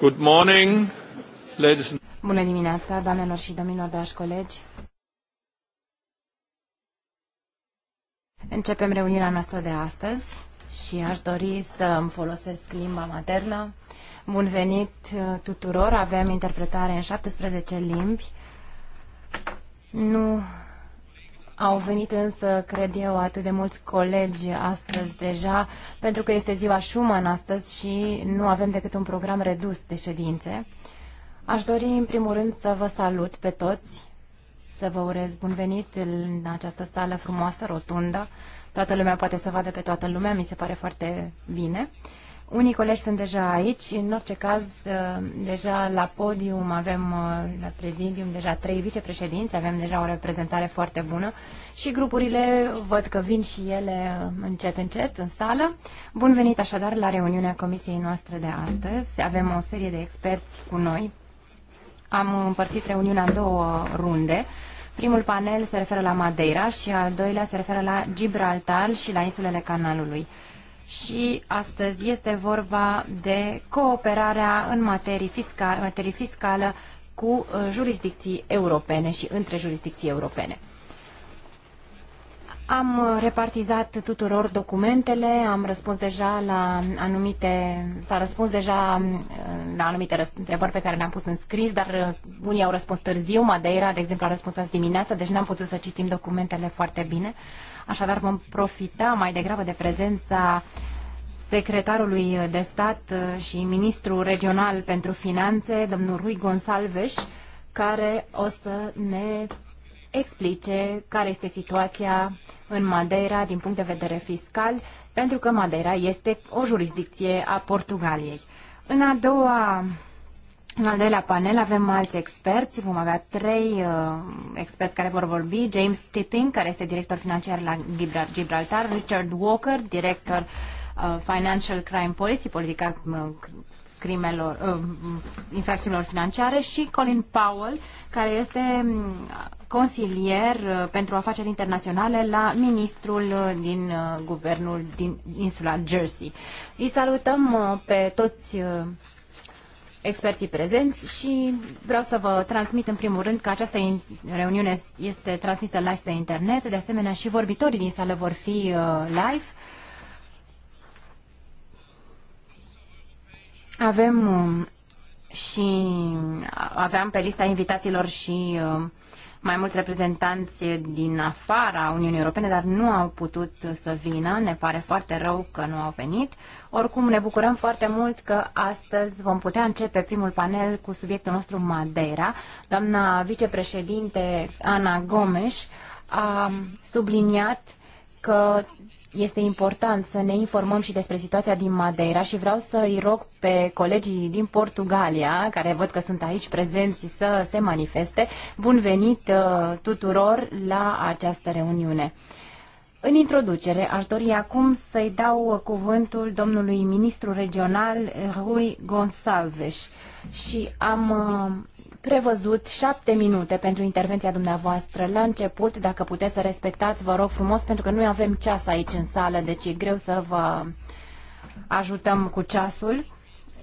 Good morning, ladies and Bună dimineața, doamnelor și domnilor, dragi colegi. Începem reuniunea noastră de astăzi și aș dori să îmi folosesc limba maternă. Bun venit uh, tuturor, avem interpretare în 17 limbi. Nu au venit însă, cred eu, atât de mulți colegi astăzi deja, pentru că este ziua Schumann astăzi și nu avem decât un program redus de ședințe. Aș dori, în primul rând, să vă salut pe toți, să vă urez bun venit în această sală frumoasă, rotundă. Toată lumea poate să vadă pe toată lumea, mi se pare foarte bine. Unii colegi sunt deja aici, în orice caz, uh, deja la podium avem, uh, la prezidium, deja trei vicepreședinți, avem deja o reprezentare foarte bună și grupurile văd că vin și ele uh, încet, încet în sală. Bun venit așadar la reuniunea comisiei noastre de astăzi. Avem o serie de experți cu noi. Am împărțit reuniunea în două runde. Primul panel se referă la Madeira și al doilea se referă la Gibraltar și la insulele Canalului și astăzi este vorba de cooperarea în materii fiscale, materii fiscală cu uh, jurisdicții europene și între jurisdicții europene. Am uh, repartizat tuturor documentele, am răspuns deja la anumite, s-a răspuns deja uh, la anumite întrebări pe care le-am pus în scris, dar unii au răspuns târziu, Madeira, de exemplu, a răspuns azi dimineața, deci n-am putut să citim documentele foarte bine. Așadar vom profita mai degrabă de prezența secretarului de stat uh, și ministru regional pentru finanțe, domnul Rui Gonsalves, care o să ne explice care este situația în Madeira din punct de vedere fiscal, pentru că Madeira este o jurisdicție a Portugaliei. În a doua în al doilea panel avem alți experți, vom avea trei uh, experți care vor vorbi, James Tipping, care este director financiar la Gibraltar, Richard Walker, director uh, Financial Crime Policy, politica uh, crimelor, uh, infracțiunilor financiare și Colin Powell, care este mm, consilier uh, pentru afaceri internaționale la ministrul uh, din uh, guvernul din insula Jersey. Îi salutăm pe toți experții prezenți și vreau să vă transmit în primul rând că această reuniune este transmisă live pe internet, de asemenea și vorbitorii din sală vor fi uh, live. Avem um, și aveam pe lista invitaților și uh, mai mulți reprezentanți din afara Uniunii Europene, dar nu au putut să vină. Ne pare foarte rău că nu au venit. Oricum, ne bucurăm foarte mult că astăzi vom putea începe primul panel cu subiectul nostru Madeira. Doamna vicepreședinte Ana Gomes a subliniat că este important să ne informăm și despre situația din Madeira și vreau să îi rog pe colegii din Portugalia, care văd că sunt aici prezenți, să se manifeste. Bun venit uh, tuturor la această reuniune. În introducere, aș dori acum să-i dau cuvântul domnului ministru regional Rui Gonsalves și am uh, prevăzut șapte minute pentru intervenția dumneavoastră la început. Dacă puteți să respectați, vă rog frumos, pentru că nu avem ceas aici în sală, deci e greu să vă ajutăm cu ceasul.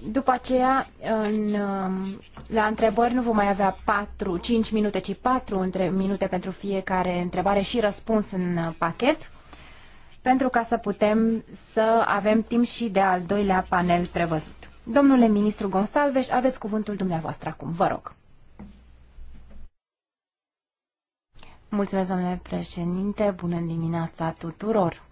După aceea, în, um, la întrebări nu vom mai avea 4, 5 minute, ci 4 între, minute pentru fiecare întrebare și răspuns în uh, pachet, pentru ca să putem să avem timp și de al doilea panel prevăzut. Domnule ministru Gonsalves, aveți cuvântul dumneavoastră acum, vă rog. Mulțumesc, domnule președinte, bună dimineața tuturor!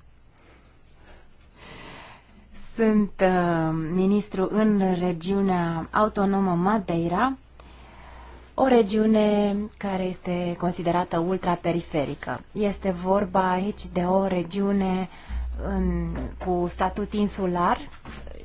Sunt uh, ministru în regiunea autonomă Madeira, o regiune care este considerată ultraperiferică. Este vorba aici de o regiune în, cu statut insular,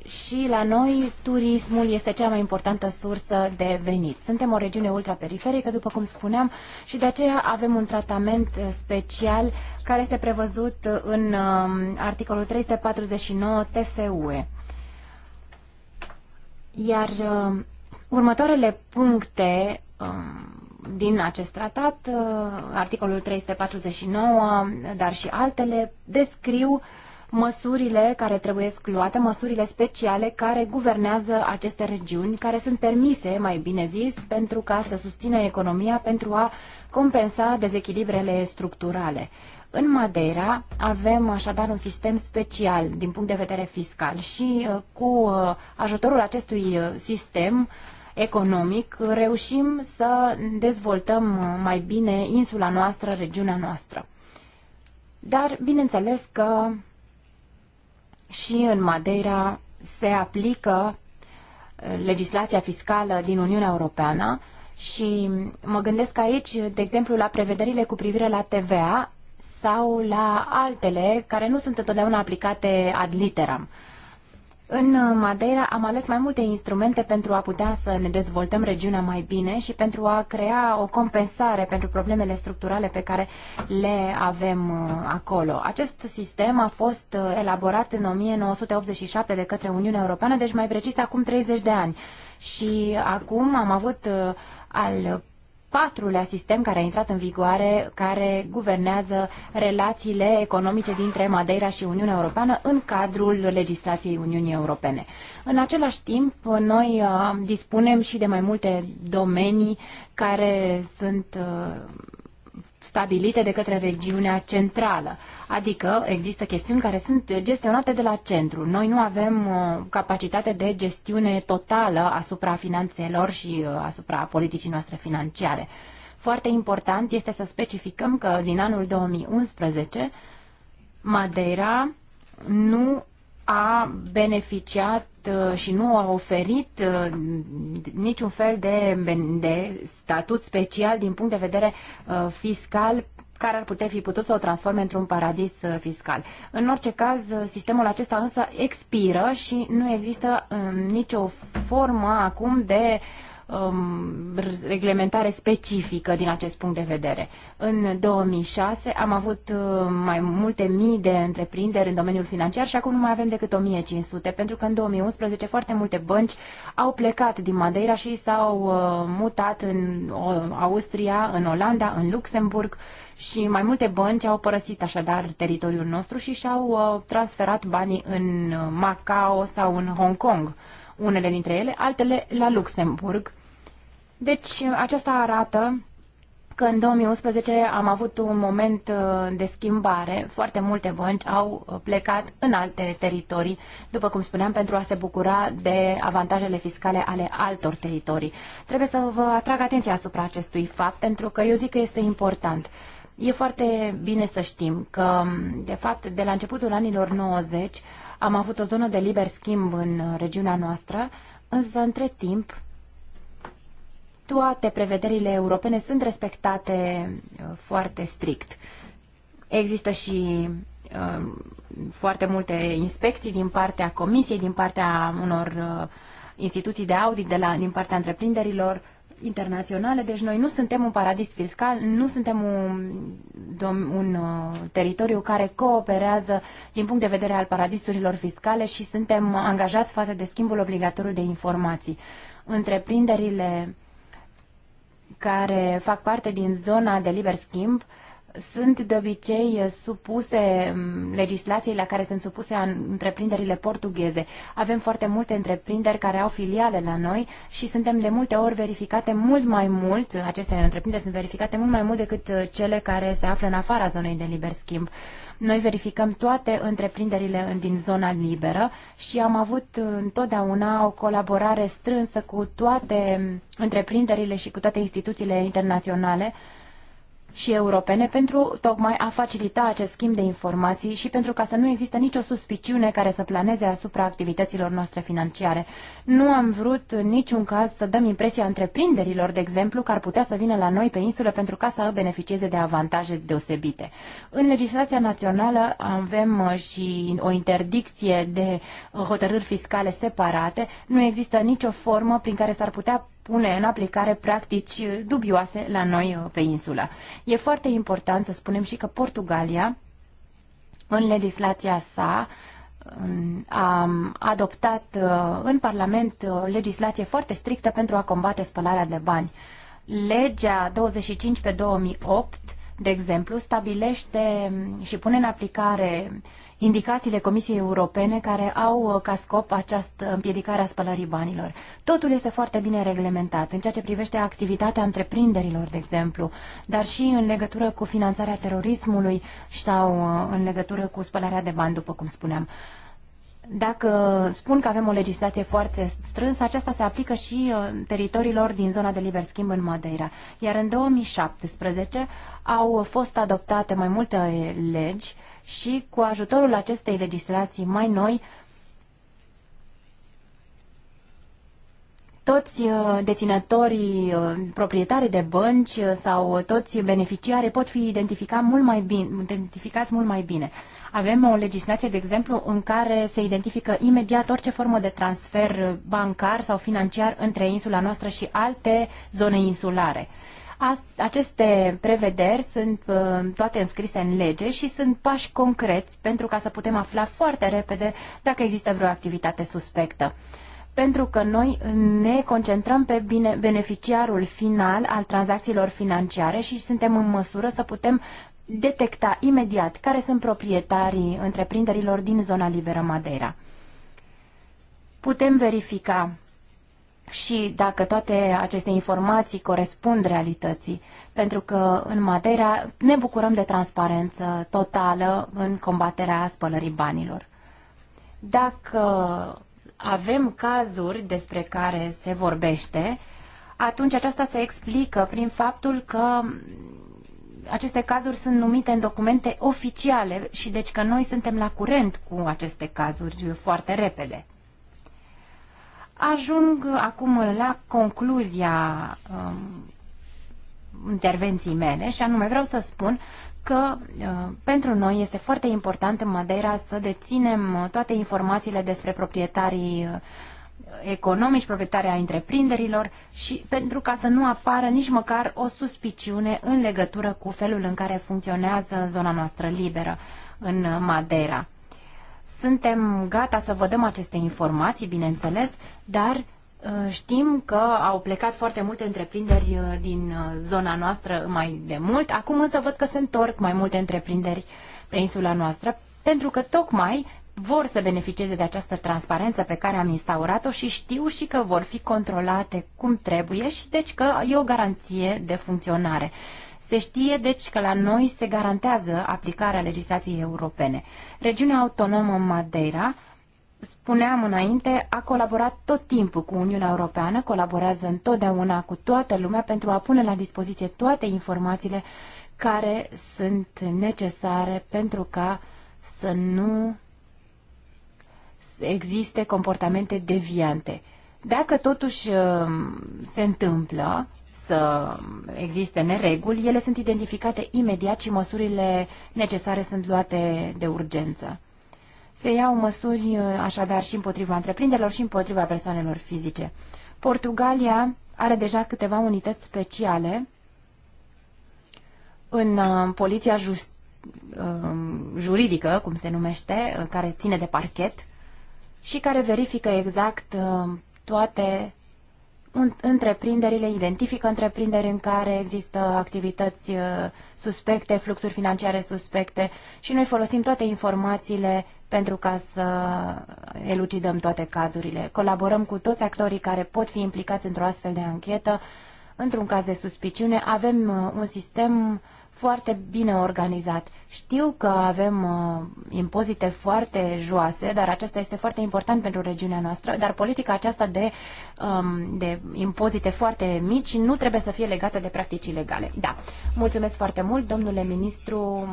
și la noi turismul este cea mai importantă sursă de venit. Suntem o regiune ultraperiferică, după cum spuneam, și de aceea avem un tratament uh, special care este prevăzut uh, în um, articolul 349 TFUE. Iar um, următoarele puncte um, din acest tratat, uh, articolul 349, dar și altele, descriu uh, măsurile care trebuie luate, măsurile speciale care guvernează aceste regiuni, care sunt permise, mai bine zis, pentru ca să susțină economia, pentru a compensa dezechilibrele structurale. În Madeira avem așadar un sistem special din punct de vedere fiscal și uh, cu uh, ajutorul acestui uh, sistem economic reușim să dezvoltăm mai bine insula noastră, regiunea noastră. Dar bineînțeles că și în Madeira se aplică uh, legislația fiscală din Uniunea Europeană și mă gândesc aici, de exemplu, la prevederile cu privire la TVA sau la altele care nu sunt întotdeauna aplicate ad literam. În uh, Madeira am ales mai multe instrumente pentru a putea să ne dezvoltăm regiunea mai bine și pentru a crea o compensare pentru problemele structurale pe care le avem uh, acolo. Acest sistem a fost uh, elaborat în 1987 de către Uniunea Europeană, deci mai precis acum 30 de ani. Și acum am avut al patrulea sistem care a intrat în vigoare, care guvernează relațiile economice dintre Madeira și Uniunea Europeană în cadrul legislației Uniunii Europene. În același timp, noi uh, dispunem și de mai multe domenii care sunt uh, stabilite de către regiunea centrală. Adică există chestiuni care sunt gestionate de la centru. Noi nu avem uh, capacitate de gestiune totală asupra finanțelor și uh, asupra politicii noastre financiare. Foarte important este să specificăm că din anul 2011 Madeira nu a beneficiat uh, și nu a oferit uh, niciun fel de, de statut special din punct de vedere uh, fiscal care ar putea fi putut să o transforme într-un paradis fiscal. În orice caz, sistemul acesta însă expiră și nu există nicio formă acum de uh, um, reglementare specifică din acest punct de vedere. În 2006 am avut uh, mai multe mii de întreprinderi în domeniul financiar și acum nu mai avem decât 1500, pentru că în 2011 foarte multe bănci au plecat din Madeira și s-au uh, mutat în Austria, în Olanda, în Luxemburg și mai multe bănci au părăsit așadar teritoriul nostru și și-au uh, transferat banii în Macao sau în Hong Kong unele dintre ele, altele la Luxemburg. Deci aceasta arată că în 2011 am avut un moment uh, de schimbare. Foarte multe bănci au uh, plecat în alte teritorii, după cum spuneam, pentru a se bucura de avantajele fiscale ale altor teritorii. Trebuie să vă atrag atenția asupra acestui fapt, pentru că eu zic că este important. E foarte bine să știm că, de fapt, de la începutul anilor 90, am avut o zonă de liber schimb în uh, regiunea noastră, însă între timp toate prevederile europene sunt respectate uh, foarte strict. Există și uh, foarte multe inspecții din partea comisiei, din partea unor uh, instituții de audit, de la, din partea întreprinderilor internaționale, deci noi nu suntem un paradis fiscal, nu suntem un, un uh, teritoriu care cooperează din punct de vedere al paradisurilor fiscale și suntem angajați față de schimbul obligatoriu de informații. Întreprinderile care fac parte din zona de liber schimb uh, sunt de obicei supuse mm, legislației la care sunt supuse întreprinderile portugheze. Avem foarte multe întreprinderi care au filiale la noi și suntem de multe ori verificate mult mai mult, aceste întreprinderi sunt verificate mult mai mult decât uh, cele care se află în afara zonei de liber schimb. Noi verificăm toate întreprinderile din zona liberă și am avut uh, întotdeauna o colaborare strânsă cu toate mm, întreprinderile și cu toate instituțiile internaționale și europene pentru tocmai a facilita acest schimb de informații și pentru ca să nu există nicio suspiciune care să planeze asupra activităților noastre financiare. Nu am vrut în niciun caz să dăm impresia întreprinderilor, de exemplu, că ar putea să vină la noi pe insulă pentru ca să beneficieze de avantaje deosebite. În legislația națională avem uh, și o interdicție de hotărâri fiscale separate. Nu există nicio formă prin care s-ar putea pune în aplicare practici dubioase la noi uh, pe insulă. E foarte important să spunem și că Portugalia, în legislația sa, a adoptat uh, în Parlament o uh, legislație foarte strictă pentru a combate spălarea de bani. Legea 25 pe 2008, de exemplu, stabilește um, și pune în aplicare uh, indicațiile Comisiei Europene care au uh, ca scop această împiedicare a spălării banilor. Totul este foarte bine reglementat în ceea ce privește activitatea întreprinderilor, de exemplu, dar și în legătură cu finanțarea terorismului sau uh, în legătură cu spălarea de bani, după cum spuneam. Dacă spun că avem o legislație foarte strânsă, aceasta se aplică și uh, teritoriilor din zona de liber schimb în Madeira. Iar în 2017 au fost adoptate mai multe legi uh, și cu ajutorul acestei legislații mai noi, toți uh, deținătorii, uh, proprietari de bănci uh, sau toți beneficiari pot fi identificați mult mai bine, identificați mult mai bine. Avem o legislație, de exemplu, în care se identifică imediat orice formă de transfer bancar sau financiar între insula noastră și alte zone insulare. Aceste prevederi sunt uh, toate înscrise în lege și sunt pași concreți pentru ca să putem afla foarte repede dacă există vreo activitate suspectă pentru că noi ne concentrăm pe bine, beneficiarul final al tranzacțiilor financiare și suntem în măsură să putem detecta imediat care sunt proprietarii întreprinderilor din zona liberă Madeira. Putem verifica și dacă toate aceste informații corespund realității, pentru că în Madeira ne bucurăm de transparență totală în combaterea spălării banilor. Dacă avem cazuri despre care se vorbește, atunci aceasta se explică prin faptul că aceste cazuri sunt numite în documente oficiale și deci că noi suntem la curent cu aceste cazuri foarte repede. Ajung acum la concluzia um, intervenției mele și anume vreau să spun că uh, pentru noi este foarte important în Madeira să deținem toate informațiile despre proprietarii uh, economici, proprietarii a întreprinderilor și pentru ca să nu apară nici măcar o suspiciune în legătură cu felul în care funcționează zona noastră liberă în Madeira. Suntem gata să vă dăm aceste informații, bineînțeles, dar uh, Știm că au plecat foarte multe întreprinderi uh, din uh, zona noastră mai de mult. Acum însă văd că se întorc mai multe întreprinderi pe insula noastră, pentru că tocmai vor să beneficieze de această transparență pe care am instaurat-o și știu și că vor fi controlate cum trebuie și deci că e o garanție de funcționare. Se știe, deci, că la noi se garantează aplicarea legislației europene. Regiunea autonomă Madeira spuneam înainte, a colaborat tot timpul cu Uniunea Europeană, colaborează întotdeauna cu toată lumea pentru a pune la dispoziție toate informațiile care sunt necesare pentru ca să nu existe comportamente deviante. Dacă totuși uh, se întâmplă, să existe nereguli, ele sunt identificate imediat și măsurile necesare sunt luate de urgență. Se iau măsuri uh, așadar și împotriva întreprinderilor și împotriva persoanelor fizice. Portugalia are deja câteva unități speciale în uh, poliția just, uh, juridică, cum se numește, care ține de parchet și care verifică exact toate întreprinderile, identifică întreprinderi în care există activități uh, suspecte, fluxuri financiare suspecte și noi folosim toate informațiile pentru ca să elucidăm toate cazurile. Colaborăm cu toți actorii care pot fi implicați într-o astfel de anchetă. Într-un caz de suspiciune avem uh, un sistem uh, foarte bine organizat. Știu că avem uh, impozite foarte joase, dar acesta este foarte important pentru regiunea noastră, dar politica aceasta de, um, de impozite foarte mici nu trebuie să fie legată de practici ilegale. Da. Mulțumesc foarte mult, domnule ministru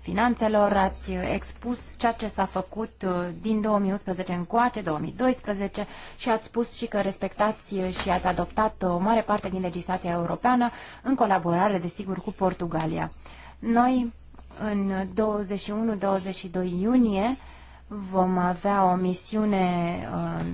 finanțelor, ați expus ceea ce s-a făcut uh, din 2011 încoace, 2012 și ați spus și că respectați și ați adoptat o mare parte din legislația europeană în colaborare, desigur, cu Portugalia. Noi, în 21-22 iunie, vom avea o misiune uh,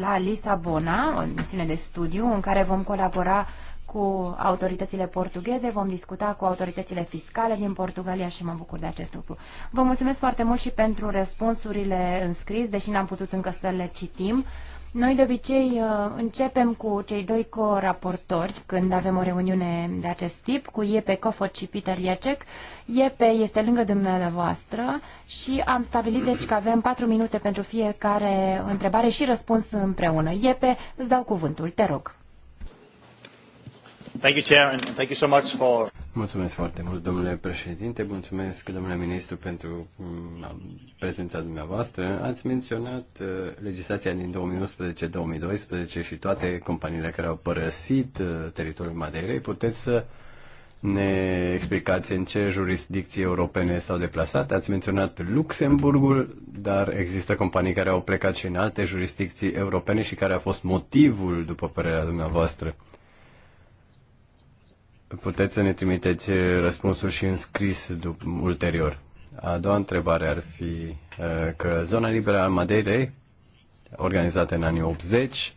la Lisabona, o misiune de studiu, în care vom colabora cu autoritățile portugheze, vom discuta cu autoritățile fiscale din Portugalia și mă bucur de acest lucru. Vă mulțumesc foarte mult și pentru răspunsurile înscris, deși n-am putut încă să le citim. Noi de obicei uh, începem cu cei doi co-raportori când avem o reuniune de acest tip, cu Iepe Cofot și Peter Iacek. Iepe este lângă dumneavoastră și am stabilit deci că avem patru minute pentru fiecare întrebare și răspuns împreună. Iepe, îți dau cuvântul, te rog. Thank you, Chair, and thank you so much for... Mulțumesc foarte mult, domnule președinte, mulțumesc, domnule ministru, pentru um, prezența dumneavoastră. Ați menționat uh, legislația din 2011-2012 și toate companiile care au părăsit uh, teritoriul Madeirei. Puteți să ne explicați în ce jurisdicții europene s-au deplasat. Ați menționat Luxemburgul, dar există companii care au plecat și în alte jurisdicții europene și care a fost motivul, după părerea dumneavoastră. Puteți să ne trimiteți uh, răspunsul și în scris ulterior. A doua întrebare ar fi uh, că zona liberă a Madeirei, organizată în anii 80,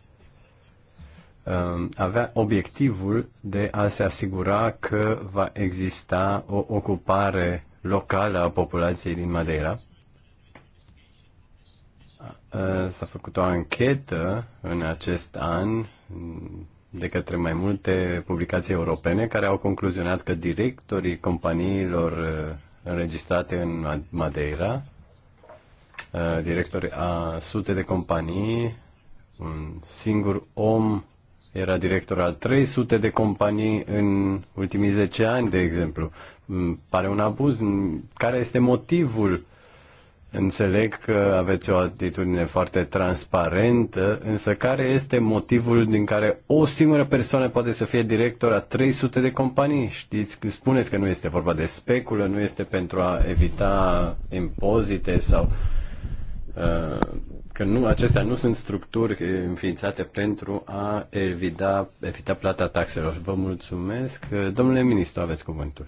um, avea obiectivul de a se asigura că va exista o ocupare locală a populației din Madeira. Uh, s-a făcut o anchetă în acest an de către mai multe publicații europene care au concluzionat că directorii companiilor uh, înregistrate în Madeira, uh, directori a sute de companii, un singur om era director al 300 de companii în ultimii 10 ani, de exemplu. Mm, pare un abuz. Care este motivul Înțeleg că aveți o atitudine foarte transparentă, însă care este motivul din care o singură persoană poate să fie director a 300 de companii? Știți, spuneți că nu este vorba de speculă, nu este pentru a evita impozite sau uh, că nu, acestea nu sunt structuri înființate pentru a evita, evita plata taxelor. Vă mulțumesc. Domnule ministru, aveți cuvântul.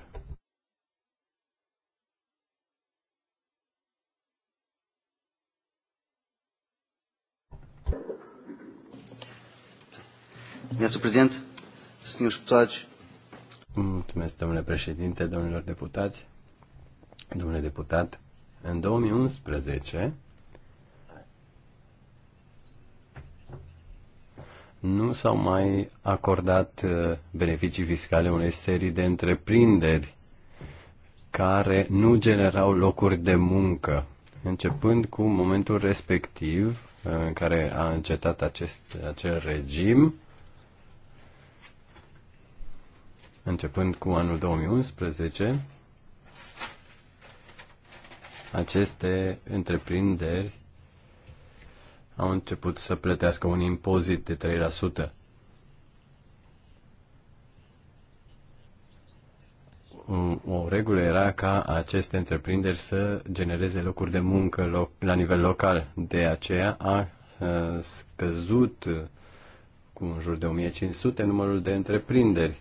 Mr. President, Mulțumesc, domnule președinte, domnilor deputați. Domnule deputat, în 2011 nu s-au mai acordat uh, beneficii fiscale unei serii de întreprinderi care nu generau locuri de muncă. Începând cu momentul respectiv uh, în care a încetat acest, acel regim, începând cu anul 2011, aceste întreprinderi au început să plătească un impozit de 3%. O regulă era ca aceste întreprinderi să genereze locuri de muncă la nivel local. De aceea a scăzut cu în jur de 1500 numărul de întreprinderi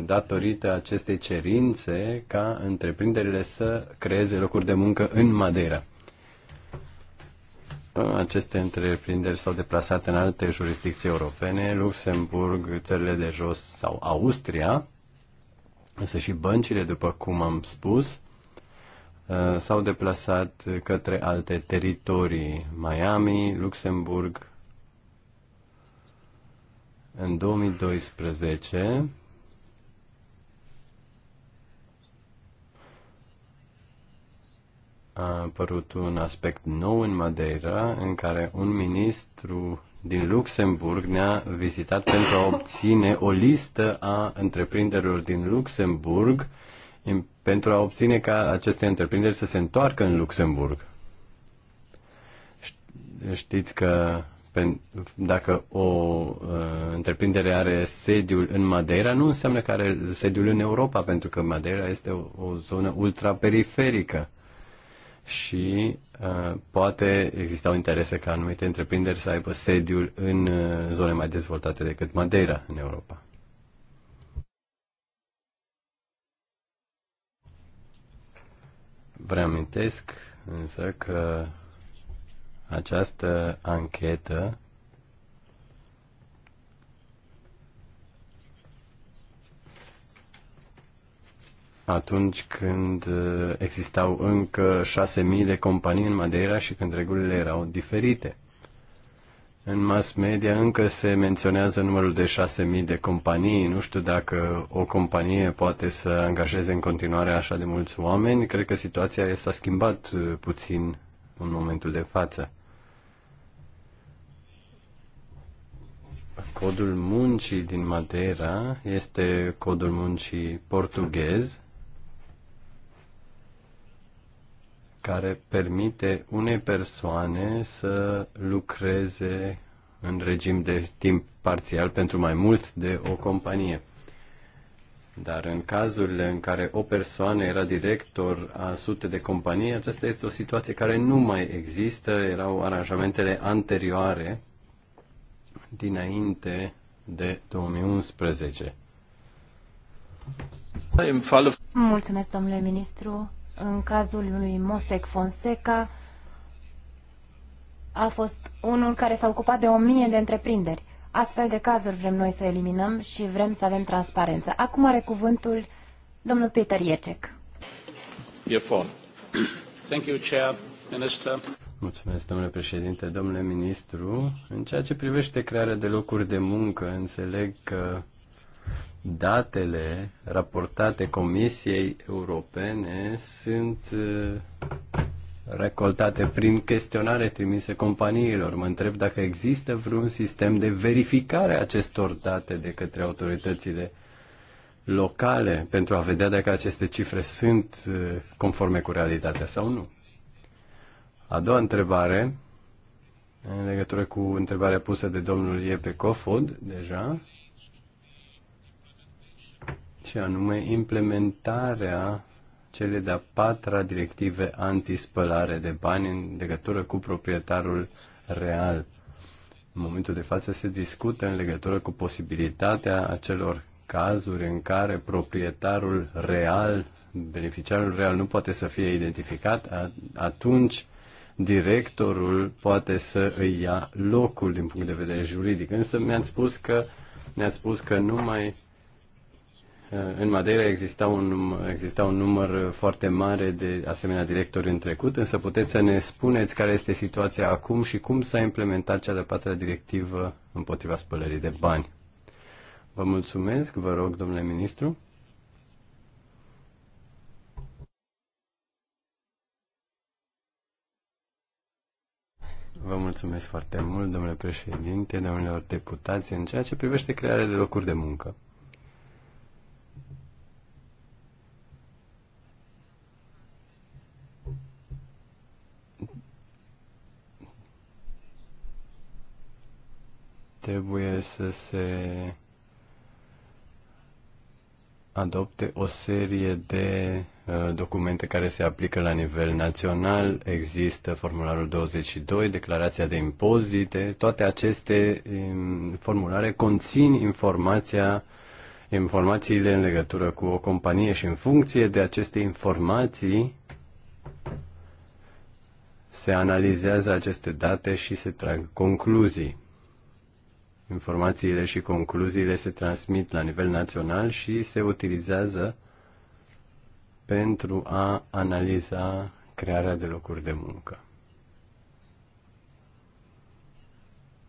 datorită acestei cerințe ca întreprinderile să creeze locuri de muncă în Madeira. Aceste întreprinderi s-au deplasat în alte jurisdicții europene, Luxemburg, țările de jos sau Austria, însă și băncile, după cum am spus, uh, s-au deplasat către alte teritorii, Miami, Luxemburg. În 2012, a apărut un aspect nou în Madeira în care un ministru din Luxemburg ne-a vizitat pentru a obține o listă a întreprinderilor din Luxemburg pentru a obține ca aceste întreprinderi să se întoarcă în Luxemburg. Știți că dacă o uh, întreprindere are sediul în Madeira, nu înseamnă că are sediul în Europa, pentru că Madeira este o, o zonă ultraperiferică și uh, poate existau interese ca anumite întreprinderi să aibă sediul în uh, zone mai dezvoltate decât Madeira în Europa. Vă amintesc însă că această anchetă atunci când uh, existau încă 6.000 de companii în Madeira și când regulile erau diferite. În mass media încă se menționează numărul de 6.000 de companii. Nu știu dacă o companie poate să angajeze în continuare așa de mulți oameni. Cred că situația s-a schimbat uh, puțin în momentul de față. Codul muncii din Madeira este codul muncii portughez care permite unei persoane să lucreze în regim de timp parțial pentru mai mult de o companie. Dar în cazurile în care o persoană era director a sute de companii, aceasta este o situație care nu mai există, erau aranjamentele anterioare dinainte de 2011. Mulțumesc, domnule ministru. În cazul lui Mosec Fonseca a fost unul care s-a ocupat de o mie de întreprinderi. Astfel de cazuri vrem noi să eliminăm și vrem să avem transparență. Acum are cuvântul domnul Peter Iecek. Thank you, Chair, Minister. Mulțumesc, domnule președinte, domnule ministru. În ceea ce privește crearea de locuri de muncă, înțeleg că datele raportate Comisiei Europene sunt uh, recoltate prin chestionare trimise companiilor. Mă întreb dacă există vreun sistem de verificare a acestor date de către autoritățile locale pentru a vedea dacă aceste cifre sunt uh, conforme cu realitatea sau nu. A doua întrebare, în legătură cu întrebarea pusă de domnul Iepe Cofod, deja, și anume implementarea cele de-a patra directive antispălare de bani în legătură cu proprietarul real. În momentul de față se discută în legătură cu posibilitatea acelor cazuri în care proprietarul real, beneficiarul real nu poate să fie identificat, atunci directorul poate să îi ia locul din punct de vedere juridic. Însă mi-ați spus că mi ați spus că numai Eh, în Madeira exista un, exista un număr foarte mare de asemenea directori în trecut, însă puteți să ne spuneți care este situația acum și cum s-a implementat cea de patra directivă împotriva spălării de bani. Vă mulțumesc, vă rog, domnule ministru. Vă mulțumesc foarte mult, domnule președinte, domnilor deputați, în ceea ce privește crearea de locuri de muncă. trebuie să se adopte o serie de uh, documente care se aplică la nivel național. Există formularul 22, declarația de impozite. Toate aceste um, formulare conțin informația informațiile în legătură cu o companie și în funcție de aceste informații se analizează aceste date și se trag concluzii. Informațiile și concluziile se transmit la nivel național și se utilizează pentru a analiza crearea de locuri de muncă.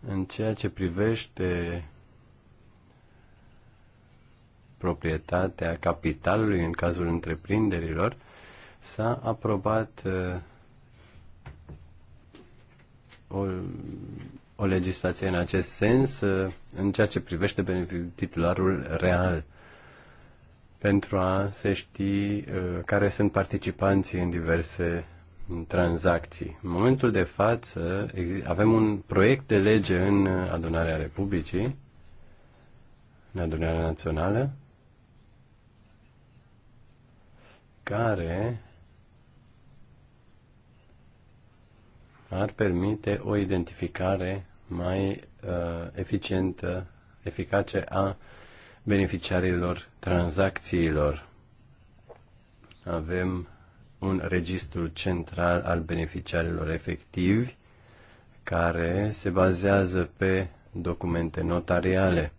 În ceea ce privește proprietatea capitalului în cazul întreprinderilor, s-a aprobat uh, o o legislație în acest sens uh, în ceea ce privește titularul real pentru a se ști uh, care sunt participanții în diverse tranzacții. În momentul de față avem un proiect de lege în uh, adunarea Republicii, în adunarea națională, care ar permite o identificare mai uh, eficientă, eficace a beneficiarilor tranzacțiilor. Avem un registru central al beneficiarilor efectivi care se bazează pe documente notariale,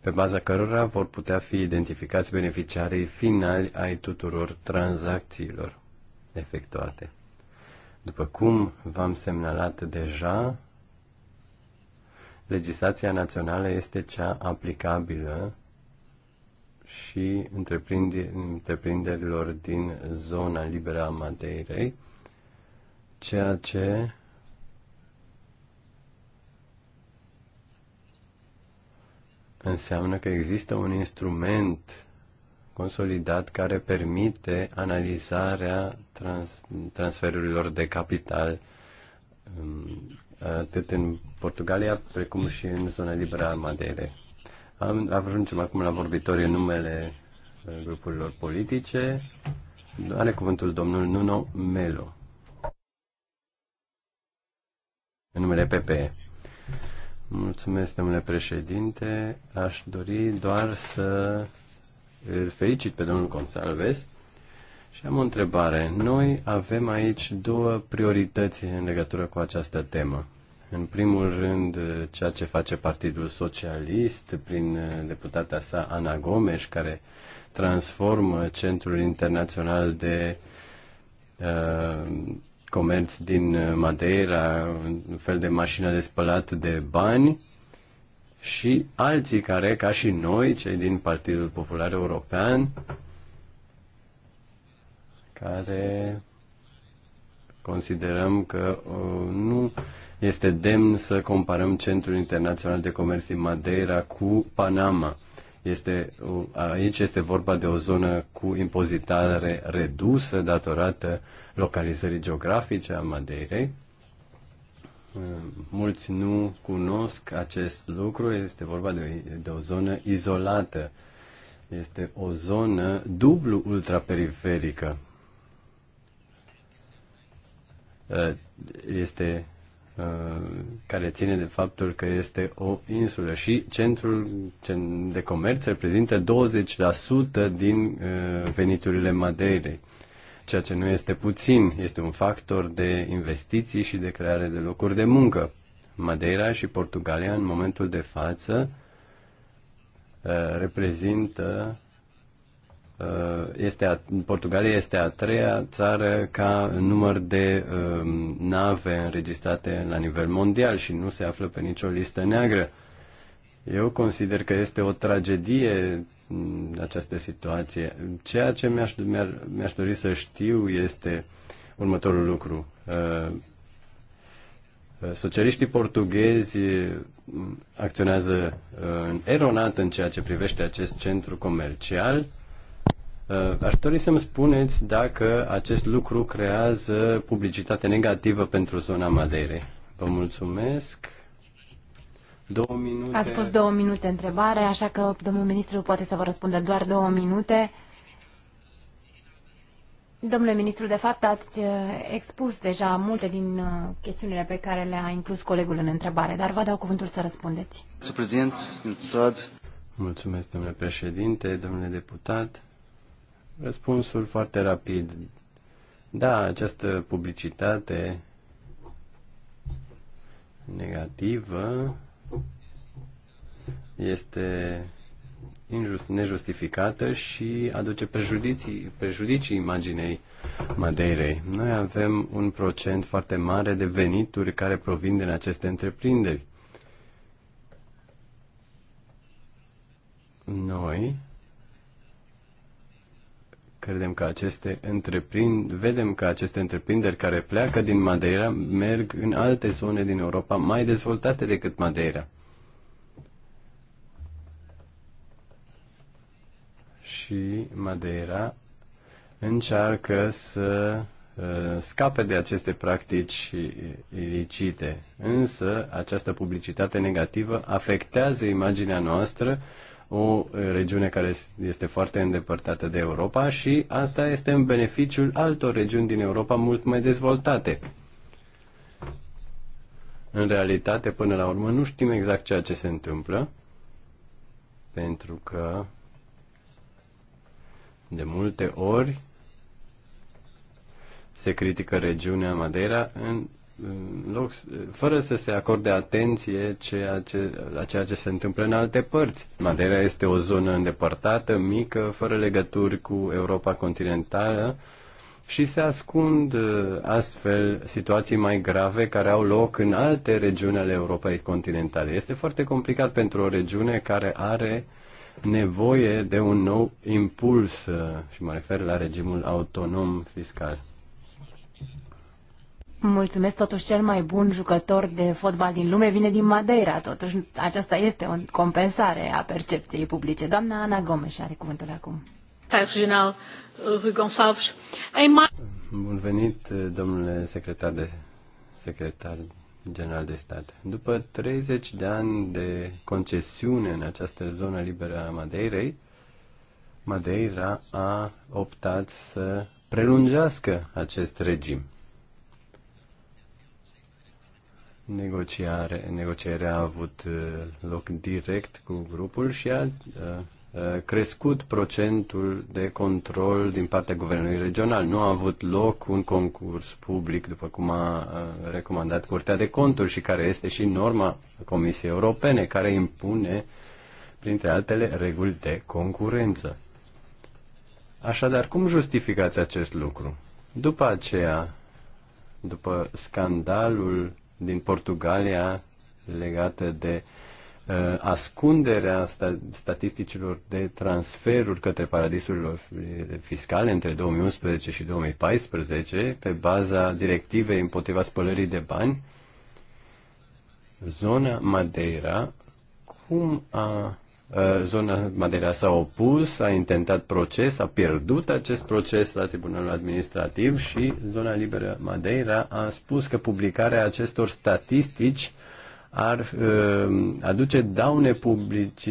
pe baza cărora vor putea fi identificați beneficiarii finali ai tuturor tranzacțiilor efectuate. După cum v-am semnalat deja, legislația națională este cea aplicabilă și întreprinderilor din zona liberă a Madeirei, ceea ce înseamnă că există un instrument consolidat care permite analizarea trans, transferurilor de capital um, atât în Portugalia precum și în zona liberă a Madeirei. Am, ajungem acum la vorbitorii numele uh, grupurilor politice. Are cuvântul domnul Nuno Melo. În numele PPE. Mulțumesc, domnule președinte. Aș dori doar să îl felicit pe domnul Consalves și am o întrebare. Noi avem aici două priorități în legătură cu această temă. În primul rând, ceea ce face Partidul Socialist prin uh, deputata sa Ana Gomes, care transformă Centrul Internațional de uh, Comerț din Madeira, un fel de mașină de spălat de bani, și alții care, ca și noi, cei din Partidul Popular European, care considerăm că uh, nu este demn să comparăm Centrul Internațional de Comerț din Madeira cu Panama. Este, uh, aici este vorba de o zonă cu impozitare redusă datorată localizării geografice a Madeirei mulți nu cunosc acest lucru, este vorba de o, de o zonă izolată. Este o zonă dublu ultraperiferică. Uh, este uh, care ține de faptul că este o insulă și centrul de comerț reprezintă 20% din uh, veniturile Madeirei ceea ce nu este puțin, este un factor de investiții și de creare de locuri de muncă. Madeira și Portugalia, în momentul de față, uh, reprezintă uh, este a, Portugalia este a treia țară ca număr de um, nave înregistrate la nivel mondial și nu se află pe nicio listă neagră. Eu consider că este o tragedie această situație. Ceea ce mi-aș, mi mi dori să știu este următorul lucru. Uh, uh, socialiștii portughezi uh, acționează eronat în ceea ce privește acest centru comercial. Aș dori să-mi spuneți dacă acest lucru creează publicitate negativă pentru zona Madeirei. Vă mulțumesc. Două minute. Ați spus două minute întrebare, așa că domnul ministru poate să vă răspundă doar două minute. Domnule ministru, de fapt ați uh, expus deja multe din uh, chestiunile pe care le-a inclus colegul în întrebare, dar vă dau cuvântul să răspundeți. Mulțumesc, domnule președinte, domnule deputat. Răspunsul foarte rapid. Da, această publicitate negativă este injust, nejustificată și aduce prejudicii, prejudicii imaginei Madeirei. Noi avem un procent foarte mare de venituri care provin din aceste întreprinderi. Noi credem că aceste întreprinderi, vedem că aceste întreprinderi care pleacă din Madeira merg în alte zone din Europa mai dezvoltate decât Madeira. și Madeira încearcă să uh, scape de aceste practici ilicite. Însă, această publicitate negativă afectează imaginea noastră, o regiune care este foarte îndepărtată de Europa și asta este în beneficiul altor regiuni din Europa mult mai dezvoltate. În realitate, până la urmă, nu știm exact ceea ce se întâmplă, pentru că de multe ori se critică regiunea Madeira în loc, fără să se acorde atenție ceea ce, la ceea ce se întâmplă în alte părți. Madeira este o zonă îndepărtată, mică, fără legături cu Europa continentală și se ascund uh, astfel situații mai grave care au loc în alte regiuni ale Europei continentale. Este foarte complicat pentru o regiune care are uh, nevoie de un nou impuls uh, și mă refer la regimul autonom fiscal. Mulțumesc, totuși cel mai bun jucător de fotbal din lume vine din Madeira, totuși aceasta este o compensare a percepției publice. Doamna Ana Gomes are cuvântul acum. Rui Gonçalves. Bun venit, domnule secretar de secretar general de stat. După 30 de ani de concesiune în această zonă liberă a Madeirei, Madeira a optat să prelungească acest regim. Negociarea negocierea a avut uh, loc direct cu grupul și a, a uh, Uh, crescut procentul de control din partea guvernului regional. Nu a avut loc un concurs public, după cum a uh, recomandat Curtea de Conturi și care este și norma Comisiei Europene, care impune, printre altele, reguli de concurență. Așadar, cum justificați acest lucru? După aceea, după scandalul din Portugalia legată de uh, Uh, ascunderea statisticilor de transferuri către paradisurile fiscale între 2011 și 2014 pe baza directivei împotriva spălării de bani, zona Madeira, cum a, uh, zona Madeira s-a opus, a intentat proces, a pierdut acest proces la Tribunalul Administrativ și zona liberă Madeira a spus că publicarea acestor statistici uh, ar um, aduce daune publici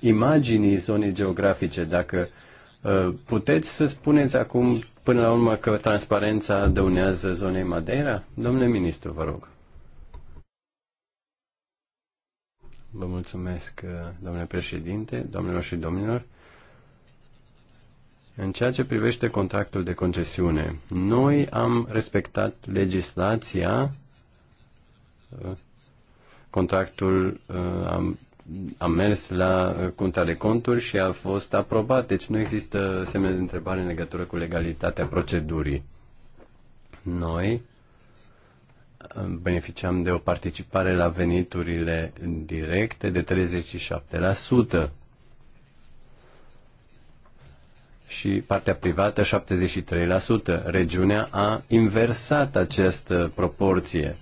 imaginii zonei geografice. Dacă uh, puteți să spuneți acum până la urmă că transparența dăunează zonei Madeira? Domnule ministru, vă rog. Vă mulțumesc, uh, domnule președinte, domnilor și domnilor. În ceea ce privește contractul de concesiune, noi am respectat legislația uh, contractul uh, a, a mers la uh, conta de conturi și a fost aprobat. Deci nu există semne de întrebare în legătură cu legalitatea procedurii. Noi uh, beneficiam de o participare la veniturile directe de 37% și partea privată 73%. Regiunea a inversat această proporție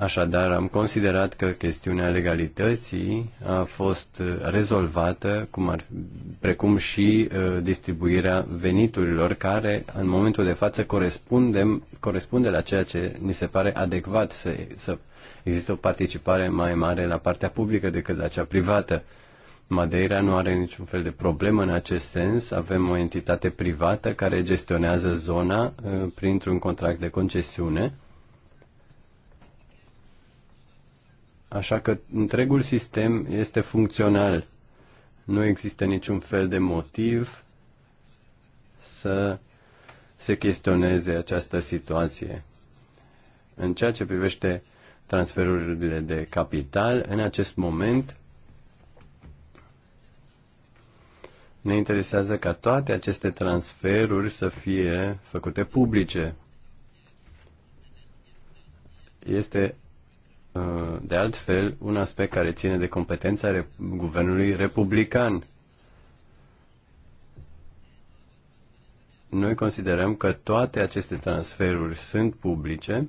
Așadar, am considerat că chestiunea legalității a fost rezolvată, cum ar, precum și uh, distribuirea veniturilor, care în momentul de față corespundem, corespunde la ceea ce ni se pare adecvat să, să există o participare mai mare la partea publică decât la cea privată. Madeira nu are niciun fel de problemă în acest sens. Avem o entitate privată care gestionează zona uh, printr-un contract de concesiune Așa că întregul sistem este funcțional. Nu există niciun fel de motiv să se chestioneze această situație. În ceea ce privește transferurile de capital, în acest moment ne interesează ca toate aceste transferuri să fie făcute publice. Este Uh, de altfel, un aspect care ține de competența guvernului republican. Noi considerăm că toate aceste transferuri sunt publice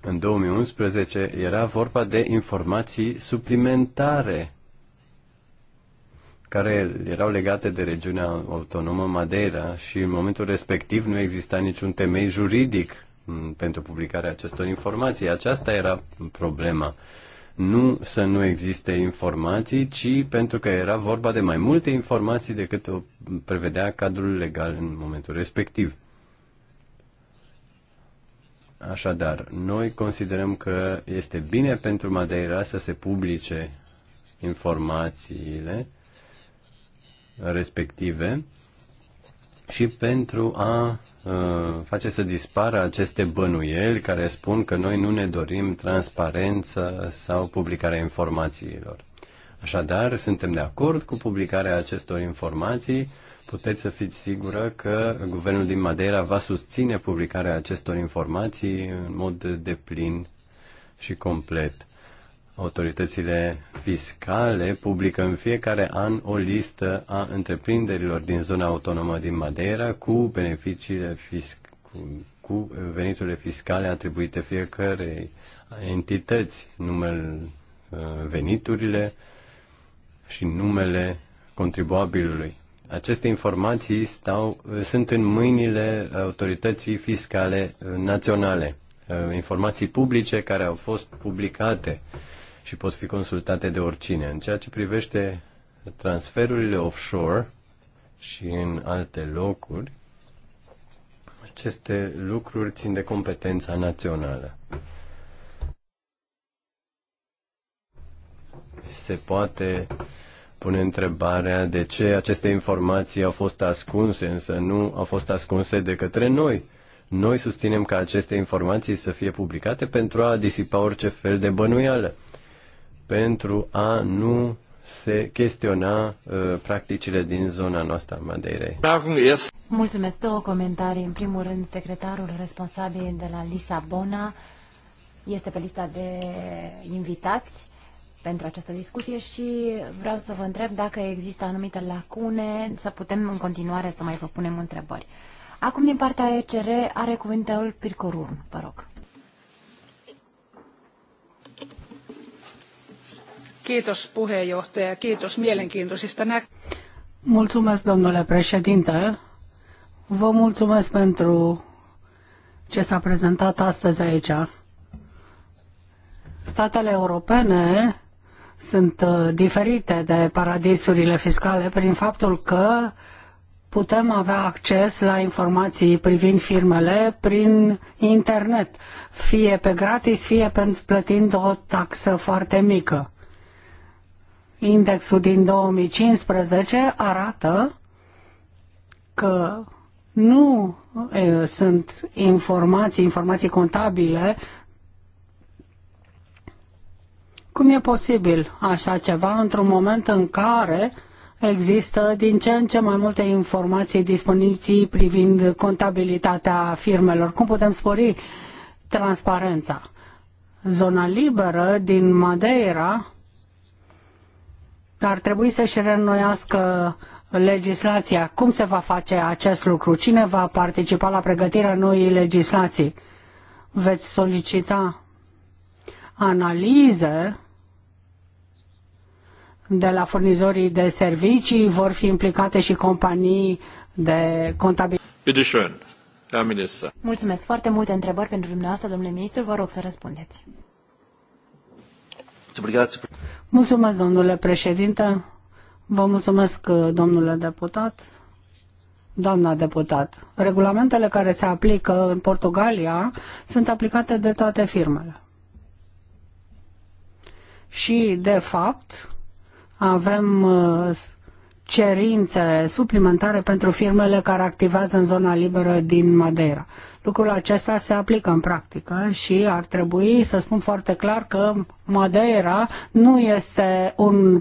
În 2011 era vorba de informații suplimentare care erau legate de regiunea autonomă Madeira și în momentul respectiv nu exista niciun temei juridic pentru publicarea acestor informații. Aceasta era problema. Nu să nu existe informații, ci pentru că era vorba de mai multe informații decât o prevedea cadrul legal în momentul respectiv. Așadar, noi considerăm că este bine pentru Madeira să se publice informațiile respective și pentru a uh, face să dispară aceste bănuieli care spun că noi nu ne dorim transparență sau publicarea informațiilor. Așadar, suntem de acord cu publicarea acestor informații. Puteți să fiți sigură că guvernul din Madeira va susține publicarea acestor informații în mod deplin și complet. Autoritățile fiscale publică în fiecare an o listă a întreprinderilor din zona autonomă din Madeira cu beneficiile fisc- cu veniturile fiscale atribuite fiecare entități, numele, uh, veniturile și numele contribuabilului. Aceste informații stau, uh, sunt în mâinile autorității fiscale uh, naționale, informații publice care au fost publicate și pot fi consultate de oricine. În ceea ce privește transferurile offshore și în alte locuri, aceste lucruri țin de competența națională. Se poate pune întrebarea de ce aceste informații au fost ascunse, însă nu au fost ascunse de către noi. Noi susținem ca aceste informații să fie publicate pentru a disipa orice fel de bănuială pentru a nu se chestiona uh, practicile din zona noastră a Madeirei. Mulțumesc. Două comentarii. În primul rând, secretarul responsabil de la Lisabona este pe lista de invitați pentru această discuție și vreau să vă întreb dacă există anumite lacune, să putem în continuare să mai vă punem întrebări. Acum, din partea ECR, are cuvântul Pircorun, vă rog. Kiitos puheenjohtaja, kiitos mielenkiintoisista Mulțumesc, domnule președinte. Vă mulțumesc pentru ce s-a prezentat astăzi aici. Statele europene sunt uh, diferite de paradisurile fiscale prin faptul că putem avea acces la informații privind firmele prin internet, fie pe gratis, fie plătind o taxă foarte mică. Indexul din 2015 arată că nu e, sunt informații, informații contabile. Cum e posibil așa ceva într-un moment în care există din ce în ce mai multe informații disponibili privind contabilitatea firmelor? Cum putem spori transparența? Zona liberă din Madeira ar trebui să-și reînnoiască legislația. Cum se va face acest lucru? Cine va participa la pregătirea noii legislații? Veți solicita analize de la furnizorii de servicii, vor fi implicate și companii de contabilitate. Mulțumesc foarte multe întrebări pentru dumneavoastră, domnule ministru, vă rog să răspundeți. Mulțumesc, domnule președinte. Vă mulțumesc, uh, domnule deputat. Doamna deputat, regulamentele care se aplică în Portugalia sunt aplicate de toate firmele. Și, de fapt, avem uh, cerințe suplimentare pentru firmele care activează în zona liberă din Madeira. Lucrul acesta se aplică în practică și ar trebui să spun foarte clar că Madeira nu este un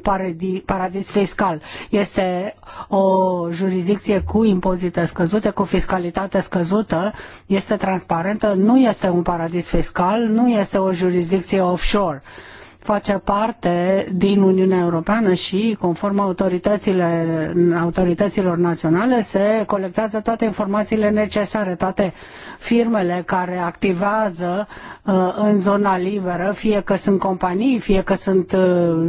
paradis, fiscal. Este o jurisdicție cu impozite scăzute, cu fiscalitate scăzută, este transparentă, nu este un paradis fiscal, nu este o jurisdicție offshore face parte din Uniunea Europeană și, conform autoritățile, autorităților naționale, se colectează toate informațiile necesare, toate firmele care activează uh, în zona liberă, fie că sunt companii, fie că sunt uh,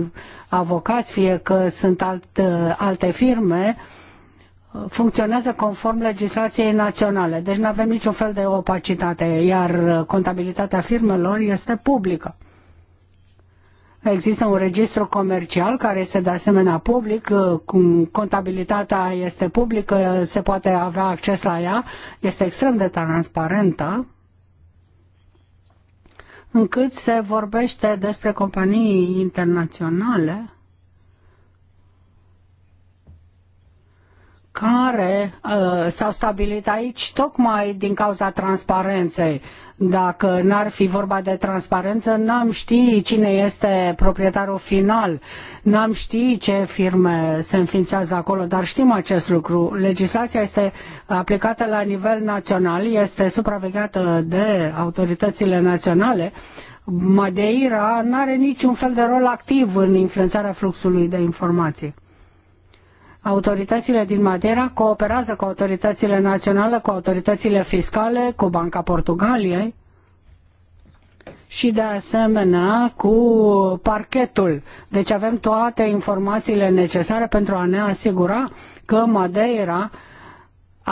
avocați, fie că sunt alt, uh, alte firme, funcționează conform legislației naționale. Deci nu avem niciun fel de opacitate, iar contabilitatea firmelor este publică. Există un registru comercial care este de asemenea public, uh, contabilitatea este publică, se poate avea acces la ea, este extrem de transparentă, încât se vorbește despre companii internaționale care uh, s-au stabilit aici tocmai din cauza transparenței. Dacă n-ar fi vorba de transparență, n-am ști cine este proprietarul final, n-am ști ce firme se înființează acolo, dar știm acest lucru. Legislația este aplicată la nivel național, este supravegheată de autoritățile naționale. Madeira nu are niciun fel de rol activ în influențarea fluxului de informații. Autoritățile din Madeira cooperează cu autoritățile naționale, cu autoritățile fiscale, cu Banca Portugaliei și de asemenea cu parchetul. Deci avem toate informațiile necesare pentru a ne asigura că Madeira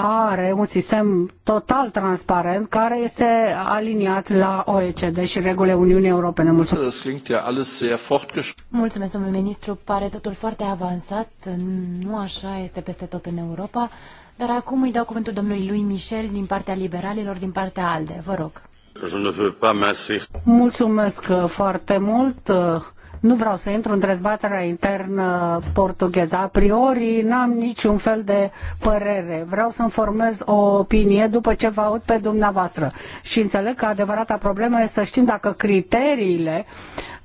are un sistem total transparent care este aliniat la OECD și regulile Uniunii Europene. Mulțumesc. Mulțumesc, domnule ministru. Pare totul foarte avansat. Nu așa este peste tot în Europa. Dar acum îi dau cuvântul domnului lui Michel din partea liberalilor, din partea ALDE. Vă rog. Mulțumesc uh, foarte mult. Uh, nu vreau să intru în dezbaterea internă portugheză. A priori n-am niciun fel de părere. Vreau să-mi formez o opinie după ce vă aud pe dumneavoastră. Și înțeleg că adevărata problemă este să știm dacă criteriile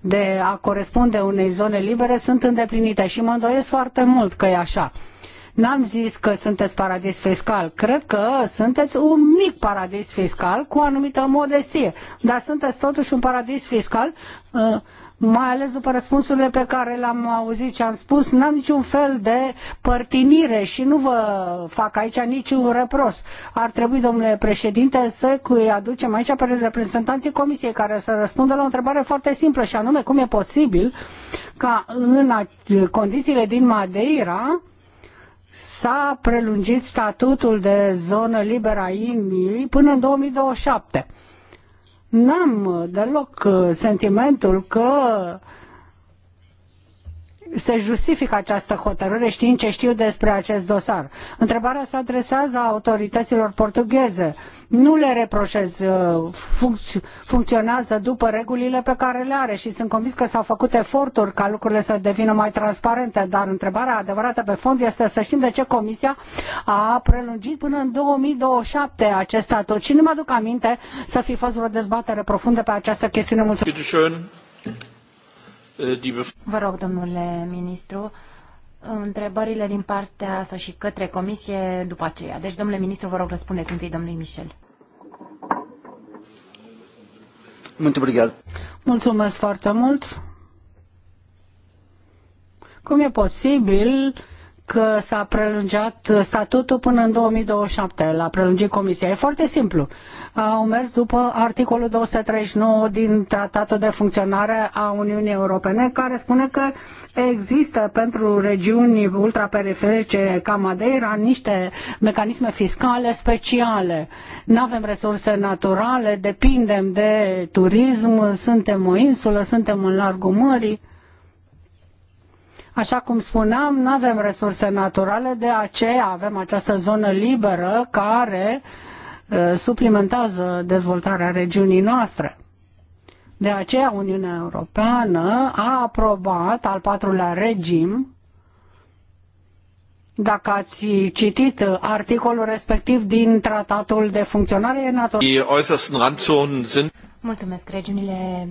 de a corespunde unei zone libere sunt îndeplinite. Și mă îndoiesc foarte mult că e așa. N-am zis că sunteți paradis fiscal. Cred că sunteți un mic paradis fiscal cu o anumită modestie. Dar sunteți totuși un paradis fiscal uh, mai ales după răspunsurile pe care le-am auzit și am spus, n-am niciun fel de părtinire și nu vă fac aici niciun repros. Ar trebui, domnule președinte, să îi aducem aici pe reprezentanții comisiei care să răspundă la o întrebare foarte simplă și anume cum e posibil ca în condițiile din Madeira s-a prelungit statutul de zonă liberă a Indiei până în 2027 N-am uh, deloc uh, sentimentul că se justifică această hotărâre știind ce știu despre acest dosar. Întrebarea se adresează autorităților portugheze. Nu le reproșez, uh, func- funcționează după regulile pe care le are și sunt convins că s-au făcut eforturi ca lucrurile să devină mai transparente, dar întrebarea adevărată pe fond este să știm de ce Comisia a prelungit până în 2027 acest statut. Și nu mă aduc aminte să fi fost vreo dezbatere profundă pe această chestiune. Mulțumesc! Vă rog, domnule ministru, întrebările din partea sa și către comisie după aceea. Deci, domnule ministru, vă rog răspundeți întâi domnului Michel. Mulțumesc foarte mult. Cum e posibil că s-a prelungit statutul până în 2027, l-a prelungit Comisia. E foarte simplu. Au mers după articolul 239 din Tratatul de Funcționare a Uniunii Europene, care spune că există pentru regiuni ultraperiferice ca Madeira niște mecanisme fiscale speciale. Nu avem resurse naturale, depindem de turism, suntem o insulă, suntem în largul mării Așa cum spuneam, nu avem resurse naturale, de aceea avem această zonă liberă care uh, suplimentează dezvoltarea regiunii noastre. De aceea Uniunea Europeană a aprobat al patrulea regim. Dacă ați citit articolul respectiv din tratatul de funcționare, e natural. Mulțumesc. Regiunile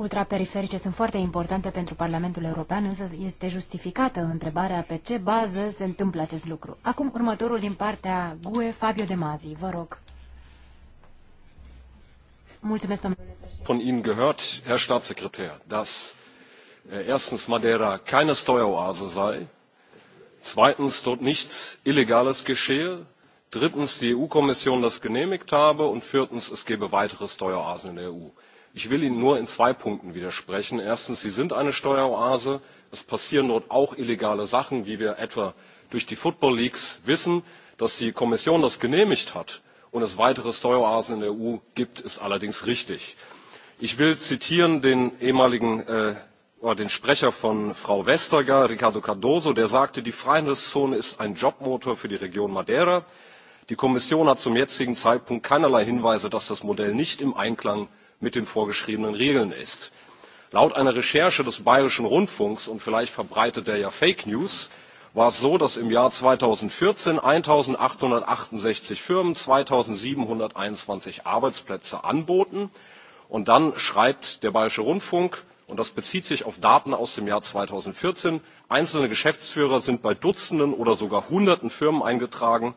ultraperiferice sunt foarte importante pentru Parlamentul European, însă este justificată întrebarea pe ce bază se întâmplă acest lucru. Acum, următorul din partea GUE, Fabio De Mazi, vă rog. Mulțumesc, domnule președinte. Von Ihnen gehört, Herr Staatssekretär, dass äh, erstens Madeira keine Steueroase sei, zweitens dort nichts Illegales geschehe, drittens die EU-Kommission das genehmigt habe und viertens es gebe weitere Steueroasen in der EU Ich will Ihnen nur in zwei Punkten widersprechen. Erstens, Sie sind eine Steueroase. Es passieren dort auch illegale Sachen, wie wir etwa durch die Football Leagues wissen. Dass die Kommission das genehmigt hat und es weitere Steueroasen in der EU gibt, ist allerdings richtig. Ich will zitieren den ehemaligen äh, oder den Sprecher von Frau Vestager, Ricardo Cardoso, der sagte, die Freihandelszone ist ein Jobmotor für die Region Madeira. Die Kommission hat zum jetzigen Zeitpunkt keinerlei Hinweise, dass das Modell nicht im Einklang mit den vorgeschriebenen Regeln ist. Laut einer Recherche des Bayerischen Rundfunks, und vielleicht verbreitet er ja Fake News, war es so, dass im Jahr 2014 1868 Firmen 2721 Arbeitsplätze anboten. Und dann schreibt der Bayerische Rundfunk, und das bezieht sich auf Daten aus dem Jahr 2014, einzelne Geschäftsführer sind bei Dutzenden oder sogar Hunderten Firmen eingetragen,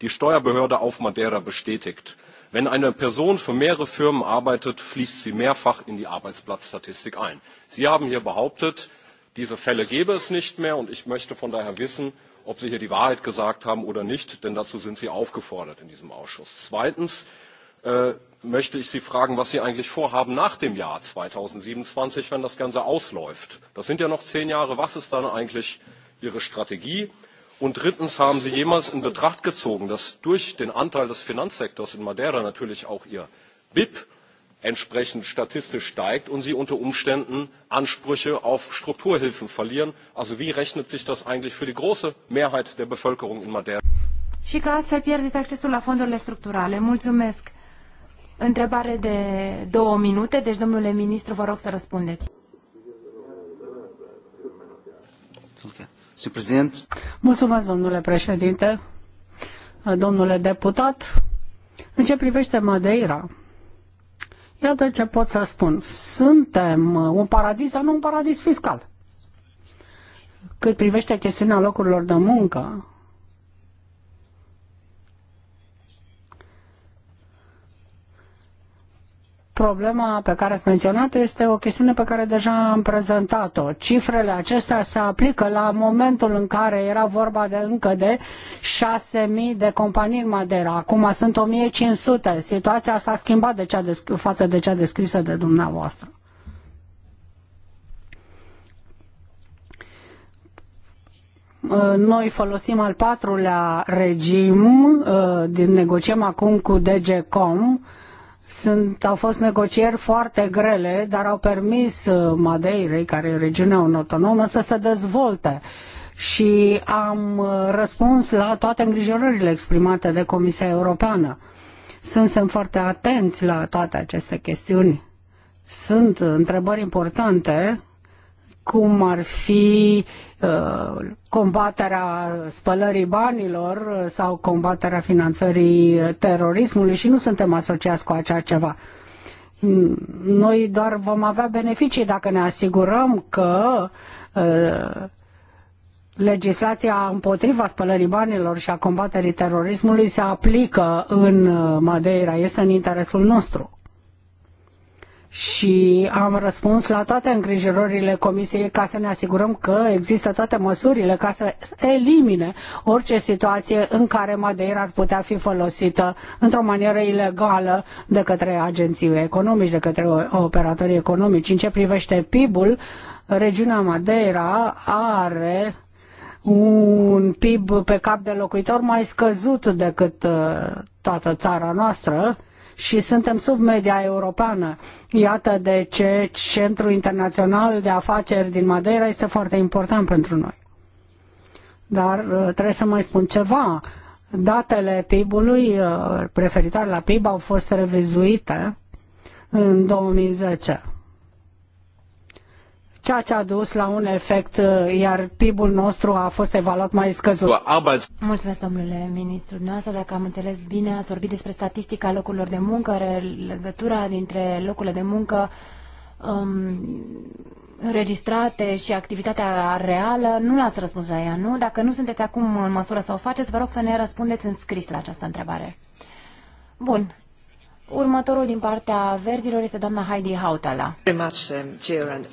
die Steuerbehörde auf Madeira bestätigt wenn eine person für mehrere firmen arbeitet fließt sie mehrfach in die arbeitsplatzstatistik ein. sie haben hier behauptet diese fälle gäbe es nicht mehr und ich möchte von daher wissen ob sie hier die wahrheit gesagt haben oder nicht denn dazu sind sie aufgefordert in diesem ausschuss. zweitens äh, möchte ich sie fragen was sie eigentlich vorhaben nach dem jahr zweitausendsiebenundzwanzig wenn das ganze ausläuft. das sind ja noch zehn jahre was ist dann eigentlich ihre strategie? Und drittens, haben Sie jemals in Betracht gezogen, dass durch den Anteil des Finanzsektors in Madeira natürlich auch Ihr BIP entsprechend statistisch steigt und Sie unter Umständen Ansprüche auf Strukturhilfen verlieren? Also wie rechnet sich das eigentlich für die große Mehrheit der Bevölkerung in Madeira? Și că astfel pierdeți accesul la fondurile structurale. Mulțumesc. Întrebare de două minute, deci domnule ministru, vă rog să răspundeți. Mulțumesc, domnule președinte, domnule deputat. În ce privește Madeira, iată ce pot să spun. Suntem un paradis, dar nu un paradis fiscal. Cât privește chestiunea locurilor de muncă, Problema pe care ați menționat este o chestiune pe care deja am prezentat-o. Cifrele acestea se aplică la momentul în care era vorba de încă de 6.000 de companii în Madeira. Acum sunt 1.500. Situația s-a schimbat de cea de, față de cea descrisă de dumneavoastră. noi folosim al patrulea regim, ă, din negociem acum cu DGCOM, sunt, au fost negocieri foarte grele, dar au permis uh, Madeirei, care e regiunea autonomă, să se dezvolte. Și am uh, răspuns la toate îngrijorările exprimate de Comisia Europeană. Suntem foarte atenți la toate aceste chestiuni. Sunt întrebări importante cum ar fi uh, combaterea spălării banilor sau combaterea finanțării terorismului și nu suntem asociați cu acea ceva. Noi doar vom avea beneficii dacă ne asigurăm că uh, legislația împotriva spălării banilor și a combaterii terorismului se aplică în Madeira, este în interesul nostru și am răspuns la toate îngrijorările Comisiei ca să ne asigurăm că există toate măsurile ca să elimine orice situație în care Madeira ar putea fi folosită într-o manieră ilegală de către agenții economici, de către operatorii economici. În ce privește PIB-ul, regiunea Madeira are un PIB pe cap de locuitor mai scăzut decât uh, toată țara noastră, și suntem sub media europeană. Iată de ce Centrul Internațional de Afaceri din Madeira este foarte important pentru noi. Dar uh, trebuie să mai spun ceva. Datele PIB-ului uh, referitoare la PIB au fost revizuite în 2010 ceea ce a dus la un efect, uh, iar PIB-ul nostru a fost evaluat mai scăzut. Mulțumesc, domnule ministru. Noastră, dacă am înțeles bine, ați vorbit despre statistica locurilor de muncă, legătura dintre locurile de muncă um, înregistrate și activitatea reală, nu l-ați răspuns la ea, nu? Dacă nu sunteți acum în măsură să o faceți, vă rog să ne răspundeți în scris la această întrebare. Bun, Următorul din partea verzilor este doamna Heidi Hautala. Um,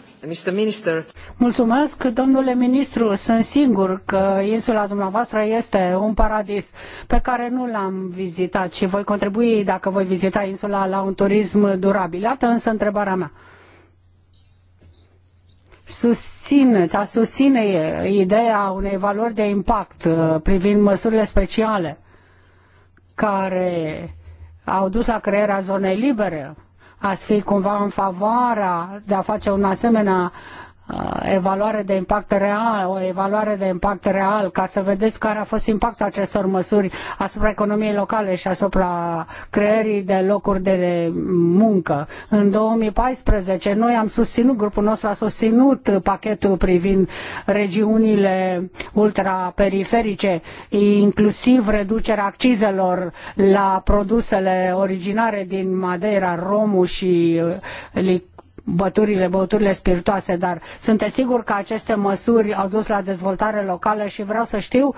Mulțumesc, domnule ministru. Sunt sigur că insula dumneavoastră este un paradis pe care nu l-am vizitat și voi contribui, dacă voi vizita insula, la un turism durabil. Iată însă întrebarea mea susțineți, a susține ideea unei valori de impact uh, privind măsurile speciale care au dus la crearea zonei libere, ați fi cumva în favoarea de a face un asemenea Uh, evaluare de impact real, o evaluare de impact real, ca să vedeți care a fost impactul acestor măsuri asupra economiei locale și asupra creării de locuri de muncă. În 2014 noi am susținut, grupul nostru a susținut pachetul privind regiunile ultraperiferice, inclusiv reducerea accizelor la produsele originare din Madeira, Romu și băturile, băuturile spiritoase, dar sunteți sigur că aceste măsuri au dus la dezvoltare locală și vreau să știu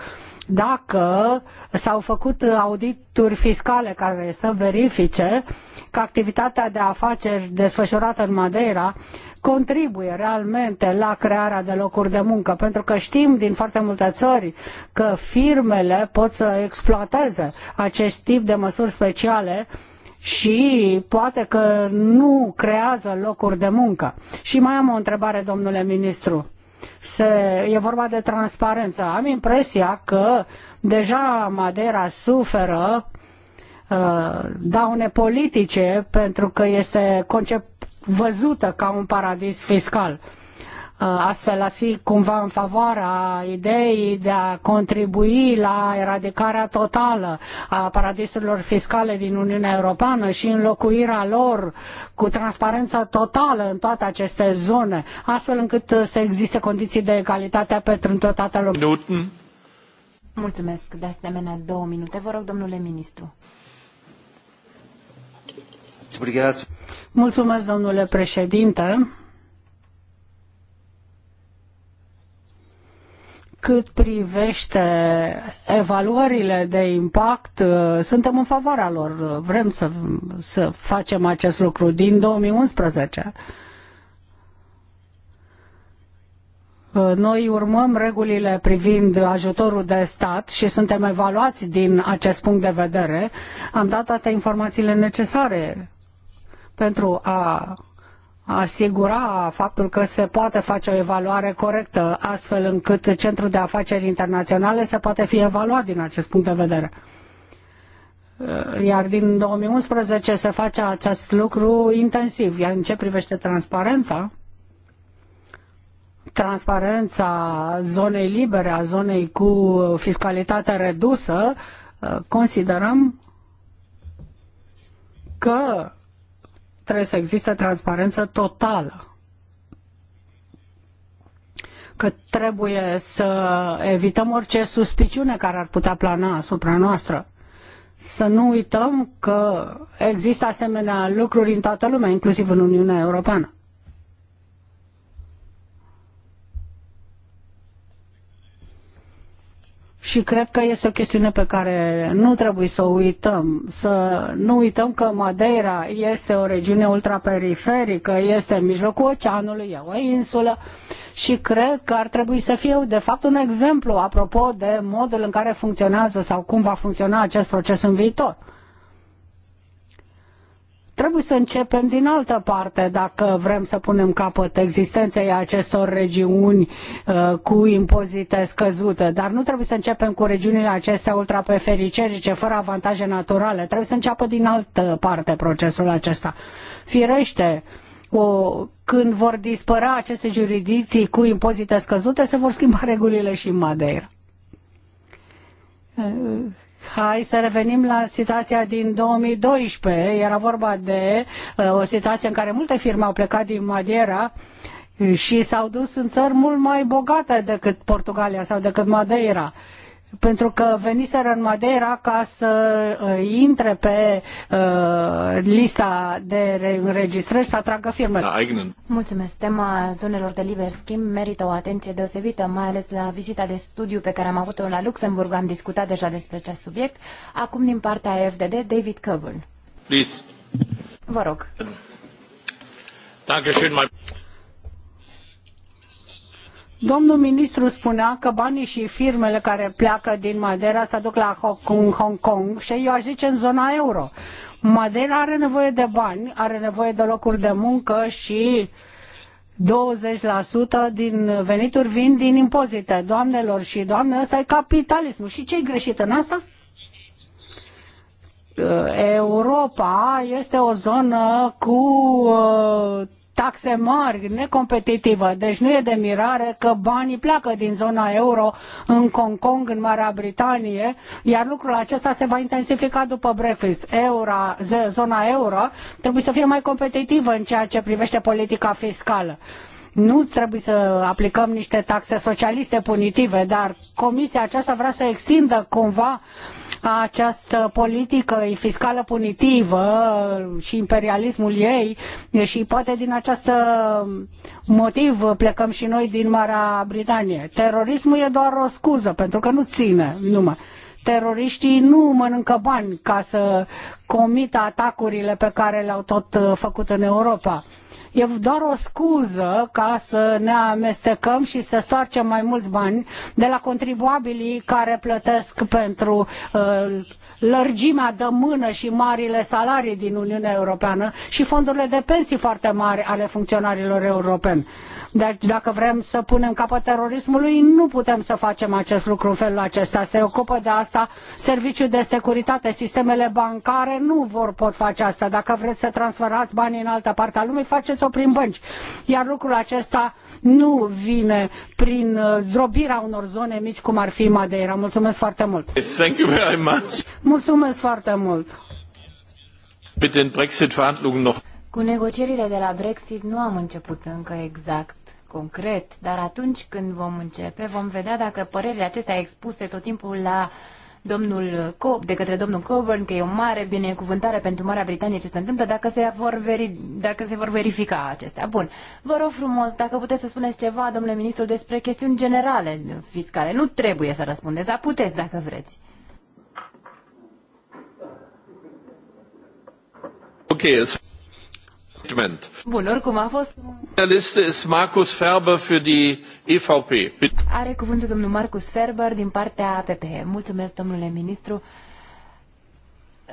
dacă s-au făcut audituri fiscale care să verifice că activitatea de afaceri desfășurată în Madeira contribuie realmente la crearea de locuri de muncă, pentru că știm din foarte multe țări că firmele pot să exploateze acest tip de măsuri speciale și poate că nu creează locuri de muncă. Și mai am o întrebare, domnule ministru. Se, e vorba de transparență. Am impresia că deja Madeira suferă uh, daune politice pentru că este concep, văzută ca un paradis fiscal. Uh, Uh, astfel a fi cumva în favoarea ideii de a contribui la eradicarea totală a paradisurilor fiscale din Uniunea Europeană și înlocuirea lor cu transparență totală în toate aceste zone, astfel încât să existe condiții de egalitate pentru toată lumea. Minuten. Mulțumesc. De asemenea, două minute. Vă rog, domnule ministru. Mulțumesc, domnule președinte. cât privește evaluările de impact, uh, suntem în favoarea lor. Vrem să, să facem acest lucru din 2011. Uh, noi urmăm regulile privind ajutorul de stat și suntem evaluați din acest punct de vedere. Am dat toate informațiile necesare pentru a asigura faptul că se poate face o evaluare corectă, astfel încât centrul de afaceri internaționale să poate fi evaluat din acest punct de vedere. Iar din 2011 se face acest lucru intensiv. Iar în ce privește transparența, transparența zonei libere, a zonei cu fiscalitate redusă, considerăm că trebuie să existe transparență totală că trebuie să evităm orice suspiciune care ar putea plana asupra noastră. Să nu uităm că există asemenea lucruri în toată lumea, inclusiv în Uniunea Europeană. Și cred că este o chestiune pe care nu trebuie să o uităm. Să nu uităm că Madeira este o regiune ultraperiferică, este în mijlocul oceanului, e o insulă și cred că ar trebui să fie, de fapt, un exemplu apropo de modul în care funcționează sau cum va funcționa acest proces în viitor. Trebuie să începem din altă parte dacă vrem să punem capăt existenței acestor regiuni uh, cu impozite scăzute, dar nu trebuie să începem cu regiunile acestea ultraperiferice fără avantaje naturale. Trebuie să înceapă din altă parte procesul acesta. Firește, o, când vor dispărea aceste jurisdicții cu impozite scăzute, se vor schimba regulile și în Madeira. Uh, Hai să revenim la situația din 2012. Era vorba de uh, o situație în care multe firme au plecat din Madeira și s-au dus în țări mult mai bogate decât Portugalia sau decât Madeira pentru că veniseră în Madeira ca să uh, intre pe uh, lista de înregistrări să atragă firmele. Da, Mulțumesc. Tema zonelor de liber schimb merită o atenție deosebită, mai ales la vizita de studiu pe care am avut-o la Luxemburg. Am discutat deja despre acest subiect. Acum, din partea FDD, David Coburn. Please. Vă rog. Domnul ministru spunea că banii și firmele care pleacă din Madeira se duc la Hong Kong și eu aș zice în zona euro. Madeira are nevoie de bani, are nevoie de locuri de muncă și 20% din venituri vin din impozite. Doamnelor și doamne, ăsta e capitalismul. Și ce e greșit în asta? Europa este o zonă cu uh, taxe mari, necompetitivă. Deci nu e de mirare că banii pleacă din zona euro în Hong Kong, în Marea Britanie, iar lucrul acesta se va intensifica după breakfast. Eura, zona euro trebuie să fie mai competitivă în ceea ce privește politica fiscală nu trebuie să aplicăm niște taxe socialiste punitive, dar comisia aceasta vrea să extindă cumva această politică fiscală punitivă și imperialismul ei și poate din acest motiv plecăm și noi din Marea Britanie. Terorismul e doar o scuză pentru că nu ține numai teroriștii nu mănâncă bani ca să comit atacurile pe care le-au tot uh, făcut în Europa. E doar o scuză ca să ne amestecăm și să stoarcem mai mulți bani de la contribuabilii care plătesc pentru uh, lărgimea de mână și marile salarii din Uniunea Europeană și fondurile de pensii foarte mari ale funcționarilor europeni. Deci dacă vrem să punem capăt terorismului, nu putem să facem acest lucru în felul acesta. Se ocupă de asta Serviciul de Securitate, sistemele bancare care nu vor pot face asta. Dacă vreți să transferați banii în altă parte a lumii, faceți-o prin bănci. Iar lucrul acesta nu vine prin uh, zdrobirea unor zone mici, cum ar fi Madeira. Mulțumesc foarte mult! Thank you very much. Mulțumesc foarte mult! Mit den Brexit-Verhandlungen noch. Cu negocierile de la Brexit nu am început încă exact concret, dar atunci când vom începe, vom vedea dacă părerile acestea expuse tot timpul la domnul Cope, de către domnul Coburn că e o mare binecuvântare pentru Marea Britanie ce se întâmplă dacă se vor, veri, dacă se vor verifica acestea. Bun, vă rog frumos, dacă puteți să spuneți ceva, domnule ministru, despre chestiuni generale fiscale. Nu trebuie să răspundeți, dar puteți dacă vreți. Okay. Bun, oricum a fost... Der Liste Marcus Ferber für die EVP. Are cuvântul domnul Marcus Ferber din partea PPE. Mulțumesc, domnule ministru.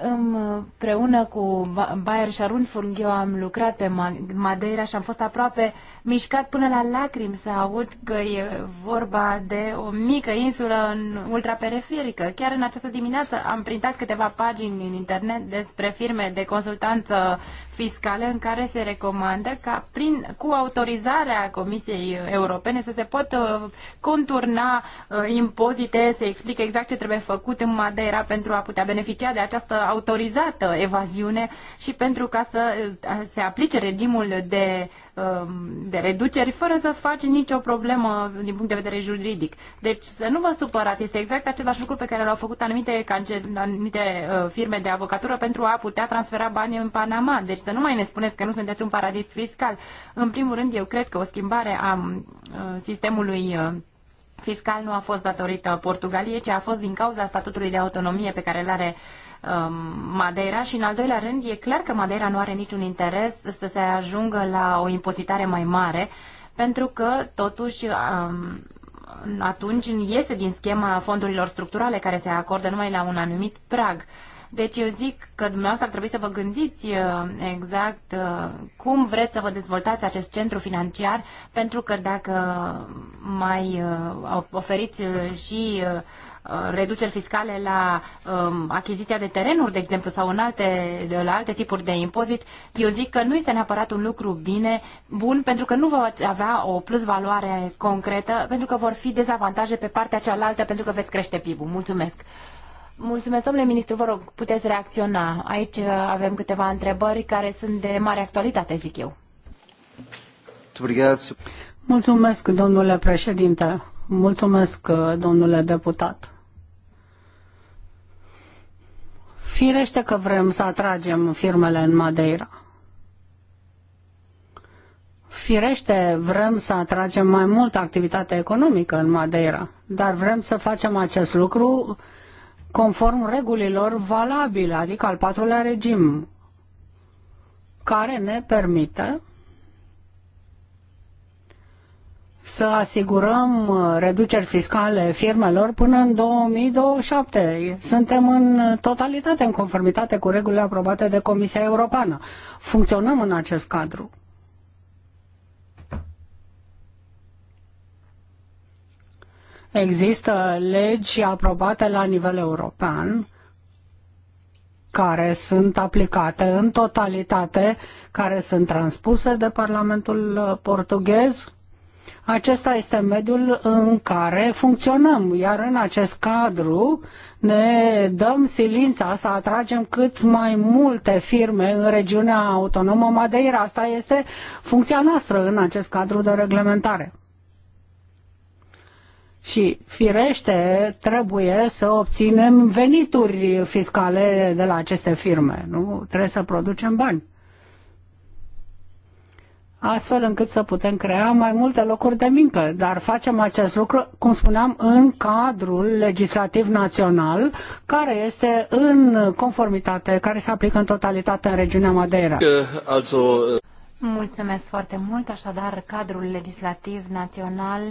Împreună cu Bayer Sharun Fung, eu am lucrat pe Madeira și am fost aproape mișcat până la lacrimi să aud că e vorba de o mică insulă în ultraperiferică. Chiar în această dimineață am printat câteva pagini în internet despre firme de consultanță fiscale în care se recomandă ca prin, cu autorizarea Comisiei Europene să se pot uh, conturna uh, impozite, se explică exact ce trebuie făcut în Madeira pentru a putea beneficia de această autorizată evaziune și pentru ca să uh, se aplice regimul de Um, de reduceri fără să faci nicio problemă din punct de vedere juridic. Deci să nu vă supărați, este exact același lucru pe care l-au făcut anumite, anumite uh, firme de avocatură pentru a putea transfera bani în Panama. Deci să nu mai ne spuneți că nu sunteți un paradis fiscal. În primul rând, eu cred că o schimbare a uh, sistemului uh, fiscal nu a fost datorită Portugaliei, ci a fost din cauza statutului de autonomie pe care îl are Um, Madeira și, în al doilea rând, e clar că Madeira nu are niciun interes să se ajungă la o impozitare mai mare, pentru că, totuși, um, atunci iese din schema fondurilor structurale care se acordă numai la un anumit prag. Deci eu zic că dumneavoastră ar trebui să vă gândiți uh, exact uh, cum vreți să vă dezvoltați acest centru financiar, pentru că dacă mai uh, oferiți și Uh, reduceri fiscale la um, achiziția de terenuri, de exemplu, sau în alte, la alte tipuri de impozit, eu zic că nu este neapărat un lucru bine, bun, pentru că nu vă avea o plus valoare concretă, pentru că vor fi dezavantaje pe partea cealaltă, pentru că veți crește PIB-ul. Mulțumesc! Mulțumesc, domnule ministru, vă rog, puteți reacționa. Aici uh, avem câteva întrebări care sunt de mare actualitate, zic eu. Mulțumesc, domnule președinte. Mulțumesc, uh, domnule deputat. Firește că vrem să atragem firmele în Madeira. Firește, vrem să atragem mai multă activitate economică în Madeira, dar vrem să facem acest lucru conform regulilor valabile, adică al patrulea regim, care ne permite să asigurăm uh, reduceri fiscale firmelor până în 2027. Suntem în totalitate în conformitate cu regulile aprobate de Comisia Europeană. Funcționăm în acest cadru. Există legi aprobate la nivel european care sunt aplicate în totalitate, care sunt transpuse de Parlamentul uh, portughez acesta este mediul în care funcționăm, iar în acest cadru ne dăm silința să atragem cât mai multe firme în regiunea autonomă Madeira. Asta este funcția noastră în acest cadru de reglementare. Și, firește, trebuie să obținem venituri fiscale de la aceste firme, nu? Trebuie să producem bani astfel încât să putem crea mai multe locuri de muncă. Dar facem acest lucru, cum spuneam, în cadrul legislativ național, care este în conformitate, care se aplică în totalitate în regiunea Madeira. Eh, eh, Mulțumesc foarte mult, așadar cadrul legislativ național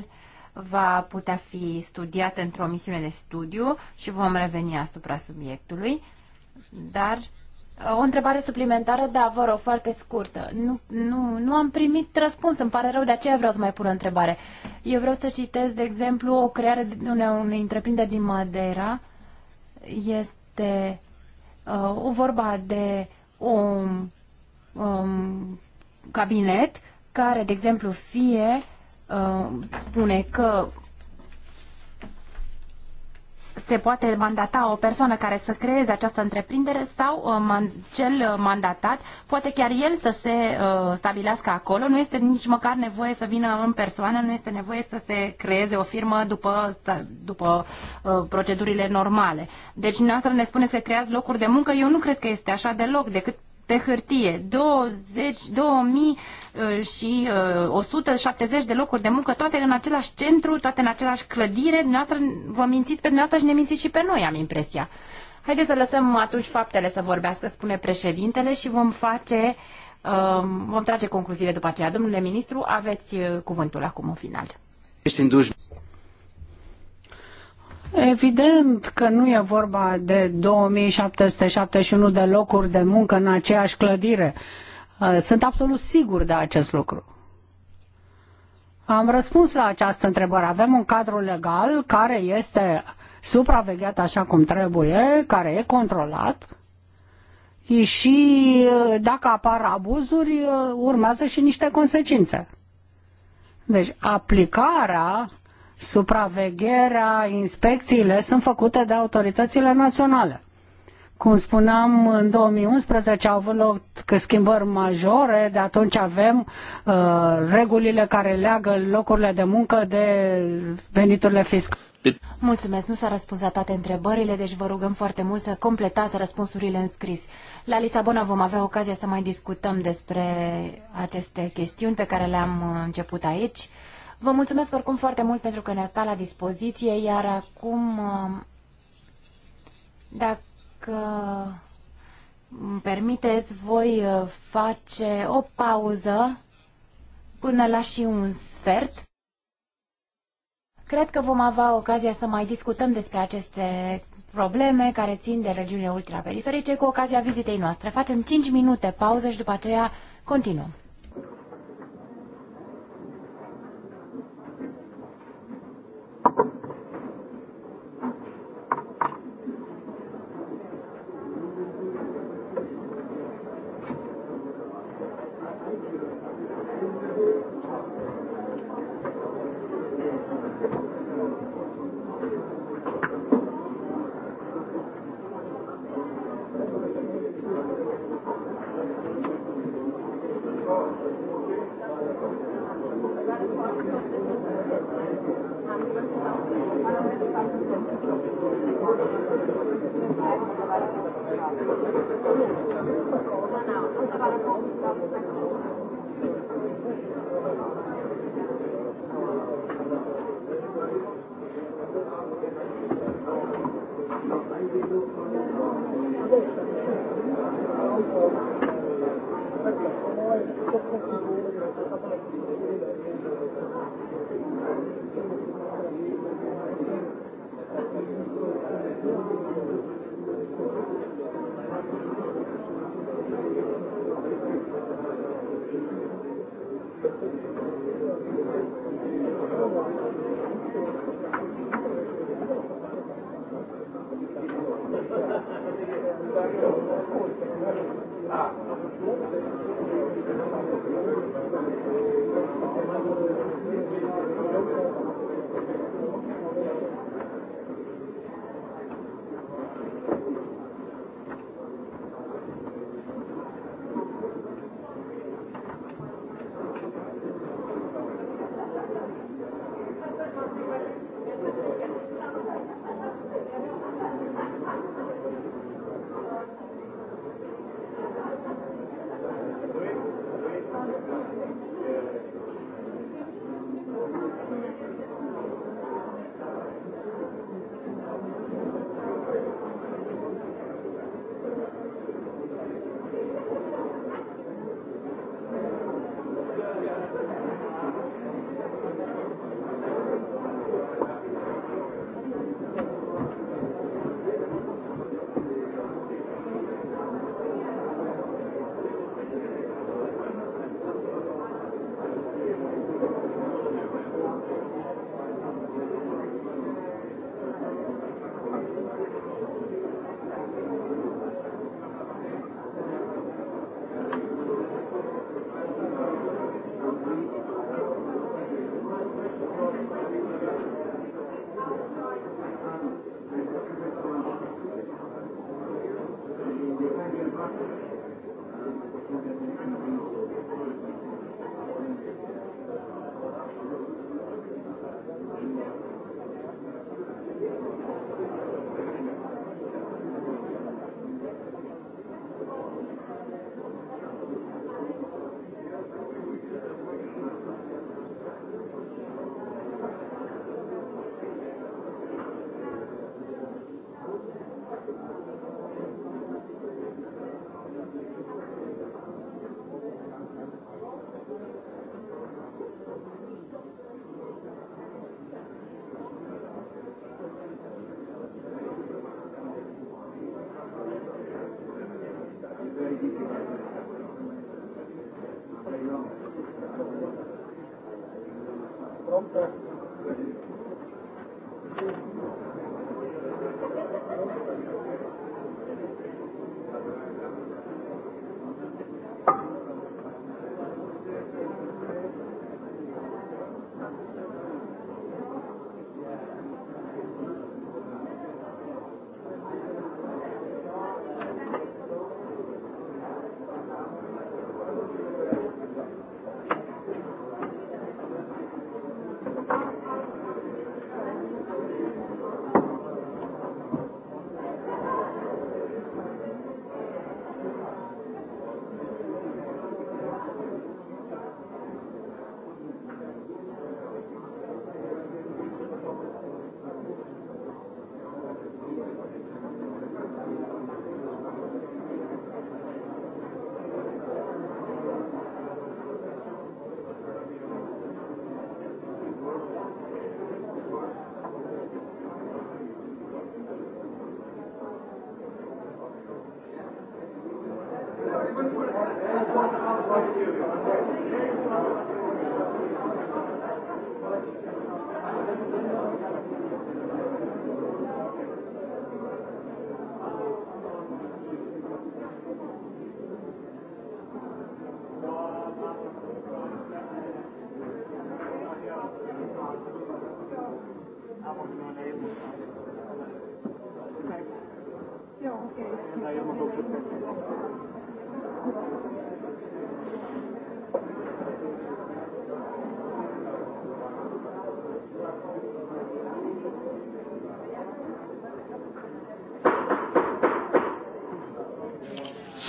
va putea fi studiat într-o misiune de studiu și vom reveni asupra subiectului, dar o întrebare suplimentară, da, vă rog, foarte scurtă. Nu, nu, nu am primit răspuns, îmi pare rău, de aceea vreau să mai pun o întrebare. Eu vreau să citesc, de exemplu, o creare une, unei întreprinderi din Madeira. Este uh, o vorba de un um, cabinet care, de exemplu, fie uh, spune că se poate mandata o persoană care să creeze această întreprindere sau uh, cel uh, mandatat poate chiar el să se uh, stabilească acolo. Nu este nici măcar nevoie să vină în persoană, nu este nevoie să se creeze o firmă după, după procedurile normale. Deci, dumneavoastră ne spuneți că creați locuri de muncă. Eu nu cred că este așa deloc, decât pe hârtie, 20, 2000 uh, și 170 uh, de locuri de muncă, toate în același centru, toate în același clădire, dumneavoastră vă mințiți pe dumneavoastră și ne mințiți și pe noi, am impresia. Haideți să lăsăm atunci faptele să vorbească, spune președintele, și vom face, um, vom trage concluziile după aceea. Domnule ministru, aveți uh, cuvântul acum în final. Ești Evident că nu e vorba de 2771 de locuri de muncă în aceeași clădire. Uh, sunt absolut sigur de acest lucru. Am răspuns la această întrebare. Avem un cadru legal care este supravegheat așa cum trebuie, care e controlat și uh, dacă apar abuzuri, uh, urmează și niște consecințe. Deci aplicarea Supravegherea, inspecțiile sunt făcute de autoritățile naționale. Cum spuneam, în 2011 au avut loc schimbări majore, de atunci avem uh, regulile care leagă locurile de muncă de veniturile fiscale. Mulțumesc, nu s-a răspuns la toate întrebările, deci vă rugăm foarte mult să completați răspunsurile în scris. La Lisabona vom avea ocazia să mai discutăm despre aceste chestiuni pe care le-am uh, început aici. Vă mulțumesc oricum foarte mult pentru că ne-a stat la dispoziție, iar acum, um, dacă îmi permiteți, voi uh, face o pauză până la și un sfert. Cred că vom avea ocazia să mai discutăm despre aceste probleme care țin de regiunile ultraperiferice cu ocazia vizitei noastre. Facem 5 minute pauză și după aceea continuăm.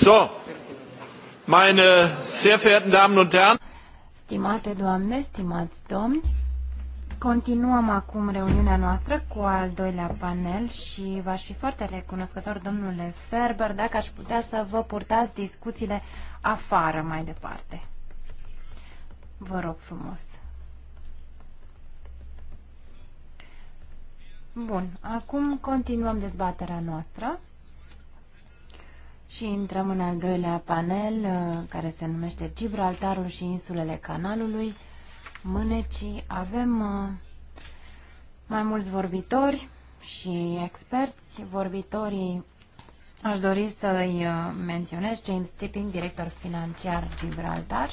So, meine sehr verehrten Damen und Herren. Stimate doamne, stimați domni, continuăm acum reuniunea noastră cu al doilea panel și v-aș fi foarte recunoscător, domnule Ferber, dacă aș putea să vă purtați discuțiile afară mai departe. Vă rog frumos. Bun, acum continuăm dezbaterea noastră. Și intrăm în al doilea panel, uh, care se numește Gibraltarul și insulele canalului Mânecii. Avem uh, mai mulți vorbitori și experți. Vorbitorii aș dori să-i uh, menționez James Tipping, director financiar Gibraltar,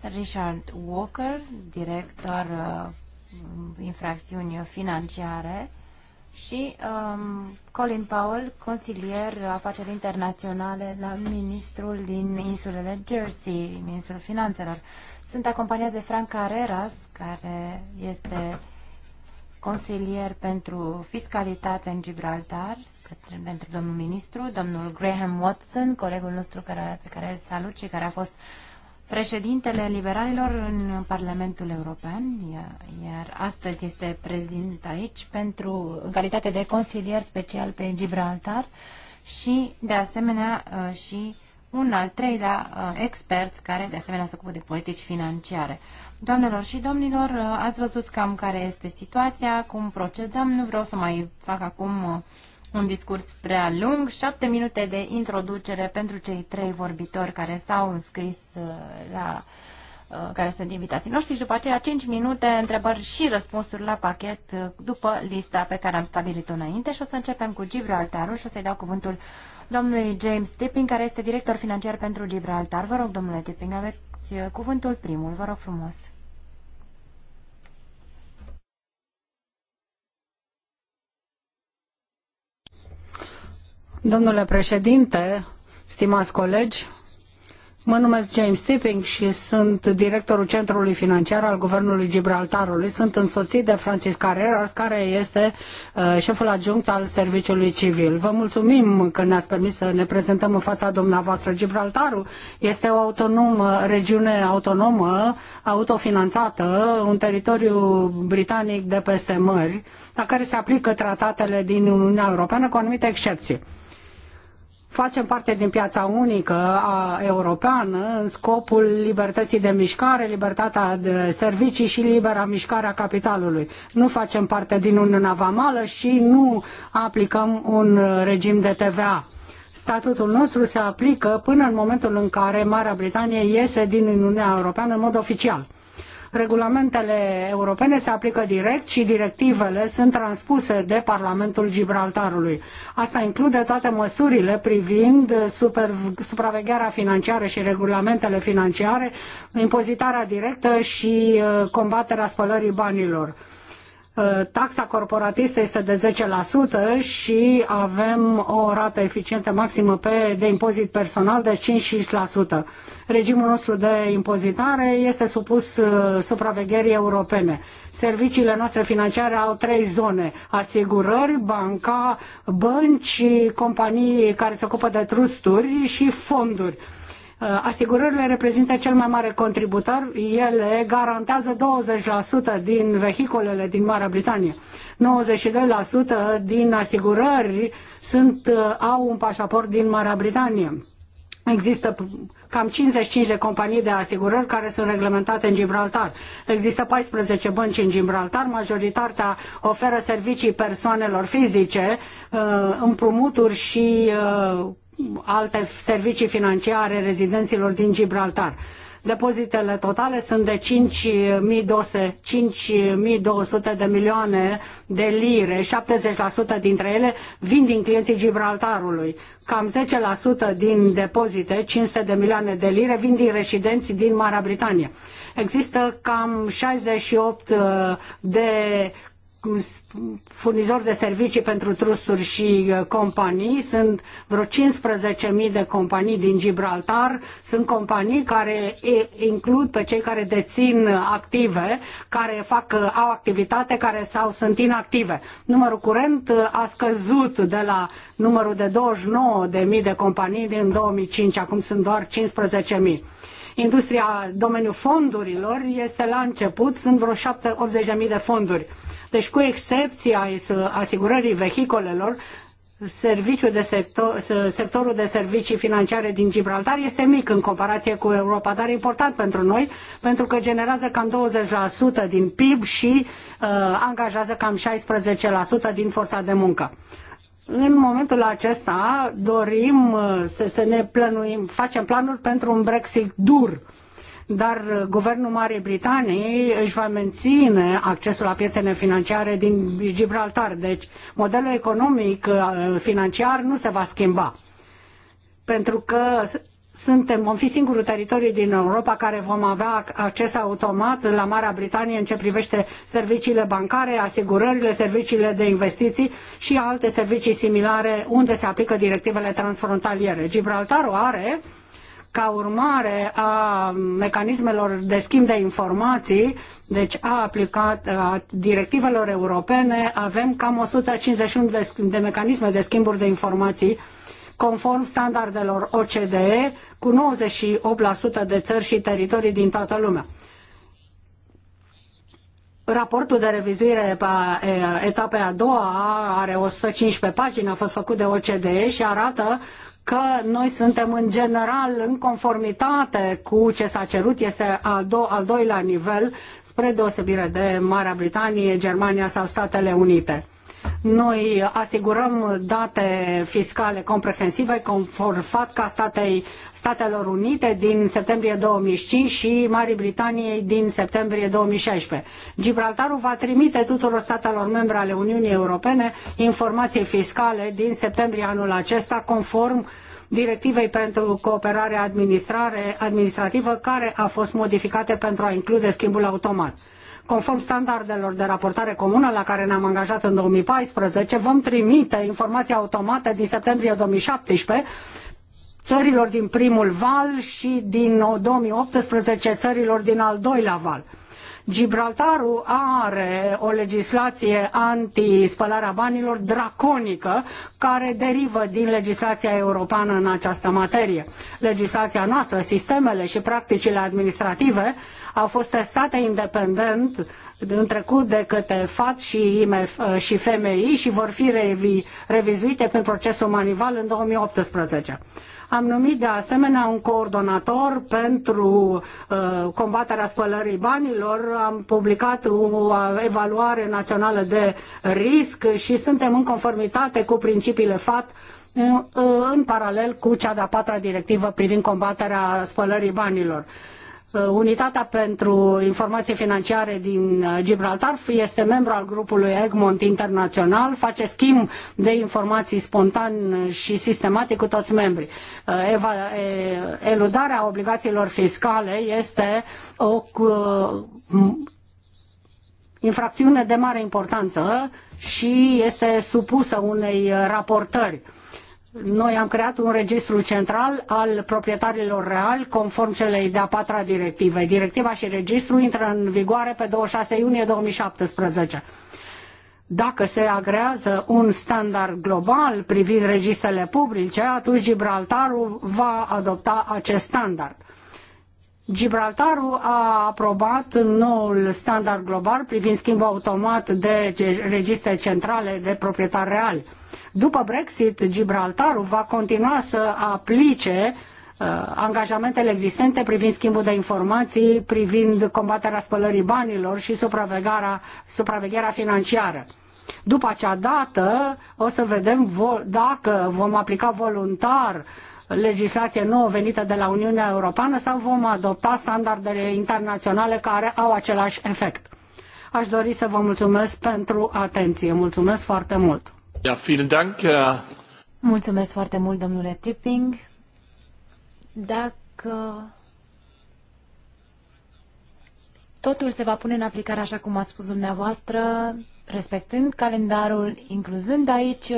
Richard Walker, director infracțiuni financiare și um, Colin Powell, consilier afaceri internaționale la ministrul din insulele Jersey, ministrul finanțelor. Sunt acompaniați de Frank Carreras, care este consilier pentru fiscalitate în Gibraltar, către, pentru domnul ministru, domnul Graham Watson, colegul nostru care, pe care îl salut și care a fost uh, președintele liberalilor în Parlamentul European, iar astăzi este prezent aici pentru, în calitate de consilier special pe Gibraltar și, de asemenea, ă, și un al treilea ă, expert care, de asemenea, se ocupă de politici financiare. Doamnelor și domnilor, ă, ați văzut cam care este situația, cum procedăm. Nu vreau să mai fac acum un discurs prea lung, șapte minute de introducere pentru cei trei vorbitori care s-au înscris uh, la uh, care sunt invitații noștri și după aceea 5 minute întrebări și răspunsuri la pachet uh, după lista pe care am stabilit-o înainte și o să începem cu Gibraltarul și o să-i dau cuvântul domnului James Tipping, care este director financiar pentru Gibraltar. Vă rog, domnule Tipping, aveți cuvântul primul, vă rog frumos. Domnule președinte, stimați colegi, mă numesc James Tipping și sunt directorul Centrului Financiar al Guvernului Gibraltarului. Sunt însoțit de Francis Carreras, care este uh, șeful adjunct al Serviciului Civil. Vă mulțumim că ne-ați permis să ne prezentăm în fața dumneavoastră. Gibraltarul este o autonomă, regiune autonomă, autofinanțată, un teritoriu britanic de peste mări, la care se aplică tratatele din Uniunea Europeană cu anumite excepții. Facem parte din piața unică a europeană în scopul libertății de mișcare, libertatea de servicii și libera mișcare a capitalului. Nu facem parte din Uniunea Vamală și nu aplicăm un regim de TVA. Statutul nostru se aplică până în momentul în care Marea Britanie iese din Uniunea Europeană în mod oficial. Regulamentele europene se aplică direct și directivele sunt transpuse de Parlamentul Gibraltarului. Asta include toate măsurile privind super, supravegherea financiară și regulamentele financiare, impozitarea directă și uh, combaterea spălării banilor taxa corporatistă este de 10% și avem o rată eficientă maximă pe, de impozit personal de 55%. Regimul nostru de impozitare este supus uh, supravegherii europene. Serviciile noastre financiare au trei zone, asigurări, banca, bănci, companii care se ocupă de trusturi și fonduri Uh, asigurările reprezintă cel mai mare contributor, ele garantează 20% din vehiculele din Marea Britanie. 92% din asigurări sunt, uh, au un pașaport din Marea Britanie. Există cam 55 de companii de asigurări care sunt reglementate în Gibraltar. Există 14 bănci în Gibraltar, majoritatea oferă servicii persoanelor fizice, uh, împrumuturi și alte servicii financiare rezidenților din Gibraltar. Depozitele totale sunt de 5200 de milioane de lire, 70% dintre ele vin din clienții Gibraltarului. Cam 10% din depozite, 500 de milioane de lire, vin din rezidenții din Marea Britanie. Există cam 68 uh, de furnizori de servicii pentru trusturi și uh, companii. Sunt vreo 15.000 de companii din Gibraltar. Sunt companii care includ pe cei care dețin active, care fac, uh, au activitate, care sau sunt inactive. Numărul curent uh, a scăzut de la numărul de 29.000 de companii din 2005. Acum sunt doar 15.000 industria, domeniul fondurilor este la început, sunt vreo 80.000 de fonduri. Deci, cu excepția asigurării vehicolelor, serviciul de sector, sectorul de servicii financiare din Gibraltar este mic în comparație cu Europa, dar important pentru noi, pentru că generează cam 20% din PIB și uh, angajează cam 16% din forța de muncă. În momentul acesta dorim uh, să, să ne plănuim, facem planuri pentru un Brexit dur dar guvernul Marii Britanii își va menține accesul la piețele financiare din Gibraltar. Deci modelul economic uh, financiar nu se va schimba. Pentru că suntem, vom fi singurul teritoriu din Europa care vom avea acces automat la Marea Britanie în ce privește serviciile bancare, asigurările, serviciile de investiții și alte servicii similare unde se aplică directivele transfrontaliere. Gibraltarul are uh, ca urmare a mecanismelor de schimb de informații, deci a aplicat a directivelor europene, avem cam 151 de, de mecanisme de schimburi de informații conform standardelor OCDE, cu 98% de țări și teritorii din toată lumea. Raportul de revizuire pe etapei a doua are 115 pagini, a fost făcut de OCDE și arată că noi suntem în general în conformitate cu ce s-a cerut, este al, do- al doilea nivel, spre deosebire de Marea Britanie, Germania sau Statele Unite. Noi asigurăm date fiscale comprehensive conform FATCA statei, Statelor Unite din septembrie 2005 și Marii Britaniei din septembrie 2016. Gibraltarul va trimite tuturor statelor membre ale Uniunii Europene informații fiscale din septembrie anul acesta conform directivei pentru cooperare administrativă care a fost modificată pentru a include schimbul automat conform standardelor de raportare comună la care ne-am angajat în 2014, vom trimite informații automată din septembrie 2017 țărilor din primul val și din 2018 țărilor din al doilea val. Gibraltarul are o legislație anti-spălarea banilor draconică care derivă din legislația europeană în această materie. Legislația noastră, sistemele și practicile administrative au fost testate independent în trecut de către FAT și, IMF, și FMI și vor fi revi, revizuite prin procesul manival în 2018. Am numit de asemenea un coordonator pentru uh, combaterea spălării banilor, am publicat o uh, evaluare națională de risc și suntem în conformitate cu principiile FAT în, uh, în paralel cu cea de-a patra directivă privind combaterea spălării banilor. Uh, unitatea pentru Informații Financiare din uh, Gibraltar este membru al grupului Egmont Internațional, face schimb de informații spontan și sistematic cu toți membrii. Uh, eludarea obligațiilor fiscale este o infracțiune de mare importanță și este supusă unei raportări noi am creat un registru central al proprietarilor reali, conform celei de-a patra directive. Directiva și registru intră în vigoare pe 26 iunie 2017. Dacă se agrează un standard global privind registrele publice, atunci Gibraltarul va adopta acest standard. Gibraltarul a aprobat noul standard global privind schimbul automat de registre centrale de proprietar real. După Brexit, Gibraltarul va continua să aplice uh, angajamentele existente privind schimbul de informații, privind combaterea spălării banilor și supravegherea, supravegherea financiară. După acea dată o să vedem dacă vom aplica voluntar legislație nouă venită de la Uniunea Europeană sau vom adopta standardele internaționale care au același efect. Aș dori să vă mulțumesc pentru atenție. Mulțumesc foarte mult! Ja, vielen Dank. Mulțumesc foarte mult, domnule Tipping. Dacă totul se va pune în aplicare așa cum ați spus dumneavoastră, respectând calendarul, incluzând aici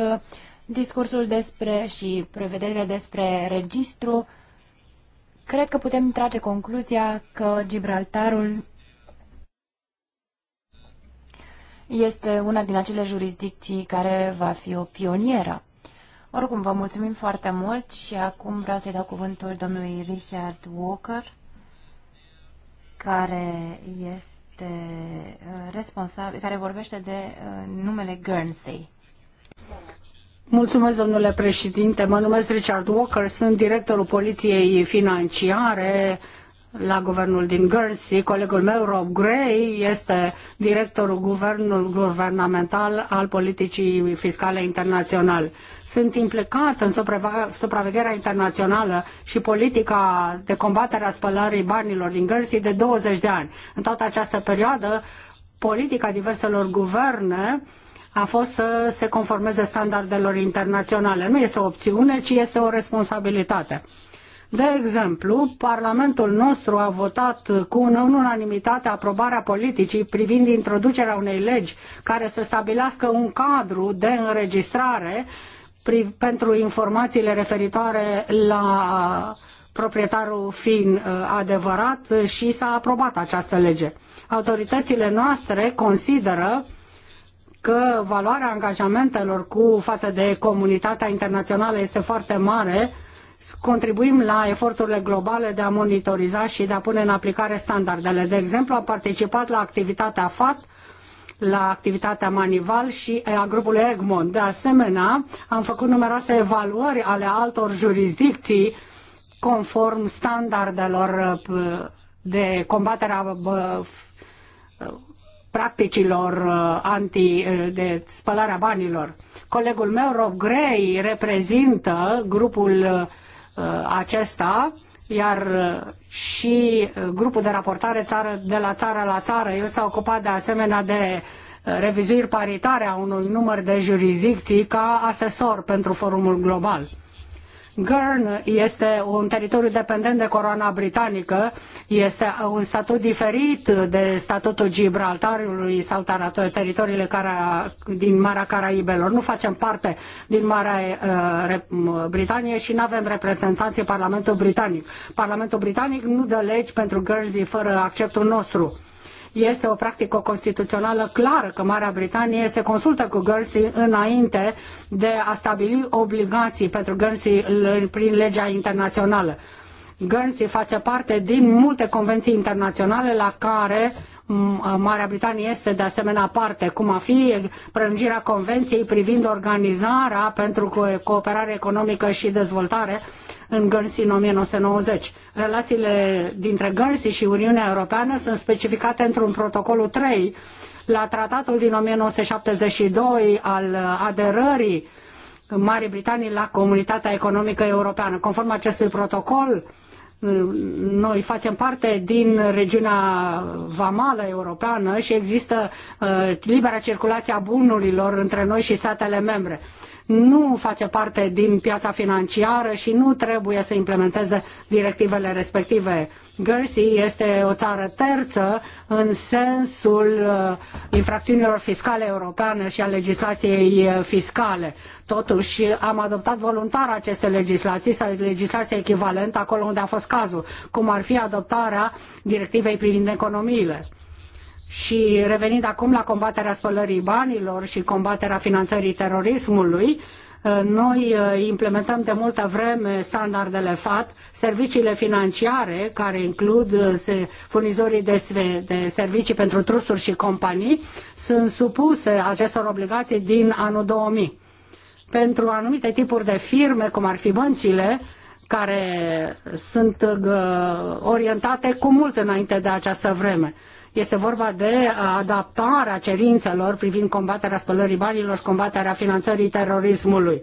discursul despre și prevederile despre registru, cred că putem trage concluzia că Gibraltarul este una din acele jurisdicții care va fi o pionieră. Oricum, vă mulțumim foarte mult și acum vreau să-i dau cuvântul domnului Richard Walker, care este uh, responsabil, care vorbește de uh, numele Guernsey. Mulțumesc, domnule președinte. Mă numesc Richard Walker, sunt directorul Poliției Financiare la guvernul din Guernsey. Colegul meu, Rob Gray, este directorul guvernul guvernamental al politicii fiscale internaționale. Sunt implicat în supravegherea internațională și politica de combatere a spălării banilor din Guernsey de 20 de ani. În toată această perioadă, politica diverselor guverne a fost să se conformeze standardelor internaționale. Nu este o opțiune, ci este o responsabilitate. De exemplu, Parlamentul nostru a votat cu în unanimitate aprobarea politicii privind introducerea unei legi care să stabilească un cadru de înregistrare pentru informațiile referitoare la proprietarul fiind uh, adevărat și s-a aprobat această lege. Autoritățile noastre consideră că valoarea angajamentelor cu față de comunitatea internațională este foarte mare, contribuim la eforturile globale de a monitoriza și de a pune în aplicare standardele. De exemplu, am participat la activitatea FAT, la activitatea Manival și a grupului Egmont. De asemenea, am făcut numeroase evaluări ale altor jurisdicții conform standardelor uh, de combatere a uh, practicilor uh, anti, uh, de spălarea banilor. Colegul meu, Rob Gray, reprezintă grupul uh, acesta, iar și grupul de raportare țară, de la țară la țară, el s-a ocupat de asemenea de revizuiri paritare a unui număr de jurisdicții ca asesor pentru forumul global. Gurn este un teritoriu dependent de coroana britanică, este un statut diferit de statutul Gibraltarului sau teritoriile care, din Marea Caraibelor. Nu facem parte din Marea uh, Britanie și nu avem reprezentanții în Parlamentul Britanic. Parlamentul Britanic nu dă legi pentru Guernsey fără acceptul nostru este o practică constituțională clară că Marea Britanie se consultă cu Guernsey înainte de a stabili obligații pentru Guernsey prin legea internațională. Guernsey face parte din multe convenții internaționale la care Marea Britanie este de asemenea parte, cum a fi prelungirea convenției privind organizarea pentru cooperare economică și dezvoltare în Guernsey în 1990. Relațiile dintre Guernsey și Uniunea Europeană sunt specificate într-un protocolul 3 la tratatul din 1972 al aderării Marii Britanii la Comunitatea Economică Europeană. Conform acestui protocol, noi facem parte din regiunea vamală europeană și există uh, libera circulație a bunurilor între noi și statele membre nu face parte din piața financiară și nu trebuie să implementeze directivele respective. Guernsey este o țară terță în sensul uh, infracțiunilor fiscale europene și a legislației uh, fiscale. Totuși am adoptat voluntar aceste legislații sau legislație echivalentă acolo unde a fost cazul, cum ar fi adoptarea directivei privind economiile. Și revenind acum la combaterea spălării banilor și combaterea finanțării terorismului, uh, noi uh, implementăm de multă vreme standardele FAT, serviciile financiare, care includ uh, furnizorii de, servicii pentru trusturi și companii, sunt supuse acestor obligații din anul 2000. Pentru anumite tipuri de firme, cum ar fi băncile, care sunt orientate cu mult înainte de această vreme. Este vorba de uh, adaptarea cerințelor privind combaterea spălării banilor și combaterea finanțării terorismului.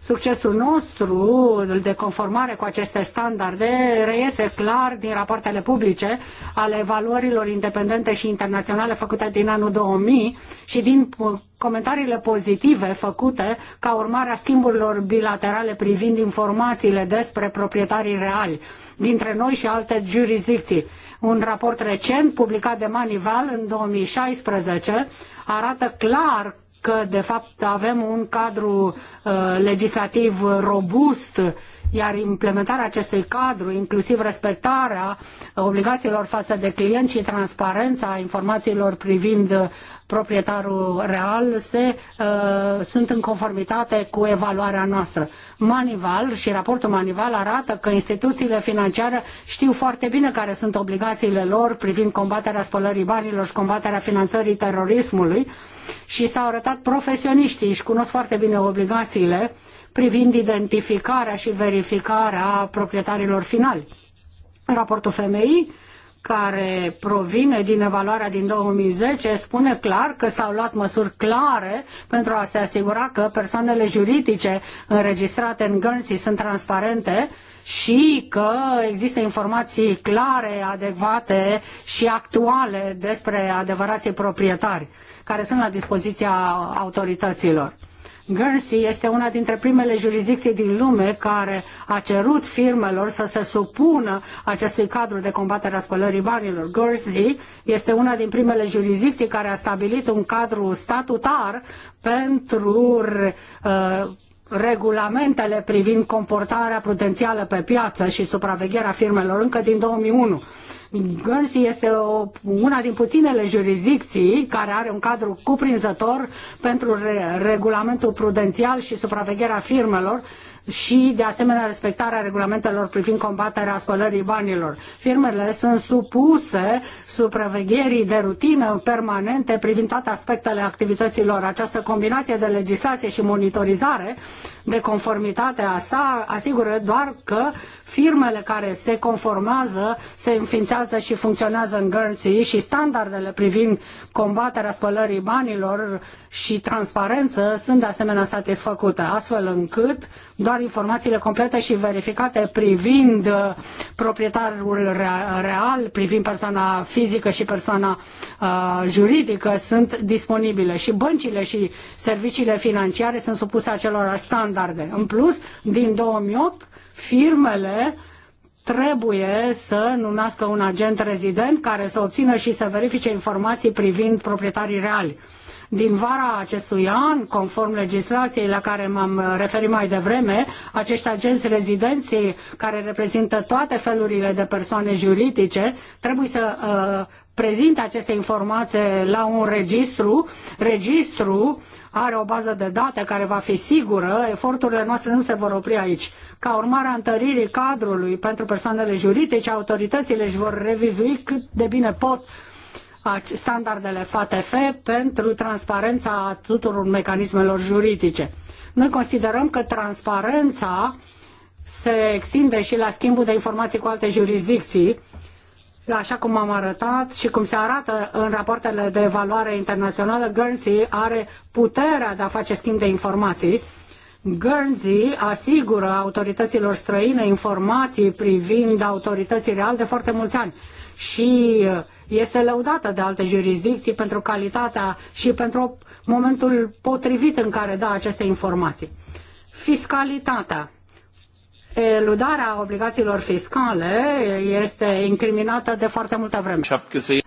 Succesul nostru de conformare cu aceste standarde reiese clar din rapoartele publice ale evaluărilor independente și internaționale făcute din anul 2000 și din comentariile pozitive făcute ca urmare a schimburilor bilaterale privind informațiile despre proprietarii reali dintre noi și alte jurisdicții. Un raport recent publicat de Manival în 2016 arată clar că de fapt avem un cadru uh, legislativ robust uh, iar implementarea acestui cadru, inclusiv respectarea obligațiilor față de clienți și transparența informațiilor privind proprietarul real, se, uh, sunt în conformitate cu evaluarea noastră. Manival și raportul Manival arată că instituțiile financiare știu foarte bine care sunt obligațiile lor privind combaterea spălării banilor și combaterea finanțării terorismului și s-au arătat profesioniștii, își cunosc foarte bine obligațiile uh, privind identificarea și verificarea proprietarilor finali. Raportul FMI care provine din evaluarea din 2010 spune clar că s-au luat măsuri clare pentru a se asigura că persoanele juridice înregistrate în Guernsey sunt transparente și că există informații clare, adecvate și actuale despre adevărații proprietari care sunt la dispoziția autorităților. Guernsey este una dintre primele jurisdicții din lume care a cerut firmelor să se supună acestui cadru de combatere a spălării banilor. Guernsey este una din primele jurisdicții care a stabilit un cadru statutar pentru uh, regulamentele privind comportarea prudențială pe piață și supravegherea firmelor încă din 2001. Guernsey este o, una din puținele jurisdicții care are un cadru cuprinzător pentru re, regulamentul prudențial și supravegherea firmelor și, de asemenea, respectarea regulamentelor privind combaterea spălării banilor. Firmele sunt supuse supravegherii de rutină permanente privind toate aspectele activităților. Această combinație de legislație și monitorizare de a sa asigură doar că firmele care se conformează, se înființează și funcționează în Guernsey și standardele privind combaterea spălării banilor și transparență sunt de asemenea satisfăcute, astfel încât doar doar informațiile complete și verificate privind uh, proprietarul real, privind persoana fizică și persoana uh, juridică sunt disponibile și băncile și serviciile financiare sunt supuse acelor standarde. În plus, din 2008, firmele trebuie să numească un agent rezident care să obțină și să verifice informații privind proprietarii reali. Din vara acestui an, conform legislației la care m-am referit mai devreme, acești agenți rezidenții care reprezintă toate felurile de persoane juridice trebuie să uh, prezinte aceste informații la un registru. Registru are o bază de date care va fi sigură, eforturile noastre nu se vor opri aici. Ca urmare a întăririi cadrului pentru persoanele juridice, autoritățile își vor revizui cât de bine pot standardele FATF pentru transparența tuturor mecanismelor juridice. Noi considerăm că transparența se extinde și la schimbul de informații cu alte jurisdicții, așa cum am arătat și cum se arată în rapoartele de evaluare internațională, Guernsey are puterea de a face schimb de informații. Guernsey asigură autorităților străine informații privind autoritățile de foarte mulți ani și uh, este lăudată de alte jurisdicții pentru calitatea și pentru momentul potrivit în care dă aceste informații. Fiscalitatea. Eludarea obligațiilor fiscale este incriminată de foarte multă vreme.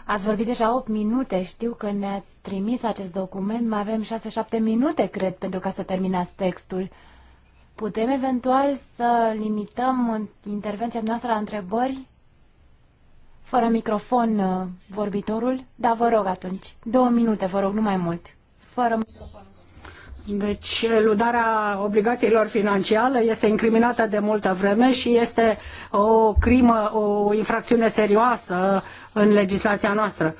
Ați vorbit deja 8 minute, știu că ne-ați trimis acest document, mai avem 6-7 minute, cred, pentru ca să terminați textul. Putem eventual să limităm intervenția noastră la întrebări fără microfon uh, vorbitorul, dar vă rog atunci, două minute, vă rog, nu mai mult. Fără microfon. Deci, eludarea obligațiilor financiare este incriminată de multă vreme și este o crimă, o infracțiune serioasă în legislația noastră.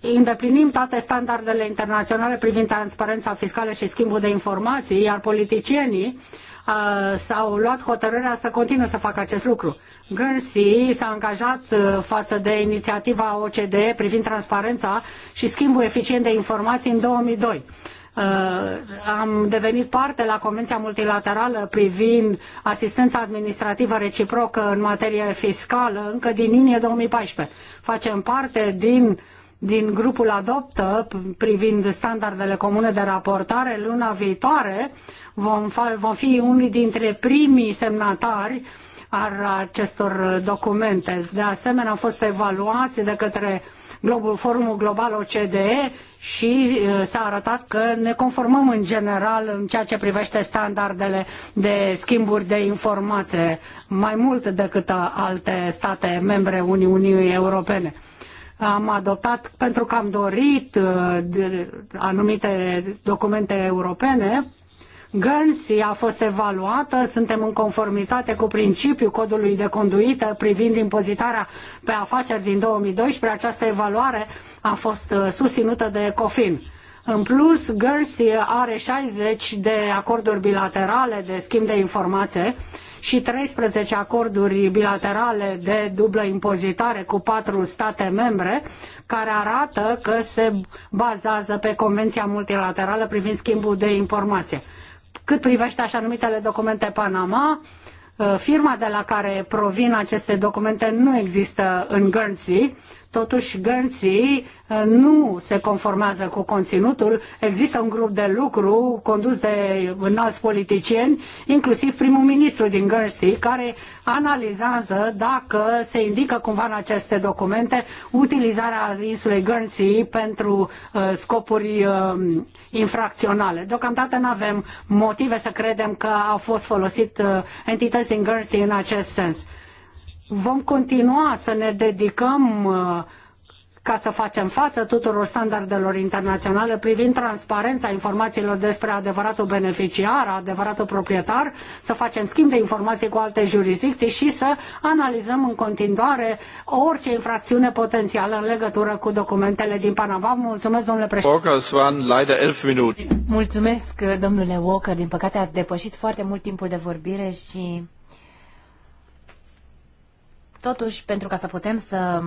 Îndeplinim toate standardele internaționale privind transparența fiscală și schimbul de informații, iar politicienii uh, s-au luat hotărârea să continue să facă acest lucru. Guernsey s-a angajat uh, față de inițiativa OCDE privind transparența și schimbul eficient de informații în 2002. Uh, am devenit parte la Convenția Multilaterală privind asistența administrativă reciprocă în materie fiscală încă din iunie 2014. Facem parte din din grupul adoptă uh, privind standardele comune de raportare luna viitoare vom, vom fi unii dintre primii semnatari uh, ar acestor documente. De asemenea, au fost evaluați de către Globul, Forumul Global OCDE și uh, s-a arătat că ne conformăm în general în ceea ce privește standardele de schimburi de informație mai mult decât alte state membre Uniunii Europene. Am adoptat pentru că am dorit uh, anumite documente europene Guernsey a fost evaluată, suntem în conformitate cu principiul codului de conduită privind impozitarea pe afaceri din 2012. Această evaluare a fost uh, susținută de COFIN. În plus, Guernsey are 60 de acorduri bilaterale de schimb de informație și 13 acorduri bilaterale de dublă impozitare cu patru state membre, care arată că se bazează pe Convenția Multilaterală privind schimbul de informație cât privește așa numitele documente Panama. Uh, firma de la care provin aceste documente nu există în Guernsey, Totuși, gărții uh, nu se conformează cu conținutul. Există un grup de lucru condus de înalți politicieni, inclusiv primul ministru din Gărții, care analizează dacă se indică cumva în aceste documente utilizarea insulei Gărții pentru uh, scopuri uh, infracționale. Deocamdată nu avem motive să credem că au fost folosit entități din Gărții în acest sens vom continua să ne dedicăm uh, ca să facem față tuturor standardelor internaționale privind transparența informațiilor despre adevăratul beneficiar, adevăratul proprietar, să facem schimb de informații cu alte jurisdicții și să analizăm în continuare orice infracțiune potențială în legătură cu documentele din Panama. Mulțumesc, domnule președinte. Mulțumesc, domnule Walker. Din păcate ați depășit foarte mult timpul de vorbire și Totuși, pentru ca să putem să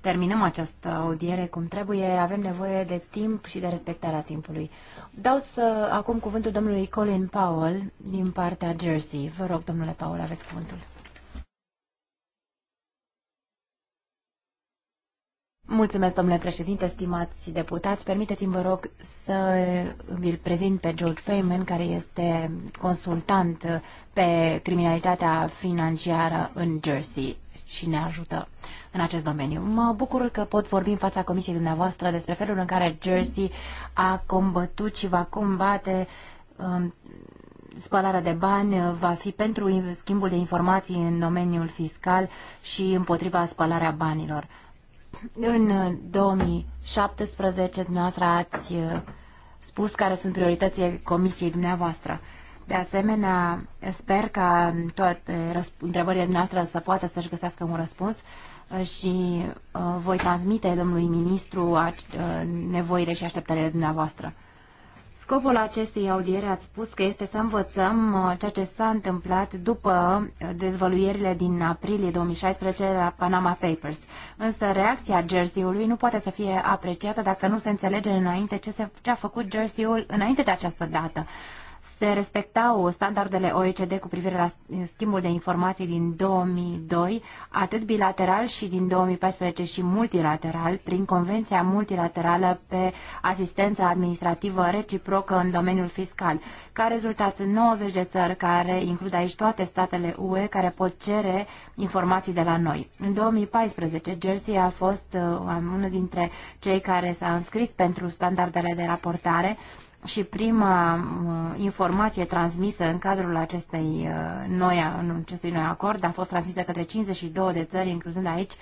terminăm această audiere cum trebuie, avem nevoie de timp și de respectarea timpului. Dau să acum cuvântul domnului Colin Powell din partea Jersey. Vă rog, domnule Powell, aveți cuvântul. Mulțumesc, domnule președinte, stimați deputați. Permiteți-mi, vă rog, să vi-l prezint pe George Feynman, care este consultant pe criminalitatea financiară în Jersey și ne ajută în acest domeniu. Mă bucur că pot vorbi în fața comisiei dumneavoastră despre felul în care Jersey a combătut și va combate um, spălarea de bani va fi pentru schimbul de informații în domeniul fiscal și împotriva spălarea banilor. În 2017, uh, dumneavoastră ați uh, spus care sunt prioritățile comisiei dumneavoastră. De asemenea, sper ca toate întrebările noastre să poată să-și găsească un răspuns uh, și uh, voi transmite domnului ministru uh, nevoile și așteptările dumneavoastră. Scopul acestei audiere, ați spus că este să învățăm uh, ceea ce s-a întâmplat după uh, dezvăluirile din aprilie 2016 la Panama Papers. Însă reacția Jersey-ului nu poate să fie apreciată dacă nu se înțelege înainte ce, se, ce a făcut Jersey-ul înainte de această dată se respectau standardele OECD cu privire la schimbul de informații din 2002, atât bilateral și din 2014 și multilateral, prin Convenția Multilaterală pe Asistența Administrativă Reciprocă în domeniul fiscal. Ca rezultat, sunt 90 de țări care includ aici toate statele UE care pot cere informații de la noi. În 2014, Jersey a fost uh, unul dintre cei care s-a înscris pentru standardele de raportare și prima uh, informație transmisă în cadrul acestei uh, noi, acestui noi acord a fost transmisă către 52 de țări, incluzând aici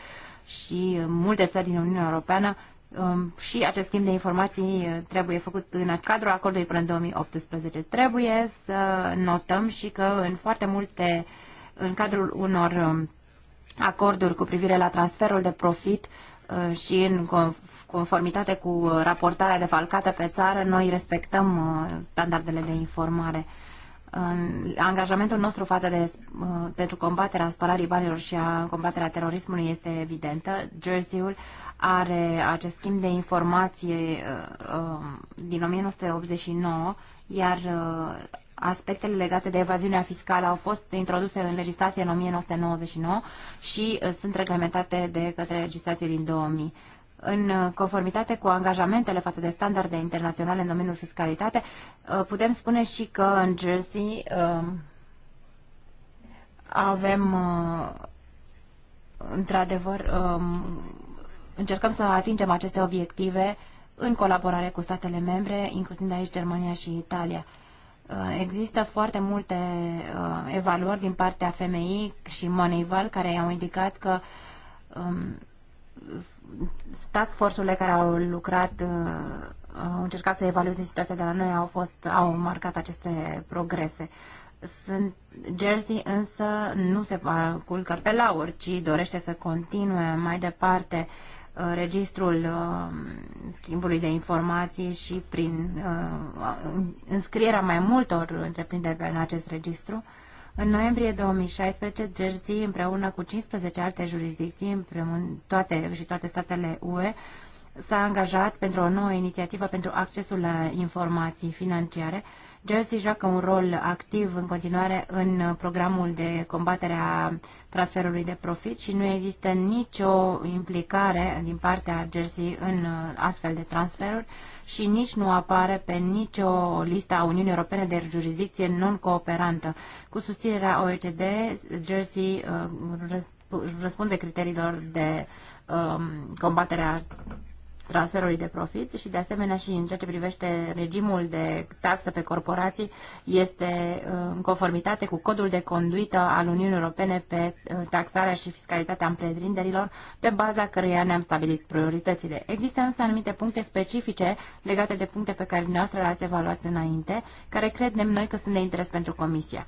și uh, multe țări din Uniunea Europeană, um, și acest schimb de informații trebuie făcut în cadrul acordului până în 2018. Trebuie să notăm și că în foarte multe, în cadrul unor um, acorduri cu privire la transferul de profit și în conformitate cu raportarea defalcată pe țară, noi respectăm uh, standardele de informare. Angajamentul nostru față de, uh, pentru combaterea spălării banilor și a combaterea terorismului este evidentă. Jersey-ul are acest schimb de informație uh, din 1989, iar aspectele legate de evaziunea fiscală au fost introduse în legislație în 1999 și sunt reglementate de către legislație din 2000 în conformitate cu angajamentele față de standarde internaționale în domeniul fiscalitate, uh, putem spune și că în Jersey uh, avem uh, într-adevăr um, încercăm să atingem aceste obiective în colaborare cu statele membre, de aici Germania și Italia. Există foarte multe evaluări din partea FMI și Moneyval care i-au indicat că um, task force-urile care au lucrat, uh, au încercat să evalueze situația de la noi, au, fost, au marcat aceste progrese. Sunt, Jersey însă nu se va culcă pe lauri, ci dorește să continue mai departe uh, registrul uh, schimbului de informații și prin înscrierea mai multor întreprinderi în acest registru în noiembrie 2016, Jersey, împreună cu 15 alte jurisdicții împreună, toate, și toate statele UE, s-a angajat pentru o nouă inițiativă pentru accesul la informații financiare, Jersey joacă un rol activ în continuare în programul de combatere a transferului de profit și nu există nicio implicare din partea Jersey în uh, astfel de transferuri și nici nu apare pe nicio listă a Uniunii Europene de jurisdicție non-cooperantă. Cu susținerea OECD, Jersey uh, răspunde criteriilor de um, combatere a transferului de profit și de asemenea și în ceea ce privește regimul de taxă pe corporații este uh, în conformitate cu codul de conduită al Uniunii Europene pe uh, taxarea și fiscalitatea întreprinderilor, pe baza căreia ne-am stabilit prioritățile. Există însă anumite puncte specifice legate de puncte pe care dumneavoastră le-ați evaluat înainte, care credem noi că sunt de interes pentru Comisia.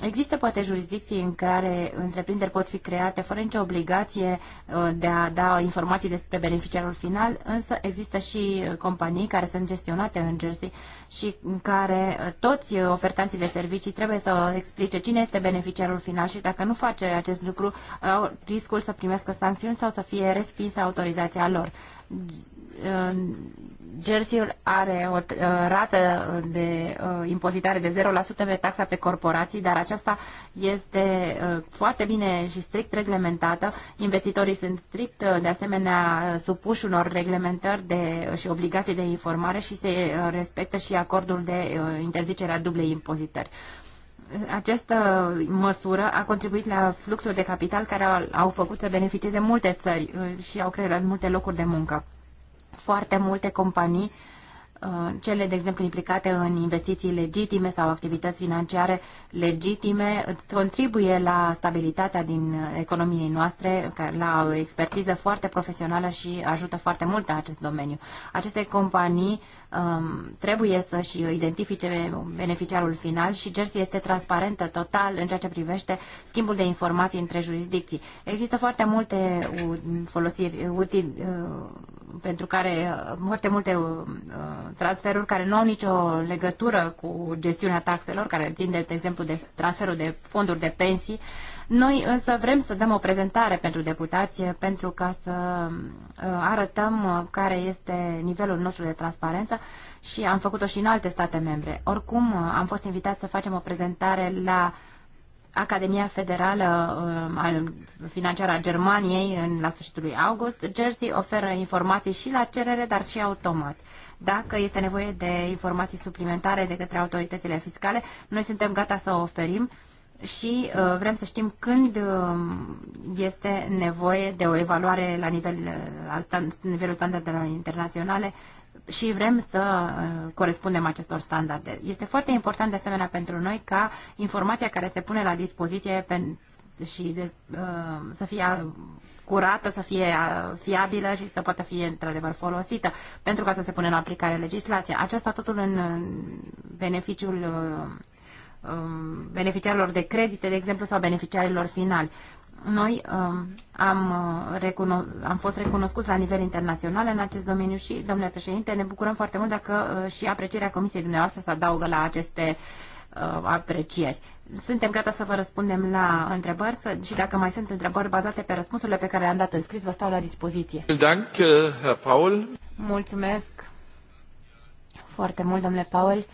Există poate jurisdicții în care întreprinderi pot fi create fără nicio obligație uh, de a da informații despre beneficiarul final, însă există și uh, companii care sunt gestionate în Jersey și în care uh, toți ofertanții de servicii trebuie să explice cine este beneficiarul final și dacă nu face acest lucru, au riscul să primească sancțiuni sau să fie respinsă autorizația lor. Jersey are o uh, rată de uh, impozitare de 0% pe taxa pe corporații, dar aceasta este uh, foarte bine și strict reglementată. Investitorii sunt strict, de asemenea, supuși unor reglementări de, și obligații de informare și se respectă și acordul de interzicere a dublei impozitări această măsură a contribuit la fluxul de capital care au, făcut să beneficieze multe țări și au creat multe locuri de muncă foarte multe companii, uh, cele, de exemplu, implicate în investiții legitime sau activități financiare legitime, contribuie la stabilitatea din economiei noastre, la o expertiză foarte profesională și ajută foarte mult în acest domeniu. Aceste companii um, trebuie să-și identifice beneficiarul final și Jersey este transparentă total în ceea ce privește schimbul de informații între jurisdicții. Există foarte multe uh, folosiri uh, utili uh, pentru care uh, foarte multe uh, transferuri care nu au nicio legătură cu gestiunea taxelor, care țin de, de exemplu de transferul de fonduri de pensii, uh, noi însă vrem să dăm o prezentare pentru deputație pentru ca să uh, arătăm uh, care este nivelul nostru de transparență și am făcut-o și în alte state membre. Oricum, uh, am fost invitat să facem o prezentare la Academia Federală Financiară a Germaniei în, la sfârșitul lui august. Jersey oferă informații și la cerere, dar și automat. Dacă este nevoie de informații suplimentare de către autoritățile fiscale, noi suntem gata să o oferim și uh, vrem să știm când uh, este nevoie de o evaluare la nivel, uh, al nivelul standardelor internaționale și vrem să corespundem acestor standarde. Este foarte important de asemenea pentru noi ca informația care se pune la dispoziție și de, să fie curată, să fie fiabilă și să poată fi într-adevăr folosită pentru ca să se pună în aplicare legislația. Aceasta totul în beneficiul um, beneficiarilor de credite, de exemplu, sau beneficiarilor finali. Noi um, am, uh, recuno- am fost recunoscuți la nivel internațional în acest domeniu și, domnule președinte, ne bucurăm foarte mult dacă uh, și aprecierea Comisiei dumneavoastră se adaugă la aceste uh, aprecieri. Suntem gata să vă răspundem la întrebări să, și dacă mai sunt întrebări bazate pe răspunsurile pe care le-am dat în scris, vă stau la dispoziție. Uh, Mulțumesc foarte mult, domnule Paul.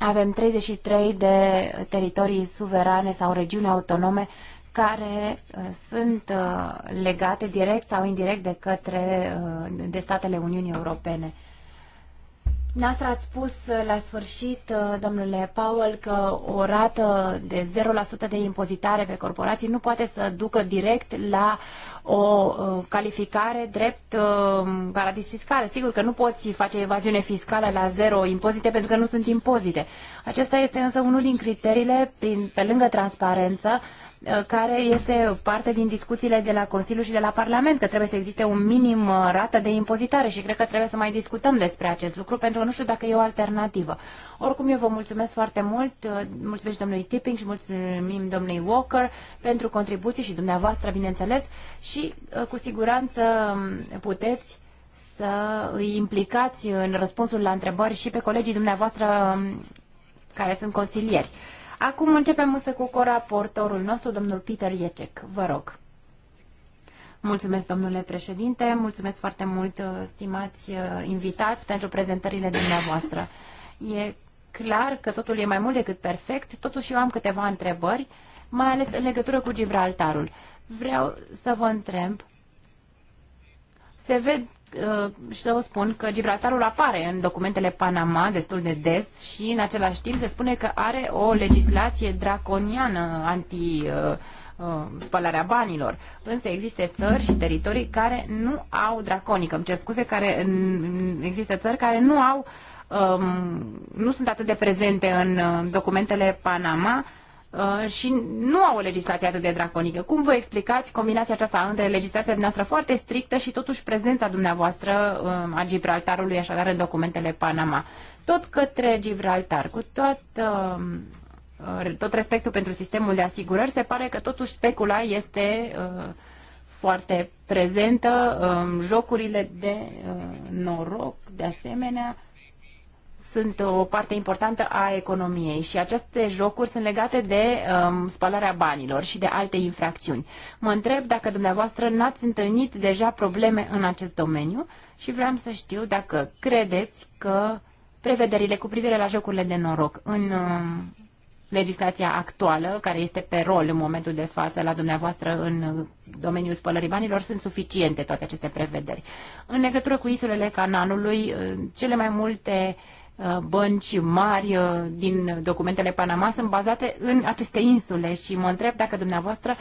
Avem 33 de teritorii suverane sau regiuni autonome care uh, sunt uh, legate direct sau indirect de către uh, de statele Uniunii Europene. Noastră ați spus uh, la sfârșit, uh, domnule Powell, că o rată de 0% de impozitare pe corporații nu poate să ducă direct la o uh, calificare drept paradis fiscal. Sigur că nu poți face evaziune fiscală la zero impozite pentru că nu sunt impozite. Acesta este însă unul din criteriile, prin, pe lângă transparență, Uh, care este parte din discuțiile de la Consiliu și de la Parlament, că trebuie să existe un minim uh, rată de impozitare și cred că trebuie să mai discutăm despre acest lucru, pentru că nu știu dacă e o alternativă. Oricum, eu vă mulțumesc foarte mult, uh, mulțumesc domnului Tipping și mulțumim domnului Walker pentru contribuții și dumneavoastră, bineînțeles, și cu siguranță um, puteți să îi implicați în răspunsul la întrebări și pe colegii dumneavoastră um, care sunt consilieri. Acum începem însă cu coraportorul nostru, domnul Peter Iecek. Vă rog. Mulțumesc, domnule președinte, mulțumesc foarte mult, uh, stimați uh, invitați, pentru prezentările dumneavoastră. E clar că totul e mai mult decât perfect, totuși eu am câteva întrebări, mai ales în legătură cu Gibraltarul. Vreau să vă întreb, se ved Uh, și să vă spun că Gibraltarul apare în documentele Panama destul de des și în același timp se spune că are o legislație draconiană anti uh, uh, spălarea banilor. Însă există țări și teritorii care nu au draconică, îmi cer scuze, care există țări care nu au um, nu sunt atât de prezente în documentele Panama Uh, și nu au o legislație atât de draconică. Cum vă explicați combinația aceasta între legislația dumneavoastră foarte strictă și totuși prezența dumneavoastră uh, a Gibraltarului, așadar în documentele Panama? Tot către Gibraltar, cu toată uh, tot respectul pentru sistemul de asigurări, se pare că totuși specula este uh, foarte prezentă, uh, jocurile de uh, noroc, de asemenea, sunt o parte importantă a economiei și aceste jocuri sunt legate de um, spălarea banilor și de alte infracțiuni. Mă întreb dacă dumneavoastră n-ați întâlnit deja probleme în acest domeniu și vreau să știu dacă credeți că prevederile cu privire la jocurile de noroc în um, legislația actuală, care este pe rol în momentul de față la dumneavoastră în domeniul spălării banilor, sunt suficiente toate aceste prevederi. În legătură cu insulele Canalului, uh, cele mai multe Uh, bănci mari uh, din documentele Panama sunt bazate în aceste insule și mă întreb dacă dumneavoastră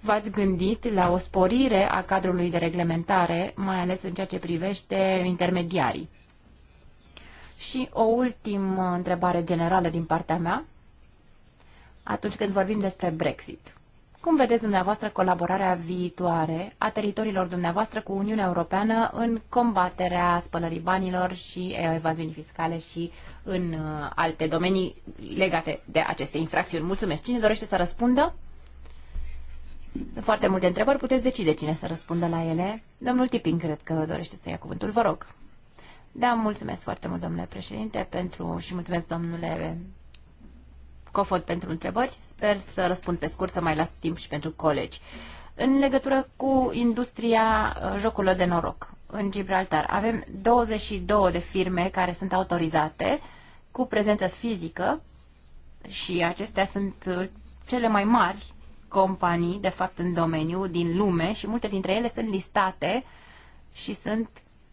v-ați gândit la o sporire a cadrului de reglementare, mai ales în ceea ce privește intermediarii. Și o ultimă întrebare generală din partea mea, atunci când vorbim despre Brexit. Cum vedeți dumneavoastră colaborarea viitoare a teritoriilor dumneavoastră cu Uniunea Europeană în combaterea spălării banilor și evaziunii fiscale și în uh, alte domenii legate de aceste infracțiuni? Mulțumesc. Cine dorește să răspundă? Sunt foarte multe întrebări, puteți decide cine să răspundă la ele. Domnul Tipin cred că dorește să ia cuvântul, vă rog. Da, mulțumesc foarte mult, domnule președinte, pentru și mulțumesc, domnule Cofot pentru întrebări. Sper să răspund pe scurt, să mai las timp și pentru colegi. În legătură cu industria uh, jocurilor de noroc în Gibraltar, avem 22 de firme care sunt autorizate cu prezență fizică și acestea sunt uh, cele mai mari companii, de fapt, în domeniu din lume și multe dintre ele sunt listate și sunt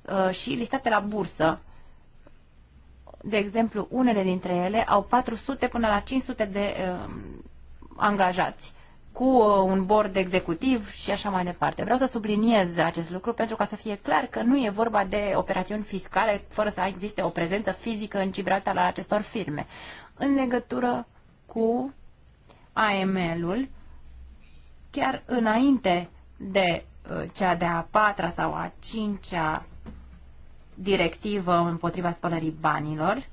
uh, și listate la bursă. Uh, de exemplu, unele dintre ele au 400 până la 500 de uh, angajați cu uh, un bord executiv și așa mai departe. Vreau să subliniez acest lucru pentru ca să fie clar că nu e vorba de operațiuni fiscale fără să existe o prezență fizică în Gibraltar la acestor firme. În legătură cu AML-ul, chiar înainte de uh, cea de-a patra sau a cincea directivă împotriva spălării banilor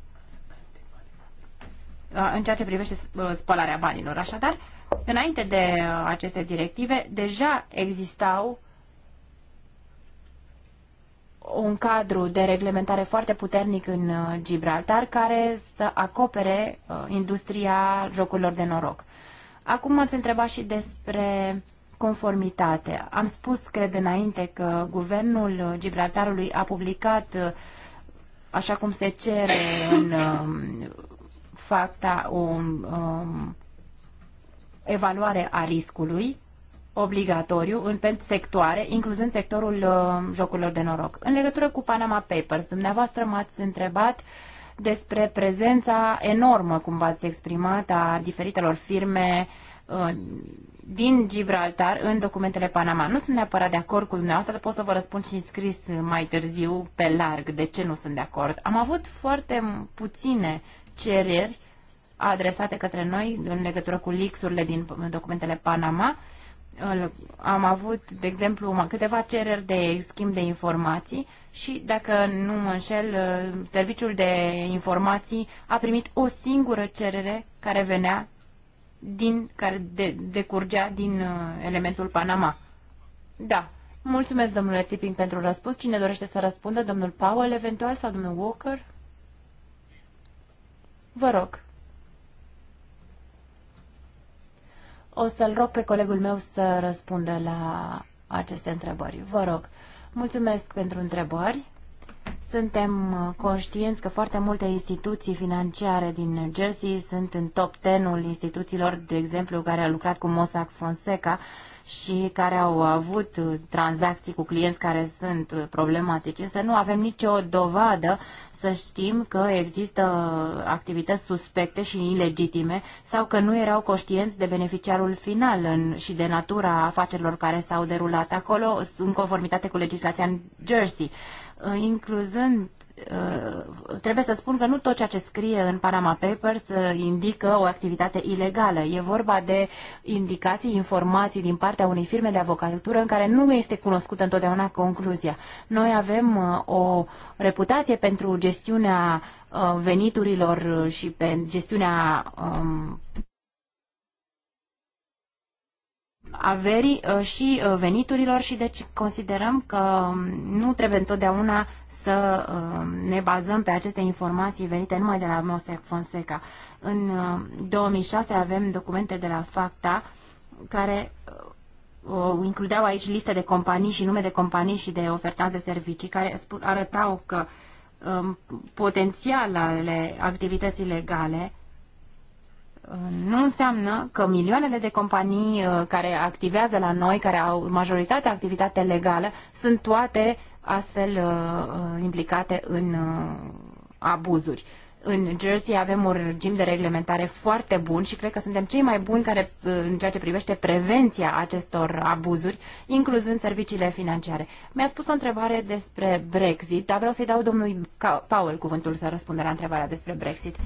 în ceea ce privește uh, spălarea banilor. Așadar, înainte de uh, aceste directive, deja existau un cadru de reglementare foarte puternic în uh, Gibraltar care să acopere industria jocurilor de noroc. Acum ați întrebat și despre conformitate. Am spus, cred, înainte că guvernul Gibraltarului a publicat, uh, așa cum se cere în um, facta, o um, evaluare a riscului obligatoriu în pentru sectoare, incluzând sectorul uh, jocurilor de noroc. În legătură cu Panama Papers, dumneavoastră m-ați întrebat despre prezența enormă, cum v-ați exprimat, a diferitelor firme uh, din Gibraltar în documentele Panama. Nu sunt neapărat de acord cu dumneavoastră, pot să vă răspund și scris mai târziu pe larg de ce nu sunt de acord. Am avut foarte puține cereri adresate către noi în legătură cu lixurile din documentele Panama. Am avut, de exemplu, câteva cereri de schimb de informații și, dacă nu mă înșel, ă, Serviciul de Informații a primit o singură cerere care venea din, care de, decurgea din uh, elementul Panama. Da. Mulțumesc, domnule Tipping, pentru răspuns. Cine dorește să răspundă? Domnul Powell, eventual, sau domnul Walker? Vă rog. O să-l rog pe colegul meu să răspundă la aceste întrebări. Vă rog. Mulțumesc pentru întrebări. Suntem uh, conștienți că foarte multe instituții financiare din New Jersey sunt în top 10-ul instituțiilor, de exemplu, care au lucrat cu Mossack Fonseca și care au avut uh, tranzacții cu clienți care sunt uh, problematici, însă nu avem nicio dovadă să știm că există activități suspecte și ilegitime sau că nu erau conștienți de beneficiarul final în, și de natura afacerilor care s-au derulat acolo în conformitate cu legislația în Jersey. Uh, incluzând uh, trebuie să spun că nu tot ceea ce scrie în Panama Papers uh, indică o activitate ilegală. E vorba de indicații, informații din partea unei firme de avocatură în care nu este cunoscută întotdeauna concluzia. Noi avem o reputație pentru gestiunea veniturilor și pe gestiunea um, averii uh, și uh, veniturilor și deci considerăm că um, nu trebuie întotdeauna să um, ne bazăm pe aceste informații venite numai de la Mossack Fonseca. În 2006 uh, avem documente de la FACTA care includeau aici liste de companii și nume de companii și de ofertanți de servicii care arătau că um, potențialele activității legale nu înseamnă că milioanele de companii uh, care activează la noi, care au majoritatea activitate legală, sunt toate astfel uh, uh, implicate în abuzuri. În Jersey avem un regim de reglementare foarte bun și cred că suntem cei mai buni care, în ceea ce privește prevenția acestor abuzuri, incluzând serviciile financiare. Mi-a spus o întrebare despre Brexit, dar vreau să-i dau domnului Powell cuvântul să răspundă la întrebarea despre Brexit.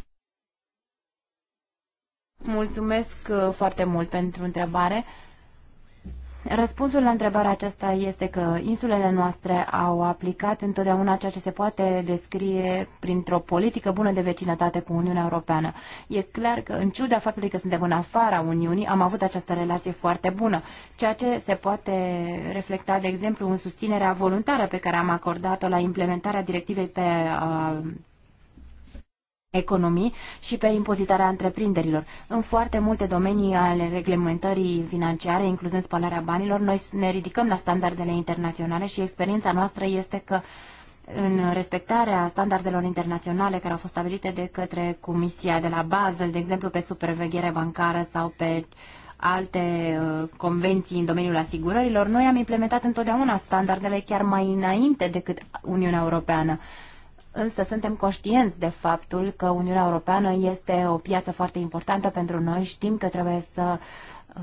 Mulțumesc uh, foarte mult pentru întrebare. Răspunsul la întrebarea aceasta este că insulele noastre au aplicat întotdeauna ceea ce se poate descrie printr-o politică bună de vecinătate cu Uniunea Europeană. E clar că, în ciuda faptului că suntem în afara Uniunii, am avut această relație foarte bună, ceea ce se poate reflecta, de exemplu, în susținerea voluntară pe care am acordat-o la implementarea directivei pe uh, economii și pe impozitarea întreprinderilor. În foarte multe domenii ale reglementării financiare, incluzând spălarea banilor, noi ne ridicăm la standardele internaționale și experiența noastră este că în respectarea standardelor internaționale care au fost stabilite de către Comisia de la Basel, de exemplu pe supraveghere bancară sau pe alte uh, convenții în domeniul asigurărilor, noi am implementat întotdeauna standardele chiar mai înainte decât Uniunea Europeană. Însă suntem conștienți de faptul că Uniunea Europeană este o piață foarte importantă pentru noi. Știm că trebuie să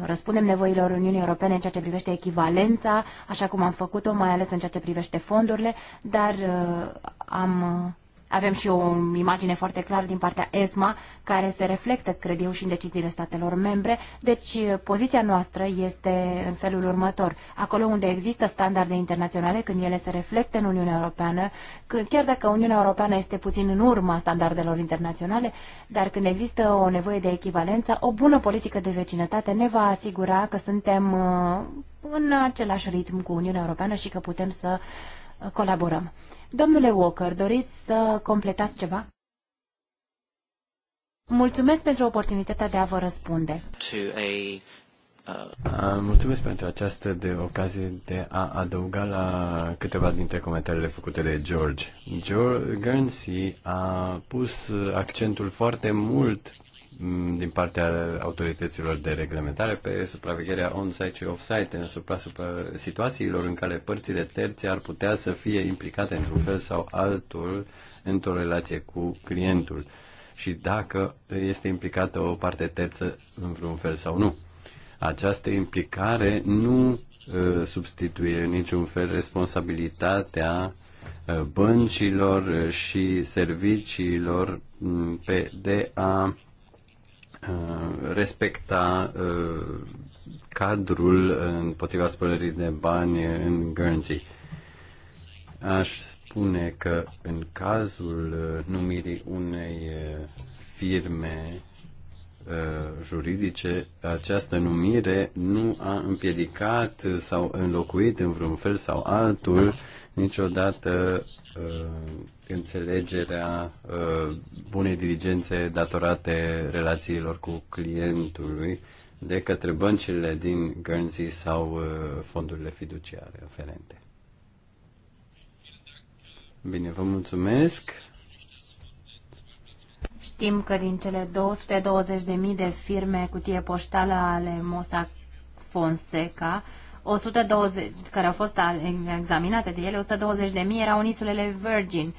răspundem nevoilor Uniunii Europene în ceea ce privește echivalența, așa cum am făcut-o, mai ales în ceea ce privește fondurile, dar uh, am avem și o imagine foarte clară din partea ESMA, care se reflectă, cred eu, și în deciziile statelor membre. Deci, poziția noastră este în felul următor. Acolo unde există standarde internaționale, când ele se reflectă în Uniunea Europeană, când, chiar dacă Uniunea Europeană este puțin în urma standardelor internaționale, dar când există o nevoie de echivalență, o bună politică de vecinătate ne va asigura că suntem uh, în același ritm cu Uniunea Europeană și că putem să uh, colaborăm. Domnule Walker, doriți să completați ceva? Mulțumesc pentru oportunitatea de a vă răspunde. Mulțumesc pentru această de ocazie de a adăuga la câteva dintre comentariile făcute de George. George Guernsey a pus accentul foarte mult din partea autorităților de reglementare pe supravegherea on-site și off-site în supra, supra situațiilor în care părțile terțe ar putea să fie implicate într-un fel sau altul într-o relație cu clientul și dacă este implicată o parte terță în vreun fel sau nu. Această implicare nu substituie în niciun fel responsabilitatea băncilor și serviciilor pe de a Uh, respecta uh, cadrul împotriva spălării de bani în Guernsey. Aș spune că în cazul uh, numirii unei firme juridice, această numire nu a împiedicat sau înlocuit în vreun fel sau altul niciodată înțelegerea uh, bunei dirigențe datorate relațiilor cu clientului de către băncile din Guernsey sau uh, fondurile fiduciare aferente. Bine, vă mulțumesc. Știm că din cele 220.000 de firme cutie poștală ale Mossack Fonseca, 120, care au fost examinate de ele, 120.000 erau în insulele Virgin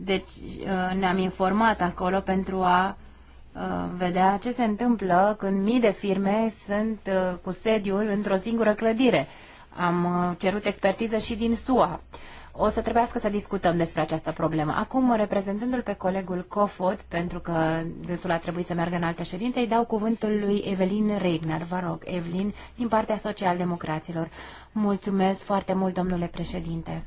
deci uh, ne-am informat acolo pentru a uh, vedea ce se întâmplă când mii de firme sunt uh, cu sediul într-o singură clădire. Am cerut expertiză și din SUA. O să trebuiască să discutăm despre această problemă. Acum, reprezentându-l pe colegul Cofot, pentru că dânsul a trebuit să meargă în alte ședințe, îi dau cuvântul lui Evelin Regner. Vă rog, Evelin, din partea socialdemocraților. Mulțumesc foarte mult, domnule președinte.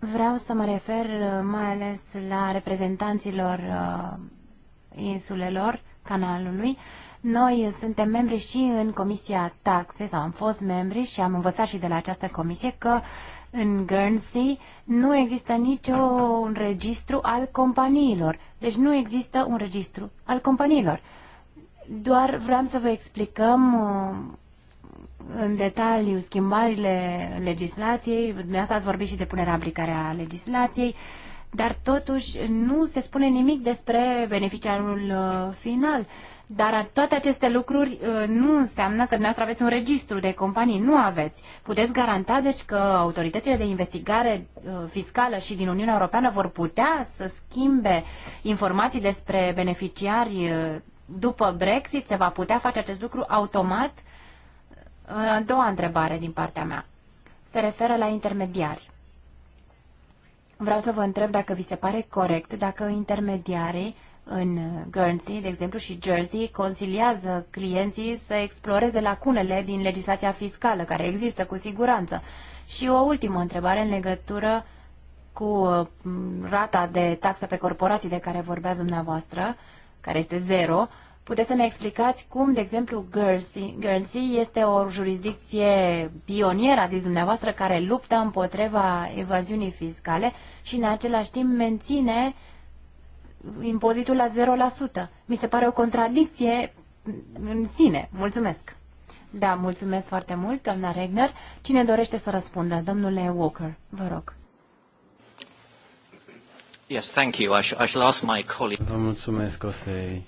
Vreau să mă refer uh, mai ales la reprezentanților uh, insulelor canalului. Noi suntem membri și în Comisia Taxe, sau am fost membri și am învățat și de la această comisie că în Guernsey nu există niciun registru al companiilor. Deci nu există un registru al companiilor. Doar vreau să vă explicăm uh, în detaliu schimbările legislației, asta ați vorbit și de punerea aplicare a legislației, dar totuși nu se spune nimic despre beneficiarul uh, final. Dar toate aceste lucruri uh, nu înseamnă că dumneavoastră aveți un registru de companii. Nu aveți. Puteți garanta, deci, că autoritățile de investigare uh, fiscală și din Uniunea Europeană vor putea să schimbe informații despre beneficiari după Brexit? Se va putea face acest lucru automat? A doua întrebare din partea mea se referă la intermediari. Vreau să vă întreb dacă vi se pare corect dacă intermediarii în Guernsey, de exemplu, și Jersey, consiliază clienții să exploreze lacunele din legislația fiscală, care există cu siguranță. Și o ultimă întrebare în legătură cu mm, rata de taxă pe corporații de care vorbeați dumneavoastră, care este zero. Puteți să ne explicați cum, de exemplu, Guernsey, Guernsey este o jurisdicție pionieră, a zis dumneavoastră, care luptă împotriva evaziunii fiscale și în același timp menține impozitul la 0%. Mi se pare o contradicție în sine. Mulțumesc! Da, mulțumesc foarte mult, doamna Regner. Cine dorește să răspundă? Domnule Walker, vă rog. Yes, thank you. I, sh- I shall ask my colleague. Vă mulțumesc, o să -i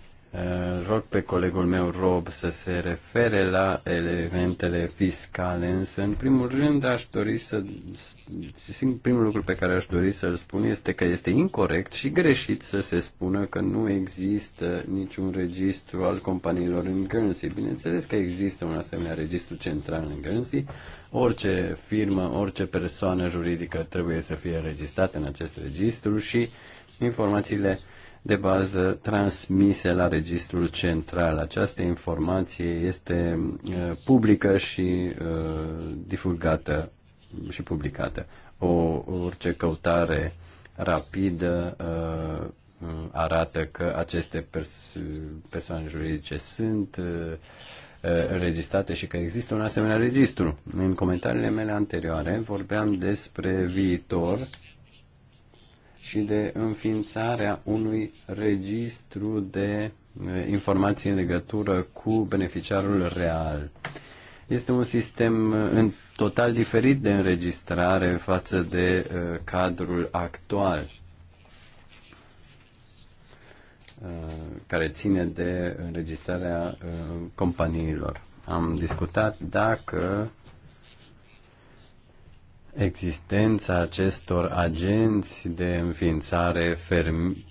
Rog pe colegul meu Rob să se refere la elementele fiscale, însă în primul rând aș dori să primul lucru pe care aș dori să-l spun este că este incorrect și greșit să se spună că nu există niciun registru al companiilor în Guernsey. Bineînțeles că există un asemenea registru central în Guernsey. Orice firmă, orice persoană juridică trebuie să fie registrată în acest registru și informațiile de bază transmise la registrul central. Această informație este uh, publică și uh, divulgată și publicată. O orice căutare rapidă uh, arată că aceste pers- persoane juridice sunt registrate și că există un asemenea registru. În comentariile mele anterioare vorbeam despre viitor și de înființarea unui registru de informații în legătură cu beneficiarul real. Este un sistem în total diferit de înregistrare față de cadrul actual care ține de înregistrarea companiilor. Am discutat dacă Existența acestor agenți de înființare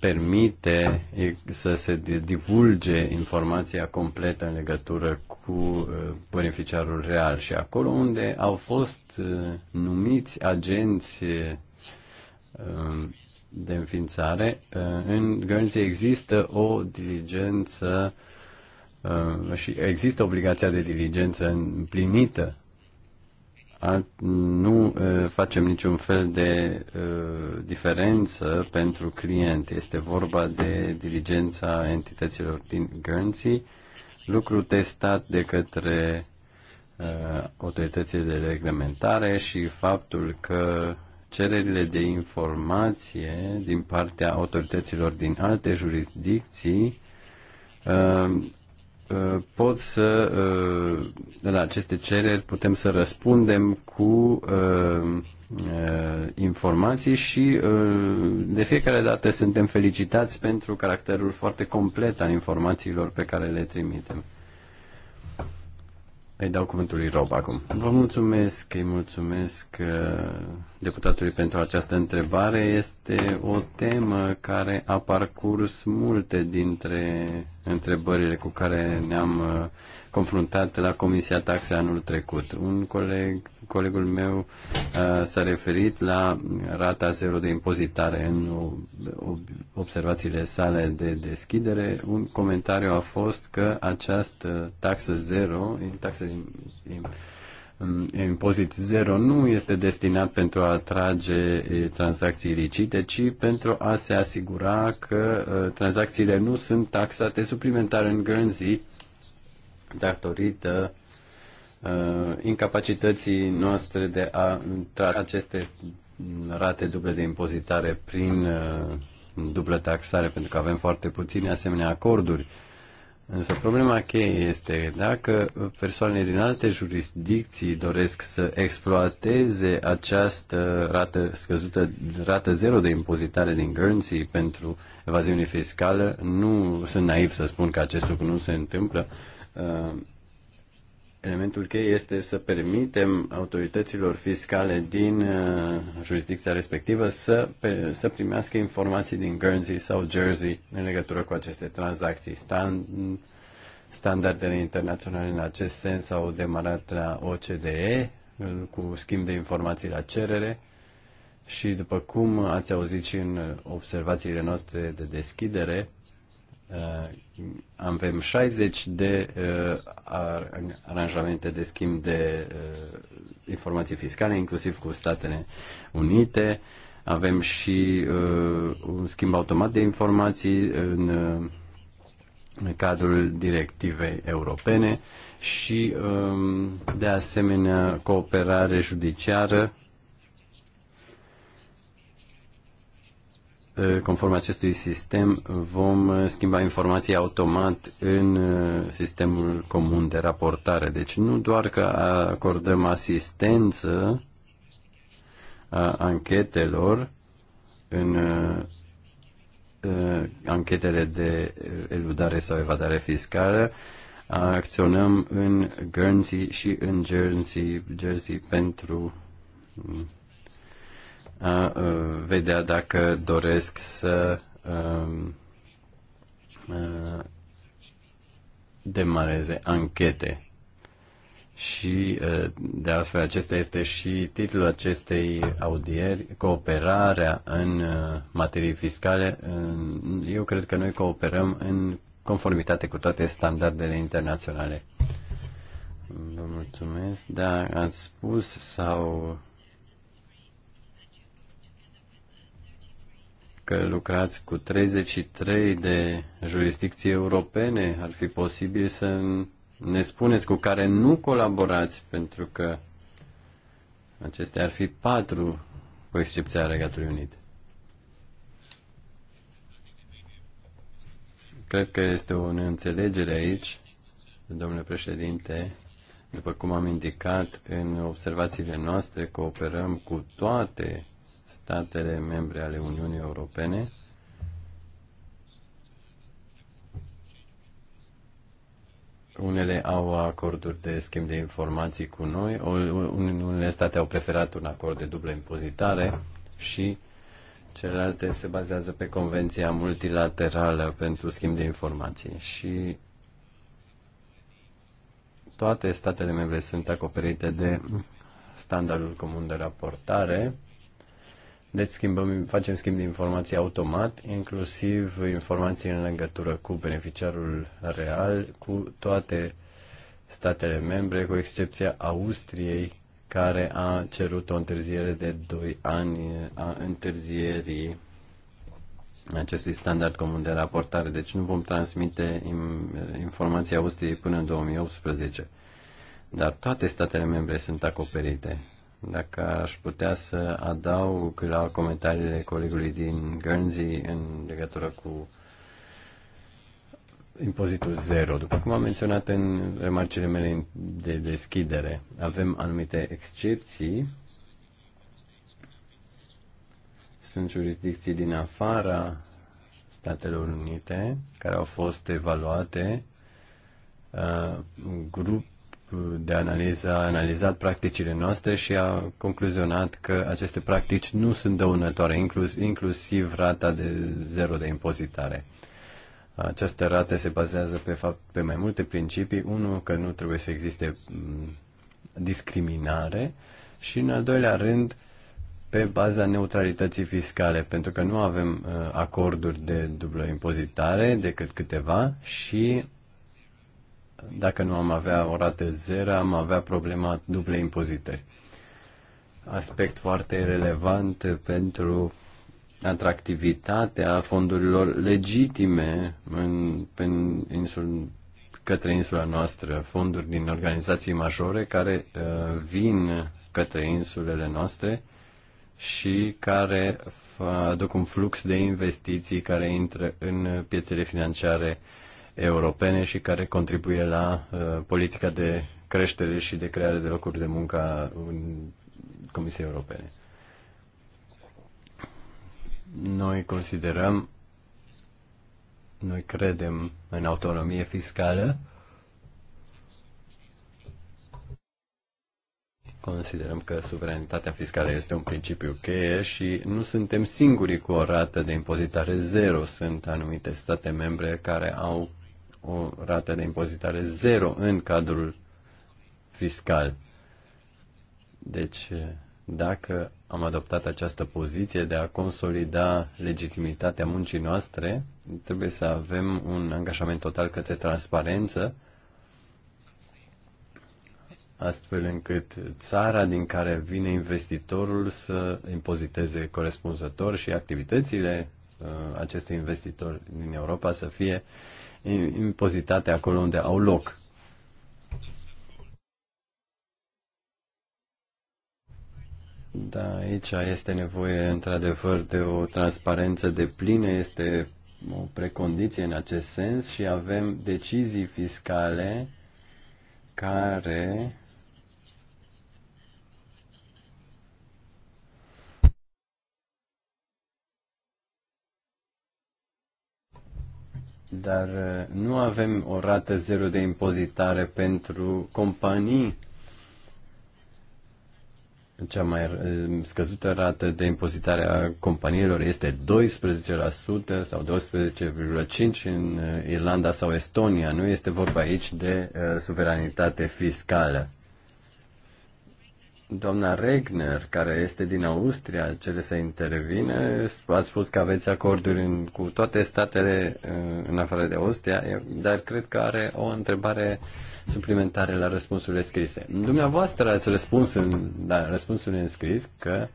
permite să se divulge informația completă în legătură cu uh, beneficiarul real și acolo unde au fost uh, numiți agenți uh, um, de înființare, în Guernsey există o diligență și există obligația de diligență împlinită nu facem niciun fel de diferență pentru client. Este vorba de diligența entităților din Guernsey, lucru testat de către autoritățile de reglementare și faptul că cererile de informație din partea autorităților din alte jurisdicții Eh, pot să, eh, la aceste cereri, putem să răspundem cu eh, informații și de fiecare dată suntem felicitați pentru caracterul foarte complet al informațiilor pe care le trimitem. Îi dau cuvântul lui Rob acum. Vă mulțumesc, îi mulțumesc deputatului pentru această întrebare. Este o temă care a parcurs multe dintre întrebările cu care ne-am uh, confruntat la Comisia Taxe anul trecut. Un coleg, colegul meu uh, s-a referit la rata zero de impozitare în observațiile sale de deschidere. Un comentariu a fost că această taxă zero, taxă de impozit zero nu este destinat pentru a atrage tranzacții ilicite, ci pentru a se asigura că tranzacțiile nu sunt taxate suplimentar în Guernsey datorită incapacității noastre de a intra aceste rate duble de impozitare prin dublă taxare, pentru că avem foarte puține asemenea acorduri Însă problema cheie este dacă persoane din alte jurisdicții doresc să exploateze această rată scăzută, rată zero de impozitare din Guernsey pentru evaziune fiscală, nu sunt naiv să spun că acest lucru nu se întâmplă. Uh, Elementul cheie este să permitem autorităților fiscale din uh, jurisdicția respectivă să, pe, să primească informații din Guernsey sau Jersey în legătură cu aceste tranzacții. Stand, standardele internaționale în acest sens au demarat la OCDE uh, cu schimb de informații la cerere și după cum ați auzit și în observațiile noastre de deschidere, Uh, avem 60 de uh, aranjamente de schimb de uh, informații fiscale, inclusiv cu Statele Unite. Avem și un schimb automat de informații în cadrul directivei europene și, um, de asemenea, cooperare judiciară Conform acestui sistem, vom schimba informații automat în sistemul comun de raportare. Deci nu doar că acordăm asistență a anchetelor în anchetele de eludare sau evadare fiscală, acționăm în Guernsey și în Jersey, Jersey pentru a vedea dacă doresc să demareze anchete. Și, de altfel, acesta este și titlul acestei audieri, Cooperarea în materii fiscale. Eu cred că noi cooperăm în conformitate cu toate standardele internaționale. Vă mulțumesc. Da, ați spus sau Dacă lucrați cu 33 de jurisdicții europene, ar fi posibil să ne spuneți cu care nu colaborați, pentru că acestea ar fi patru, cu excepția Regatului Unit. Cred că este o neînțelegere aici, domnule președinte. După cum am indicat în observațiile noastre, cooperăm cu toate statele membre ale Uniunii Europene Unele au acorduri de schimb de informații cu noi, unele state au preferat un acord de dublă impozitare și celelalte se bazează pe convenția multilaterală pentru schimb de informații și toate statele membre sunt acoperite de standardul comun de raportare deci schimbăm, facem schimb de informații automat, inclusiv informații în legătură cu beneficiarul real, cu toate statele membre, cu excepția Austriei, care a cerut o întârziere de 2 ani a întârzierii acestui standard comun de raportare. Deci nu vom transmite informații Austriei până în 2018. Dar toate statele membre sunt acoperite. Dacă aș putea să adaug la comentariile colegului din Guernsey în legătură cu impozitul zero. După cum am menționat în remarcile mele de deschidere, avem anumite excepții. Sunt jurisdicții din afara Statelor Unite care au fost evaluate. Uh, grup, de analiză a analizat practicile noastre și a concluzionat că aceste practici nu sunt dăunătoare, inclus, inclusiv rata de zero de impozitare. Această rată se bazează pe, fapt, pe mai multe principii. Unul, că nu trebuie să existe mm, discriminare și, în al doilea rând, pe baza neutralității fiscale, pentru că nu avem uh, acorduri de dublă impozitare decât câteva și dacă nu am avea o rată zero, am avea problema dublei impozitări. Aspect foarte relevant pentru atractivitatea fondurilor legitime în, în insul, către insula noastră, fonduri din organizații majore care uh, vin către insulele noastre și care aduc un flux de investiții care intră în piețele financiare uh, europene și care contribuie la uh, politica de creștere și de creare de locuri de muncă a Comisiei Europene. Noi considerăm, noi credem în autonomie fiscală, Considerăm că suveranitatea fiscală este un principiu cheie și nu suntem singuri cu o rată de impozitare zero. Sunt anumite state membre care au o rată de impozitare zero în cadrul fiscal. Deci, dacă am adoptat această poziție de a consolida legitimitatea muncii noastre, trebuie să avem un angajament total către transparență, astfel încât țara din care vine investitorul să impoziteze corespunzător și activitățile uh, acestui investitor din Europa să fie uh, impozitate acolo unde au loc. Da, aici este nevoie într-adevăr de o transparență de plină, este o precondiție în acest sens și avem decizii fiscale care dar uh, nu avem o rată zero de impozitare pentru companii. Cea mai uh, scăzută rată de impozitare a companiilor este 12% sau 12,5% în uh, Irlanda sau Estonia. Nu este vorba aici de uh, suveranitate fiscală. Doamna Regner, care este din Austria, cere să intervine. Ați spus că aveți acorduri în, cu toate statele uh, în afară de Austria, dar cred că are o întrebare suplimentare la răspunsurile scrise. Dumneavoastră ați răspuns în da, răspunsul în scris că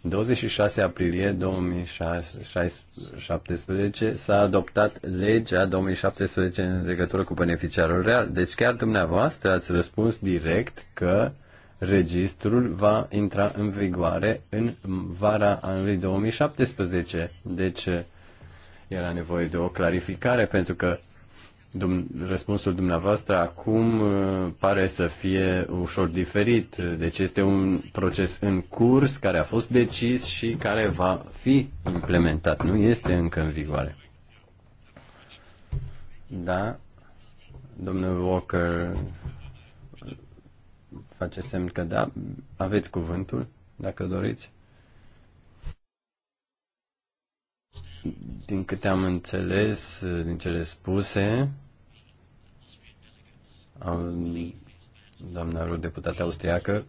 26 aprilie 2017 s-a adoptat legea 2017 în legătură cu beneficiarul real. Deci chiar dumneavoastră ați răspuns direct că Registrul va intra în vigoare în vara anului 2017, deci era nevoie de o clarificare pentru că dum- răspunsul dumneavoastră acum uh, pare să fie ușor diferit. Deci este un proces în curs care a fost decis și care va fi implementat. Nu este încă în vigoare. Da, domnul Walker face semn că da, aveți cuvântul, dacă doriți. Din câte am înțeles, din cele spuse, doamna deputată austriacă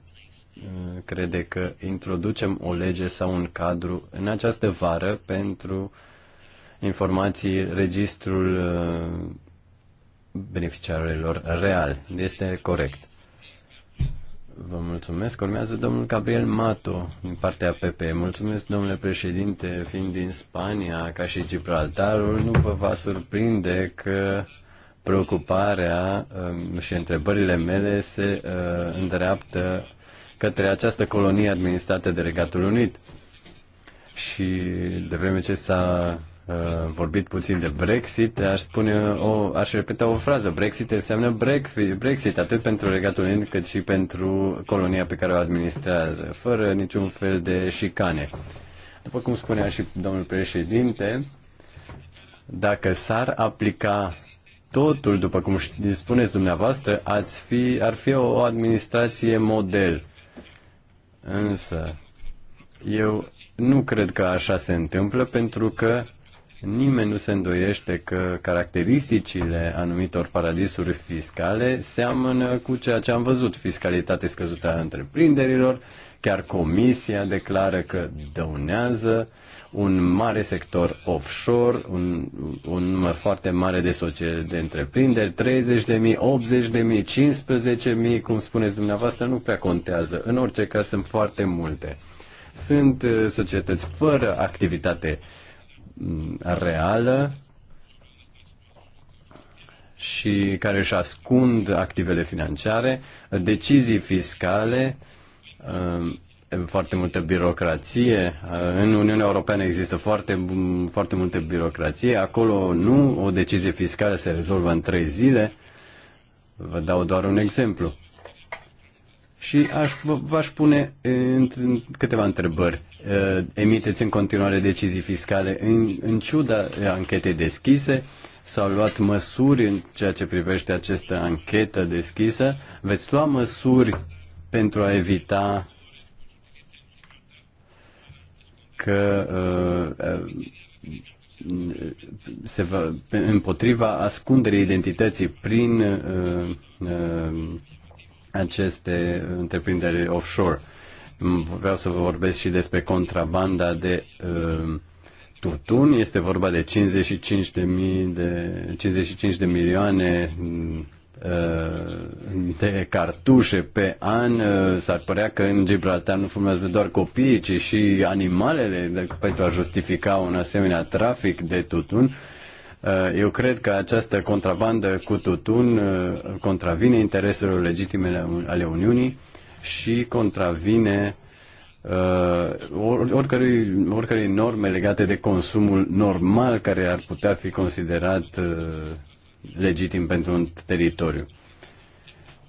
crede că introducem o lege sau un cadru în această vară pentru informații registrul beneficiarilor real. Este corect. Vă mulțumesc. Urmează domnul Gabriel Mato din partea PP. Mulțumesc, domnule președinte, fiind din Spania, ca și Gibraltarul, nu vă va surprinde că preocuparea um, și întrebările mele se uh, îndreaptă către această colonie administrată de Regatul Unit. Și de vreme ce s-a Uh, vorbit puțin de Brexit, aș spune o, aș repeta o frază. Brexit înseamnă Brexit atât pentru Regatul Unit cât și pentru colonia pe care o administrează, fără niciun fel de șicane. După cum spunea și domnul președinte, dacă s-ar aplica totul, după cum spuneți dumneavoastră, ați fi, ar fi o administrație model. Însă, eu nu cred că așa se întâmplă, pentru că Nimeni nu se îndoiește că caracteristicile anumitor paradisuri fiscale seamănă cu ceea ce am văzut, fiscalitate scăzută a întreprinderilor, chiar comisia declară că dăunează un mare sector offshore, un, un număr foarte mare de, socie, de întreprinderi, 30 de mii, 80 de mii, mii, cum spuneți dumneavoastră, nu prea contează. În orice caz sunt foarte multe. Sunt uh, societăți fără activitate uh, Mm, reală și care își ascund activele financiare, decizii fiscale, mm, foarte multă birocrație. Mm, în Uniunea Europeană există foarte, foarte multă birocrație. Acolo nu o decizie fiscală se rezolvă în trei zile. Vă dau doar un exemplu și aș, v-aș pune în, câteva întrebări. Emiteți în continuare decizii fiscale în, în ciuda anchetei deschise? S-au luat măsuri în ceea ce privește această anchetă deschisă? Veți lua măsuri pentru a evita că uh, se va, împotriva ascunderii identității prin uh, uh, aceste întreprinderi offshore. Vreau să vă vorbesc și despre contrabanda de uh, tutun. Este vorba de 55 de, mii de, 55 de milioane uh, de cartușe pe an, uh, s-ar părea că în Gibraltar nu fumează doar copiii, ci și animalele pentru a justifica un asemenea trafic de tutun. Uh, eu cred că această contrabandă cu tutun uh, contravine intereselor legitime ale Uniunii și contravine uh, oricărui, oricărui norme legate de consumul normal care ar putea fi considerat uh, legitim pentru un teritoriu.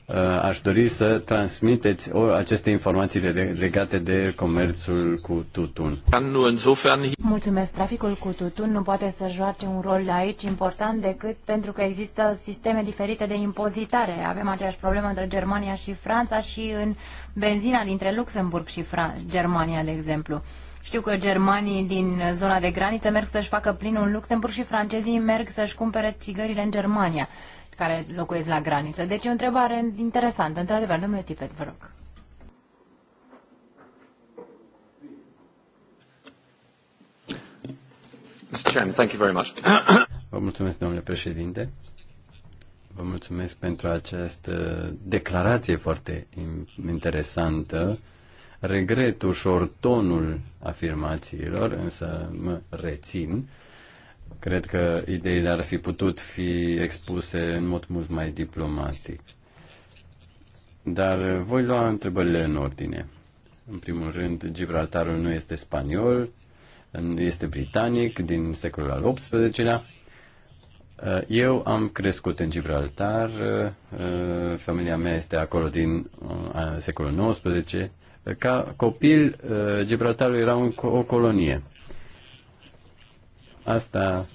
Uh, aș dori să transmiteți aceste informații legate de comerțul cu tutun. Mulțumesc. Traficul cu tutun nu poate să joace un rol aici important decât pentru că există sisteme diferite de impozitare. Avem aceeași problemă între Germania și Franța și în benzina dintre Luxemburg și Fran- Germania, de exemplu. Știu că germanii din zona de graniță merg să-și facă plinul în Luxemburg și francezii merg să-și cumpere țigările în Germania care locuiesc la graniță. Deci e o întrebare interesantă, într-adevăr. Domnule Tipet, vă rog. Vă mulțumesc, domnule președinte. Vă mulțumesc pentru această declarație foarte interesantă. Regret ușor tonul afirmațiilor, însă mă rețin. Cred că ideile ar fi putut fi expuse în mod mult mai diplomatic. Dar voi lua întrebările în ordine. În primul rând, Gibraltarul nu este spaniol, este britanic din secolul al XVIII-lea. Uh, eu am crescut în Gibraltar, uh, uh, familia mea este acolo din secolul XIX. Ca copil, Gibraltarul era o colonie. Asta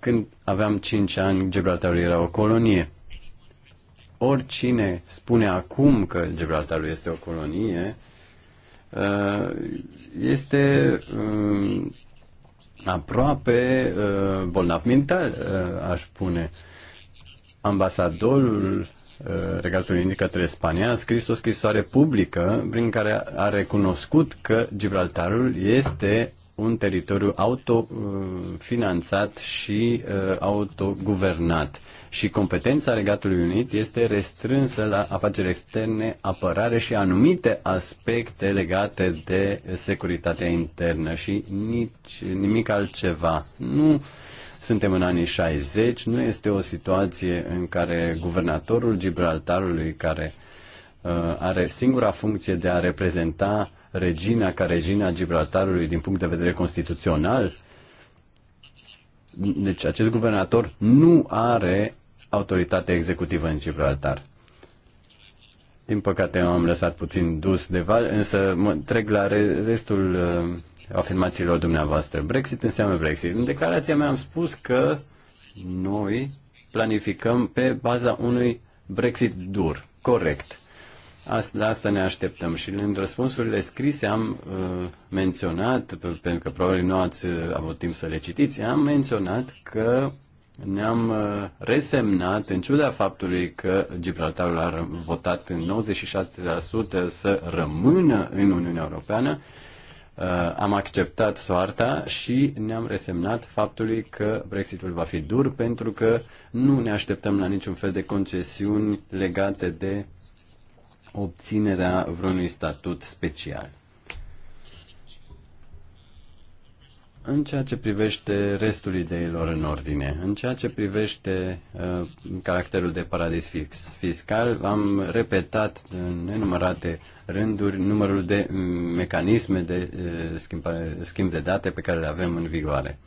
când aveam 5 ani, Gibraltar era o colonie. Oricine spune acum că Gibraltarul este o colonie, uh, este um, aproape uh, bolnav mental, uh, aș spune. Ambasadorul Regatului Unit către Spania a scris o scrisoare publică prin care a recunoscut că Gibraltarul este un teritoriu autofinanțat și uh, autoguvernat. Și competența Regatului Unit este restrânsă la afaceri externe, apărare și anumite aspecte legate de securitatea internă și nici, nimic altceva. Nu suntem în anii 60, nu este o situație în care guvernatorul Gibraltarului, care uh, are singura funcție de a reprezenta regina ca regina Gibraltarului din punct de vedere constituțional. Deci acest guvernator nu are autoritate executivă în Gibraltar. Din păcate am lăsat puțin dus de val, însă mă trec la re- restul uh, afirmațiilor dumneavoastră. Brexit înseamnă Brexit. În declarația mea am spus că noi planificăm pe baza unui Brexit dur, corect. Asta, la asta ne așteptăm și în răspunsurile scrise am uh, menționat, pentru că probabil nu ați uh, avut timp să le citiți, am menționat că ne-am uh, resemnat, în ciuda faptului că Gibraltarul a votat în 96% să rămână în Uniunea Europeană, uh, am acceptat soarta și ne-am resemnat faptului că Brexitul va fi dur pentru că nu ne așteptăm la niciun fel de concesiuni legate de obținerea vreunui statut special. În ceea ce privește restul ideilor în ordine, în ceea ce privește uh, caracterul de paradis fix, fiscal, am repetat în nenumărate rânduri numărul de mm, mecanisme de uh, schimb de date pe care le avem în vigoare.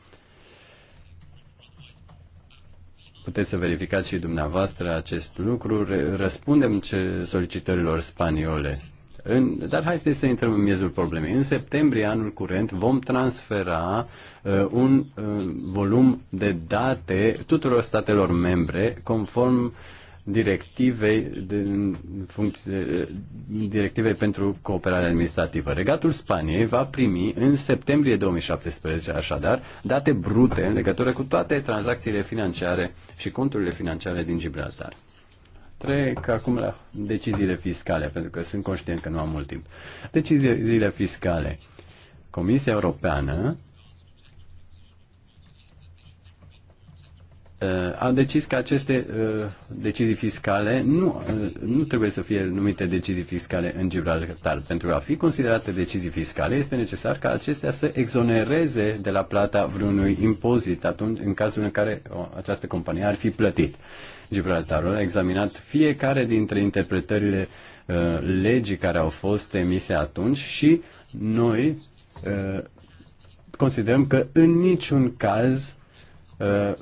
Puteți să verificați și dumneavoastră acest lucru. Răspundem ce solicitărilor spaniole. În, dar haideți să intrăm în miezul problemei. În septembrie anul curent vom transfera uh, un uh, volum de date tuturor statelor membre conform uh, directivei, de, funcție, directivei pentru cooperare administrativă. Regatul Spaniei va primi în septembrie 2017, așadar, date brute în legătură cu toate tranzacțiile financiare și conturile financiare din Gibraltar. Trec acum la deciziile fiscale, pentru că sunt conștient că nu am mult timp. Deciziile fiscale. Comisia Europeană Uh, a decis că aceste uh, decizii fiscale nu, uh, nu trebuie să fie numite decizii fiscale în Gibraltar. Pentru a fi considerate decizii fiscale, este necesar ca acestea să exonereze de la plata vreunui impozit atunci, în cazul în care o, această companie ar fi plătit. Gibraltarul a examinat fiecare dintre interpretările uh, legii care au fost emise atunci și noi uh, considerăm că în niciun caz Uh,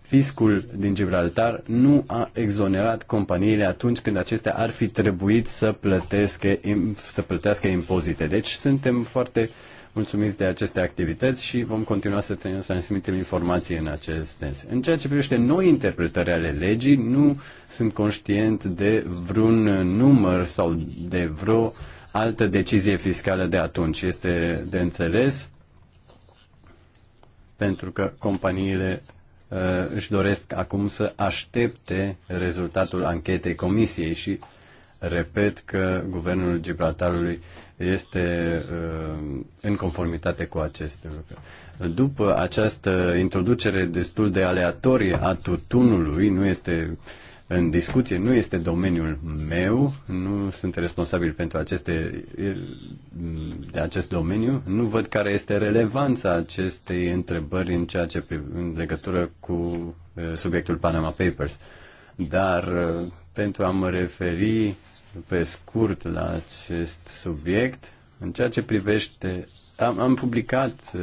fiscul din Gibraltar nu a exonerat companiile atunci când acestea ar fi trebuit să, plătească să plătească impozite. Deci suntem foarte mulțumiți de aceste activități și vom continua să transmitem informații în acest sens. În ceea ce privește noi interpretări ale legii, nu sunt conștient de vreun număr sau de vreo altă decizie fiscală de atunci. Este de înțeles pentru că companiile uh, își doresc acum să aștepte rezultatul anchetei comisiei și repet că guvernul Gibraltarului este uh, în conformitate cu aceste lucruri. După această introducere destul de aleatorie a tutunului, nu este uh, în discuție. Nu este domeniul meu, nu sunt responsabil pentru aceste, de acest domeniu. Nu văd care este relevanța acestei întrebări în ceea ce în legătură cu uh, subiectul Panama Papers. Dar uh, pentru a mă referi pe scurt la acest subiect, în ceea ce privește, am, am publicat uh,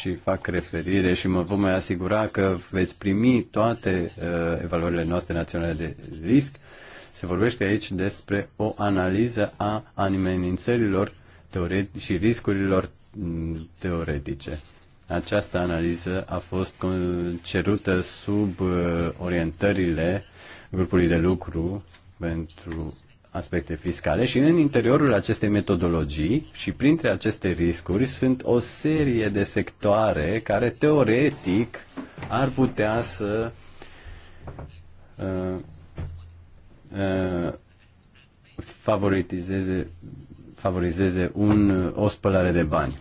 și fac referire și mă vom mai asigura că veți primi toate uh, evaluările noastre naționale de risc. Se vorbește aici despre o analiză a amenințărilor și riscurilor mm, teoretice. Această analiză a fost cerută sub uh, orientările grupului de lucru pentru aspecte fiscale și în interiorul acestei metodologii și printre aceste riscuri sunt o serie de sectoare care teoretic ar putea să uh, uh, favoritizeze, favorizeze un, o spălare de bani.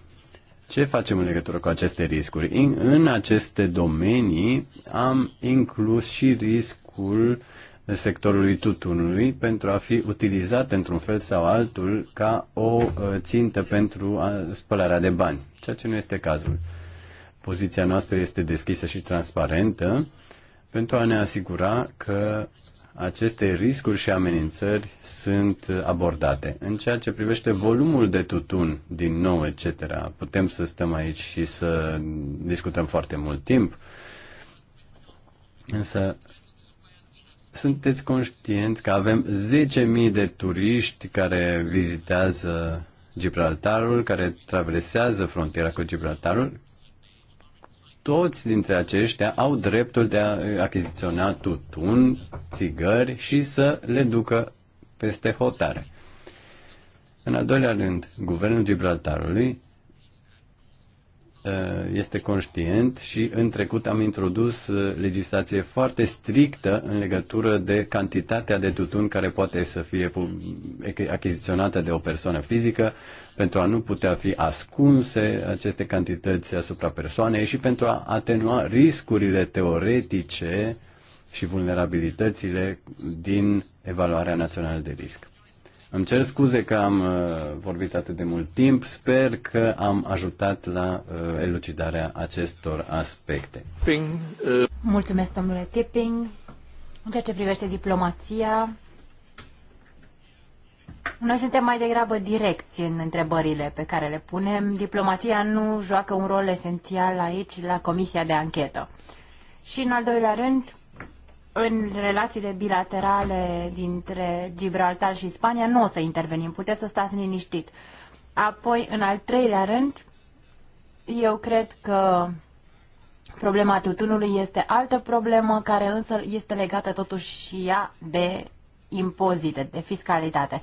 Ce facem în legătură cu aceste riscuri? In, în aceste domenii am inclus și riscul sectorului tutunului pentru a fi utilizat într-un fel sau altul ca o uh, țintă pentru uh, spălarea de bani, ceea ce nu este cazul. Poziția noastră este deschisă și transparentă pentru a ne asigura că aceste riscuri și amenințări sunt abordate. În ceea ce privește volumul de tutun din nou, etc., putem să stăm aici și să discutăm foarte mult timp, însă sunteți conștient că avem 10.000 de turiști care vizitează Gibraltarul, care traversează frontiera cu Gibraltarul. Toți dintre aceștia au dreptul de a achiziționa tutun, țigări și să le ducă peste hotare. În al doilea rând, guvernul Gibraltarului Uh, este conștient și în trecut am introdus uh, legislație foarte strictă în legătură de cantitatea de tutun care poate să fie achiziționată de o persoană fizică pentru a nu putea fi ascunse aceste cantități asupra persoanei și pentru a atenua riscurile teoretice și vulnerabilitățile din evaluarea națională de risc. Îmi cer scuze că am uh, vorbit atât de mult timp. Sper că am ajutat la uh, elucidarea acestor aspecte. Ping, uh... Mulțumesc, domnule Tipping. În ceea ce privește diplomația, noi suntem mai degrabă direcți în întrebările pe care le punem. Diplomația nu joacă un rol esențial aici la Comisia de Anchetă. Și în al doilea rând, în relațiile bilaterale dintre Gibraltar și Spania nu o să intervenim, puteți să stați liniștit. Apoi, în al treilea rând, eu cred că problema tutunului este altă problemă care însă este legată totuși și ea de impozite, de fiscalitate. Uh,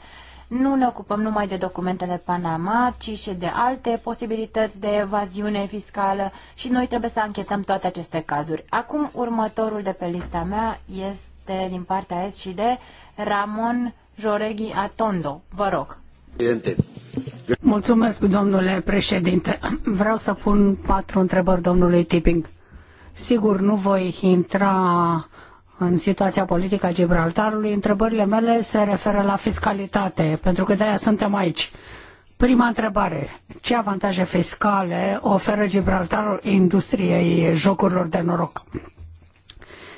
nu ne ocupăm numai de documentele Panama, ci și de alte posibilități de evaziune fiscală și noi trebuie să anchetăm toate aceste cazuri. Acum, următorul de pe lista mea este din partea S și de Ramon Joreghi Atondo. Vă rog. Mulțumesc, domnule președinte. Vreau să pun patru întrebări domnului Tipping. Sigur, nu voi intra în situația politică a Gibraltarului, întrebările mele se referă la fiscalitate, pentru că de-aia suntem aici. Prima întrebare. Ce avantaje fiscale oferă Gibraltarul industriei jocurilor de noroc?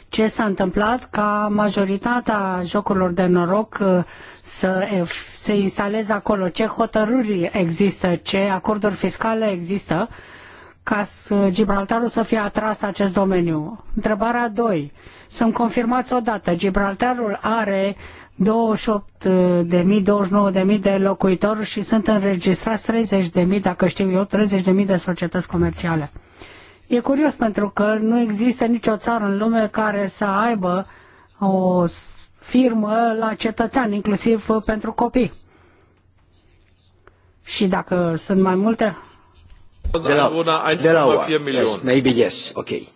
Ce s-a întâmplat ca majoritatea jocurilor de noroc uh, să se instaleze acolo? Ce hotărâri există? Ce acorduri fiscale există? Uh, ca Gibraltarul să fie atras acest domeniu. Întrebarea 2. Sunt confirmați odată, Gibraltarul are 28.000-29.000 de locuitori și sunt înregistrați 30.000, dacă știu eu, 30.000 de societăți comerciale. E curios pentru că nu există nicio țară în lume care să aibă o firmă la cetățean, inclusiv pentru copii. Și dacă sunt mai multe, Einwohner 1,4 Millionen. maybe yes, okay.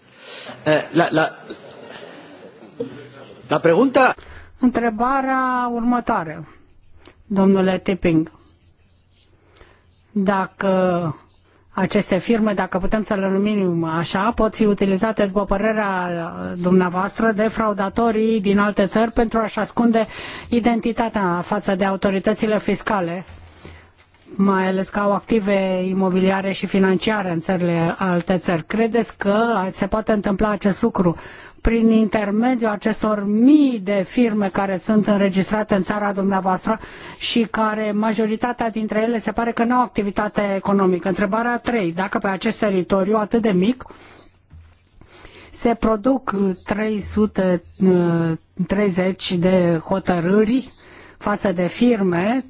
Äh, la, la, la pregunta... Întrebarea următoare, domnule Tipping. Dacă aceste firme, dacă putem să le numim așa, pot fi utilizate, după părerea dumneavoastră, de fraudatorii din alte țări pentru a-și ascunde identitatea față de autoritățile fiscale mai ales că au active imobiliare și financiare în țările alte țări. Credeți că se poate întâmpla acest lucru prin intermediul acestor mii de firme care sunt înregistrate în țara dumneavoastră și care majoritatea dintre ele se pare că nu au activitate economică. Întrebarea 3. Dacă pe acest teritoriu atât de mic se produc 330 uh, de hotărâri față de firme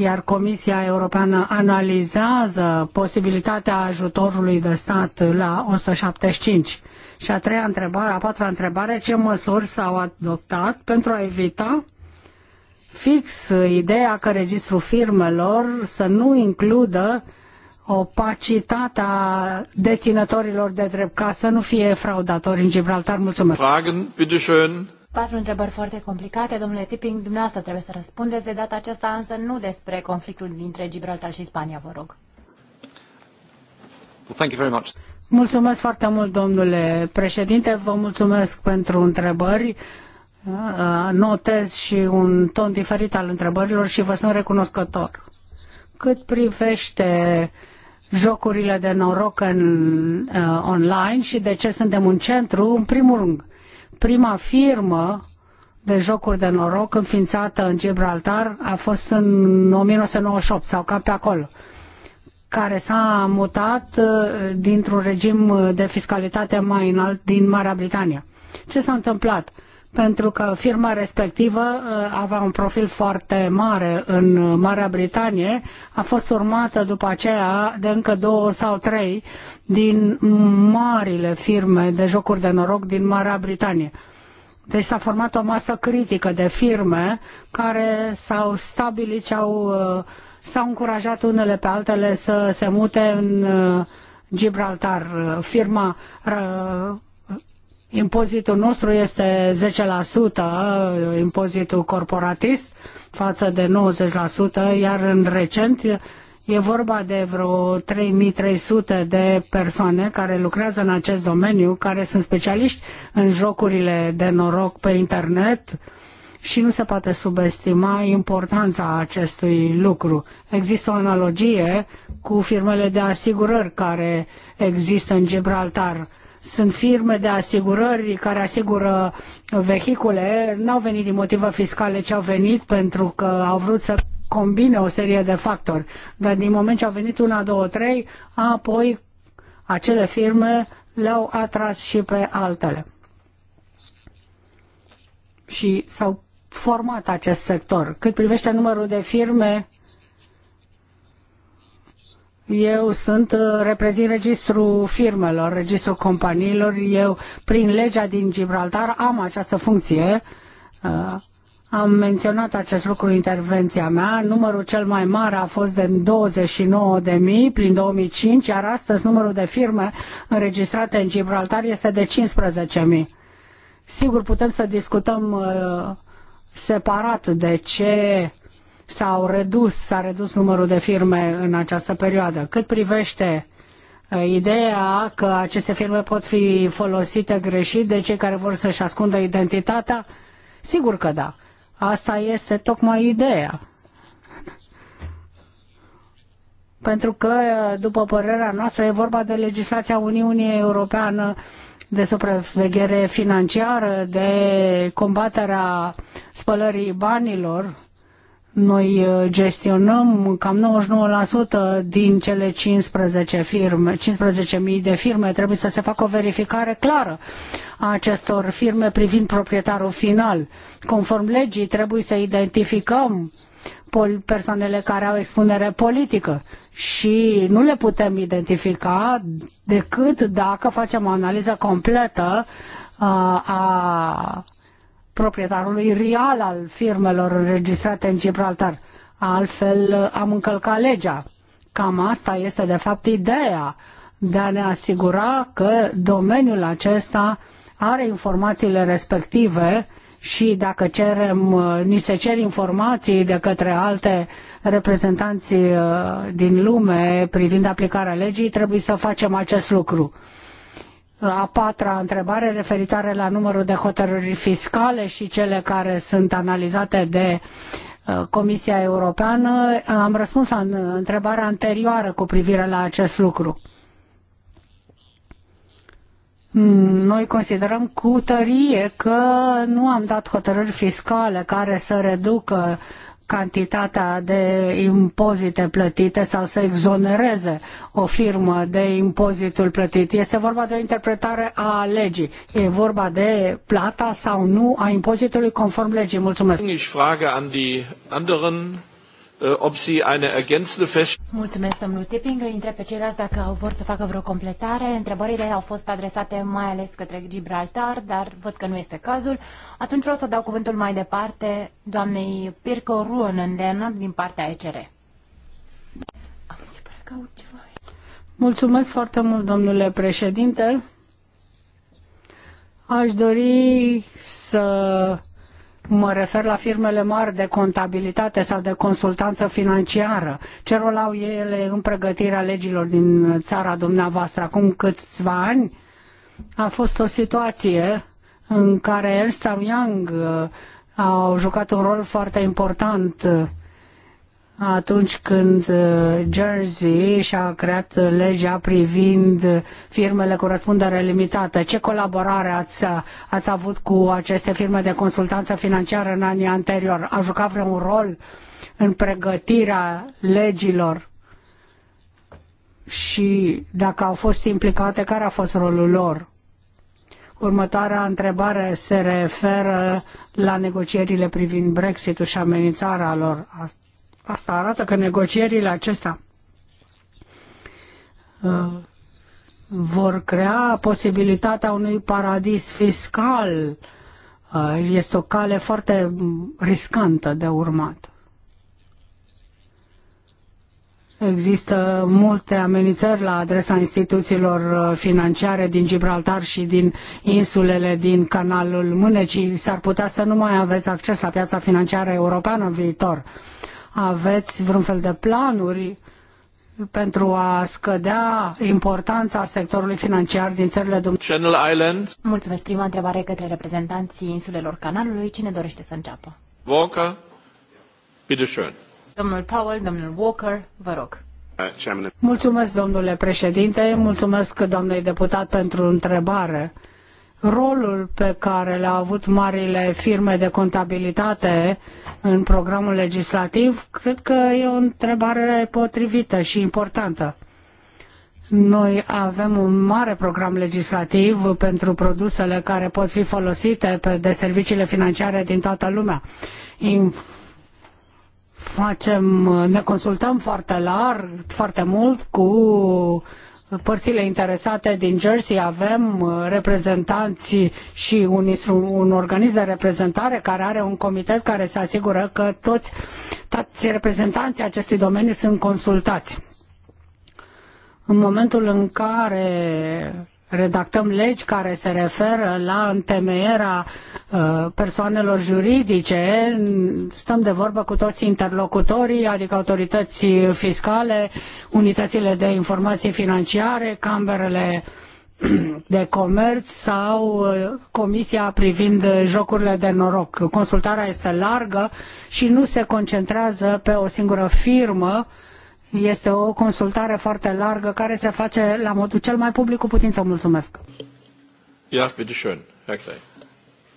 iar Comisia Europeană analizează posibilitatea ajutorului de stat la 175. Și a treia întrebare, a patra întrebare, ce măsuri s-au adoptat pentru a evita fix ideea că registrul firmelor să nu includă opacitatea deținătorilor de drept ca să nu fie fraudatori în Gibraltar. Mulțumesc. Fragen, bitteschön patru întrebări foarte complicate. Domnule Tipping, dumneavoastră trebuie să răspundeți de data aceasta, însă nu despre conflictul dintre Gibraltar și Spania, vă rog. Well, thank you very much. Mulțumesc foarte mult, domnule președinte. Vă mulțumesc pentru întrebări. Notez și un ton diferit al întrebărilor și vă sunt recunoscător. Cât privește jocurile de noroc în, uh, online și de ce suntem un centru, în primul rând, Prima firmă de jocuri de noroc înființată în Gibraltar a fost în 1998 sau cam pe acolo care s-a mutat uh, dintr-un regim de fiscalitate mai înalt din Marea Britanie. Ce s-a întâmplat? pentru că firma respectivă uh, avea un profil foarte mare în Marea Britanie, a fost urmată după aceea de încă două sau trei din marile firme de jocuri de noroc din Marea Britanie. Deci s-a format o masă critică de firme care s-au stabilit și au, uh, s-au încurajat unele pe altele să se mute în uh, Gibraltar. Firma Impozitul nostru este 10%, impozitul corporatist, față de 90%, iar în recent e vorba de vreo 3300 de persoane care lucrează în acest domeniu, care sunt specialiști în jocurile de noroc pe internet și nu se poate subestima importanța acestui lucru. Există o analogie cu firmele de asigurări care există în Gibraltar sunt firme de asigurări care asigură vehicule, n-au venit din motive fiscale, ci au venit pentru că au vrut să combine o serie de factori. Dar din moment ce au venit una, două, trei, apoi acele firme le-au atras și pe altele. Și s-au format acest sector. Cât privește numărul de firme, eu sunt, uh, reprezint registrul firmelor, registrul companiilor. Eu, prin legea din Gibraltar, am această funcție. Uh, am menționat acest lucru în intervenția mea. Numărul cel mai mare a fost de 29.000 prin 2005, iar astăzi numărul de firme înregistrate în Gibraltar este de 15.000. Sigur, putem să discutăm uh, separat de ce s-au redus, s-a redus numărul de firme în această perioadă. Cât privește ideea că aceste firme pot fi folosite greșit de cei care vor să-și ascundă identitatea, sigur că da. Asta este tocmai ideea. Pentru că, după părerea noastră, e vorba de legislația Uniunii Europeană de supraveghere financiară, de combaterea spălării banilor, noi uh, gestionăm cam 99% din cele 15 firme, 15.000 de firme. Trebuie să se facă o verificare clară a acestor firme privind proprietarul final. Conform legii trebuie să identificăm persoanele care au expunere politică și nu le putem identifica decât dacă facem o analiză completă uh, a, a proprietarului real al firmelor înregistrate în Gibraltar. Altfel am încălcat legea. Cam asta este de fapt ideea de a ne asigura că domeniul acesta are informațiile respective și dacă cerem, uh, ni se cer informații de către alte reprezentanți uh, din lume privind aplicarea legii, trebuie să facem acest lucru a patra întrebare referitoare la numărul de hotărâri fiscale și cele care sunt analizate de uh, Comisia Europeană. Am răspuns la întrebarea anterioară cu privire la acest lucru. Mm, noi considerăm cu tărie că nu am dat hotărâri fiscale care să reducă cantitatea de impozite plătite sau să exonereze o firmă de impozitul plătit. Este vorba de o interpretare a legii. E vorba de plata sau nu a impozitului conform legii. Mulțumesc. Äh, ob Sie eine ergänzende Feststellung... Mulțumesc, domnul Tipping. Îi întreb pe ceilalți dacă vor să facă vreo completare. Întrebările au fost adresate mai ales către Gibraltar, dar văd că nu este cazul. Atunci vreau să dau cuvântul mai departe doamnei Pirco Ruonen din partea ECR. Am se pare că aud ceva. Mulțumesc foarte mult, domnule președinte. Aș dori să Mă refer la firmele mari de contabilitate sau de consultanță financiară. Ce rol au ele în pregătirea legilor din țara dumneavoastră? Acum câțiva ani a fost o situație în care Ernst Young uh, a jucat un rol foarte important uh, atunci când uh, Jersey și-a creat legea privind firmele cu răspundere limitată. Ce colaborare ați, ați avut cu aceste firme de consultanță financiară în anii anterior? A jucat vreun rol în pregătirea legilor? Și dacă au fost implicate, care a fost rolul lor? Următoarea întrebare se referă la negocierile privind Brexit-ul și amenințarea lor. Asta arată că negocierile acestea uh, vor crea posibilitatea unui paradis fiscal. Uh, este o cale foarte riscantă de urmat. Există multe amenințări la adresa instituțiilor uh, financiare din Gibraltar și din insulele din canalul Mânecii. S-ar putea să nu mai aveți acces la piața financiară europeană în viitor. Aveți vreun fel de planuri pentru a scădea importanța sectorului financiar din țările dumneavoastră? Island. Mulțumesc. Prima întrebare către reprezentanții insulelor canalului. Cine dorește să înceapă? Walker, bitte Domnul Powell, domnul Walker, vă rog. Uh, mulțumesc, domnule președinte, mulțumesc doamnei deputat pentru întrebare rolul pe care l-a avut marile firme de contabilitate în programul legislativ, cred că e o întrebare potrivită și importantă. Noi avem un mare program legislativ pentru produsele care pot fi folosite de serviciile financiare din toată lumea. Facem, ne consultăm foarte larg, foarte mult cu părțile interesate din Jersey avem uh, reprezentanți și un, un organism de reprezentare care are un comitet care se asigură că toți, toți reprezentanții acestui domeniu sunt consultați. În momentul în care redactăm legi care se referă la întemeierea uh, persoanelor juridice, stăm de vorbă cu toți interlocutorii, adică autorități fiscale, unitățile de informații financiare, camerele de comerț sau uh, comisia privind jocurile de noroc. Consultarea este largă și nu se concentrează pe o singură firmă uh, este o consultare foarte largă care se face la modul cel mai public cu putință. Mulțumesc. Ja, bitteschön,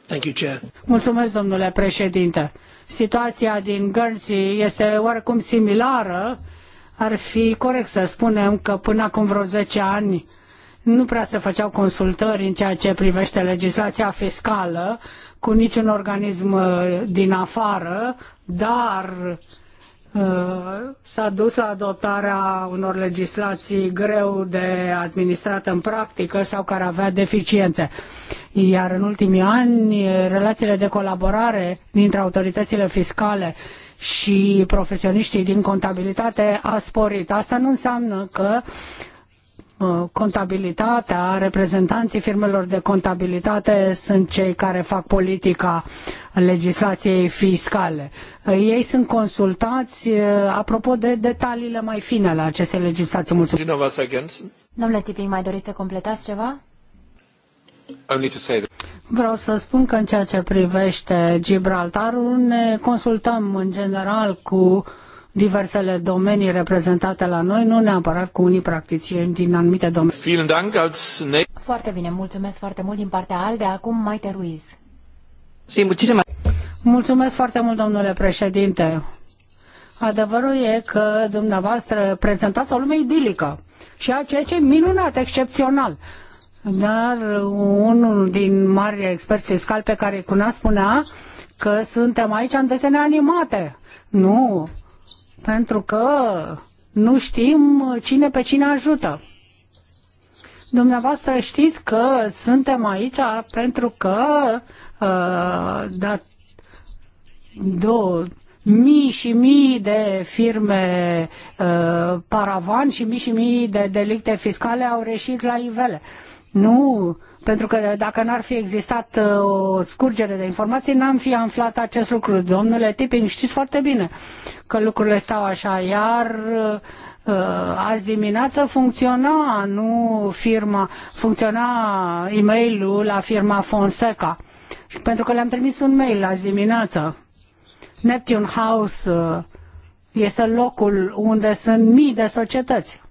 Thank you, Chair. Mulțumesc, domnule președinte. Situația din Guernsey este oarecum similară. Ar fi corect să spunem că până acum vreo 10 ani nu prea se făceau consultări în ceea ce privește legislația fiscală cu niciun organism uh, din afară, dar uh, s-a dus la adoptarea unor legislații greu de administrat în practică sau care avea deficiențe. Iar în ultimii ani, relațiile de colaborare dintre autoritățile fiscale și profesioniștii din contabilitate a sporit. Asta nu înseamnă că Uh, contabilitatea, reprezentanții firmelor de contabilitate sunt cei care fac politica legislației fiscale. Uh, ei sunt consultați uh, apropo de detaliile mai fine ale acestei legislații. Mulțumesc. Domnule Tipic, mai doriți să completați ceva? Vreau să spun că în ceea ce privește Gibraltarul ne consultăm în general cu diversele domenii reprezentate la noi, nu neapărat cu unii practicieni din anumite domenii. Foarte bine, mulțumesc foarte mult din partea ALDE. Acum Maite Ruiz. Mulțumesc foarte mult, domnule președinte. Adevărul e că dumneavoastră prezentați o lume idilică, și ceea ce e minunat, excepțional. Dar unul din mari experți fiscali pe care îi cunoaște spunea că suntem aici în desene animate. Nu, pentru că nu știm cine pe cine ajută. Dumneavoastră știți că suntem aici pentru că uh, da, două, mii și mii de firme uh, paravan și mii și mii de delicte fiscale au reșit la nivele. Nu uh, pentru că dacă n-ar fi existat uh, o scurgere de informații, n-am fi aflat acest lucru. Domnule Tipping, știți foarte bine că lucrurile stau așa, iar uh, uh, azi dimineață funcționa, nu firma, funcționa e la firma Fonseca. Pentru că le-am trimis un mail azi dimineață. Neptune House este locul unde sunt mii de societăți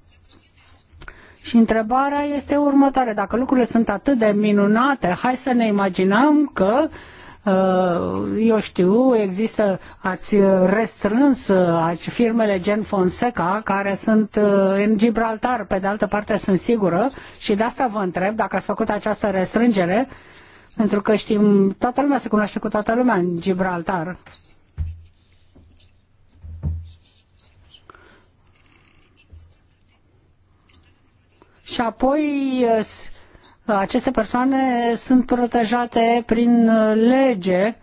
și întrebarea este următoare, dacă lucrurile sunt atât de minunate, hai să ne imaginăm că uh, eu știu, există, ați restrâns uh, ați firmele gen Fonseca, care sunt uh, în Gibraltar, pe de altă parte sunt sigură, și de asta vă întreb dacă ați făcut această restrângere, pentru că știm, toată lumea se cunoaște cu toată lumea în Gibraltar. și apoi eh, aceste persoane sunt protejate prin eh, lege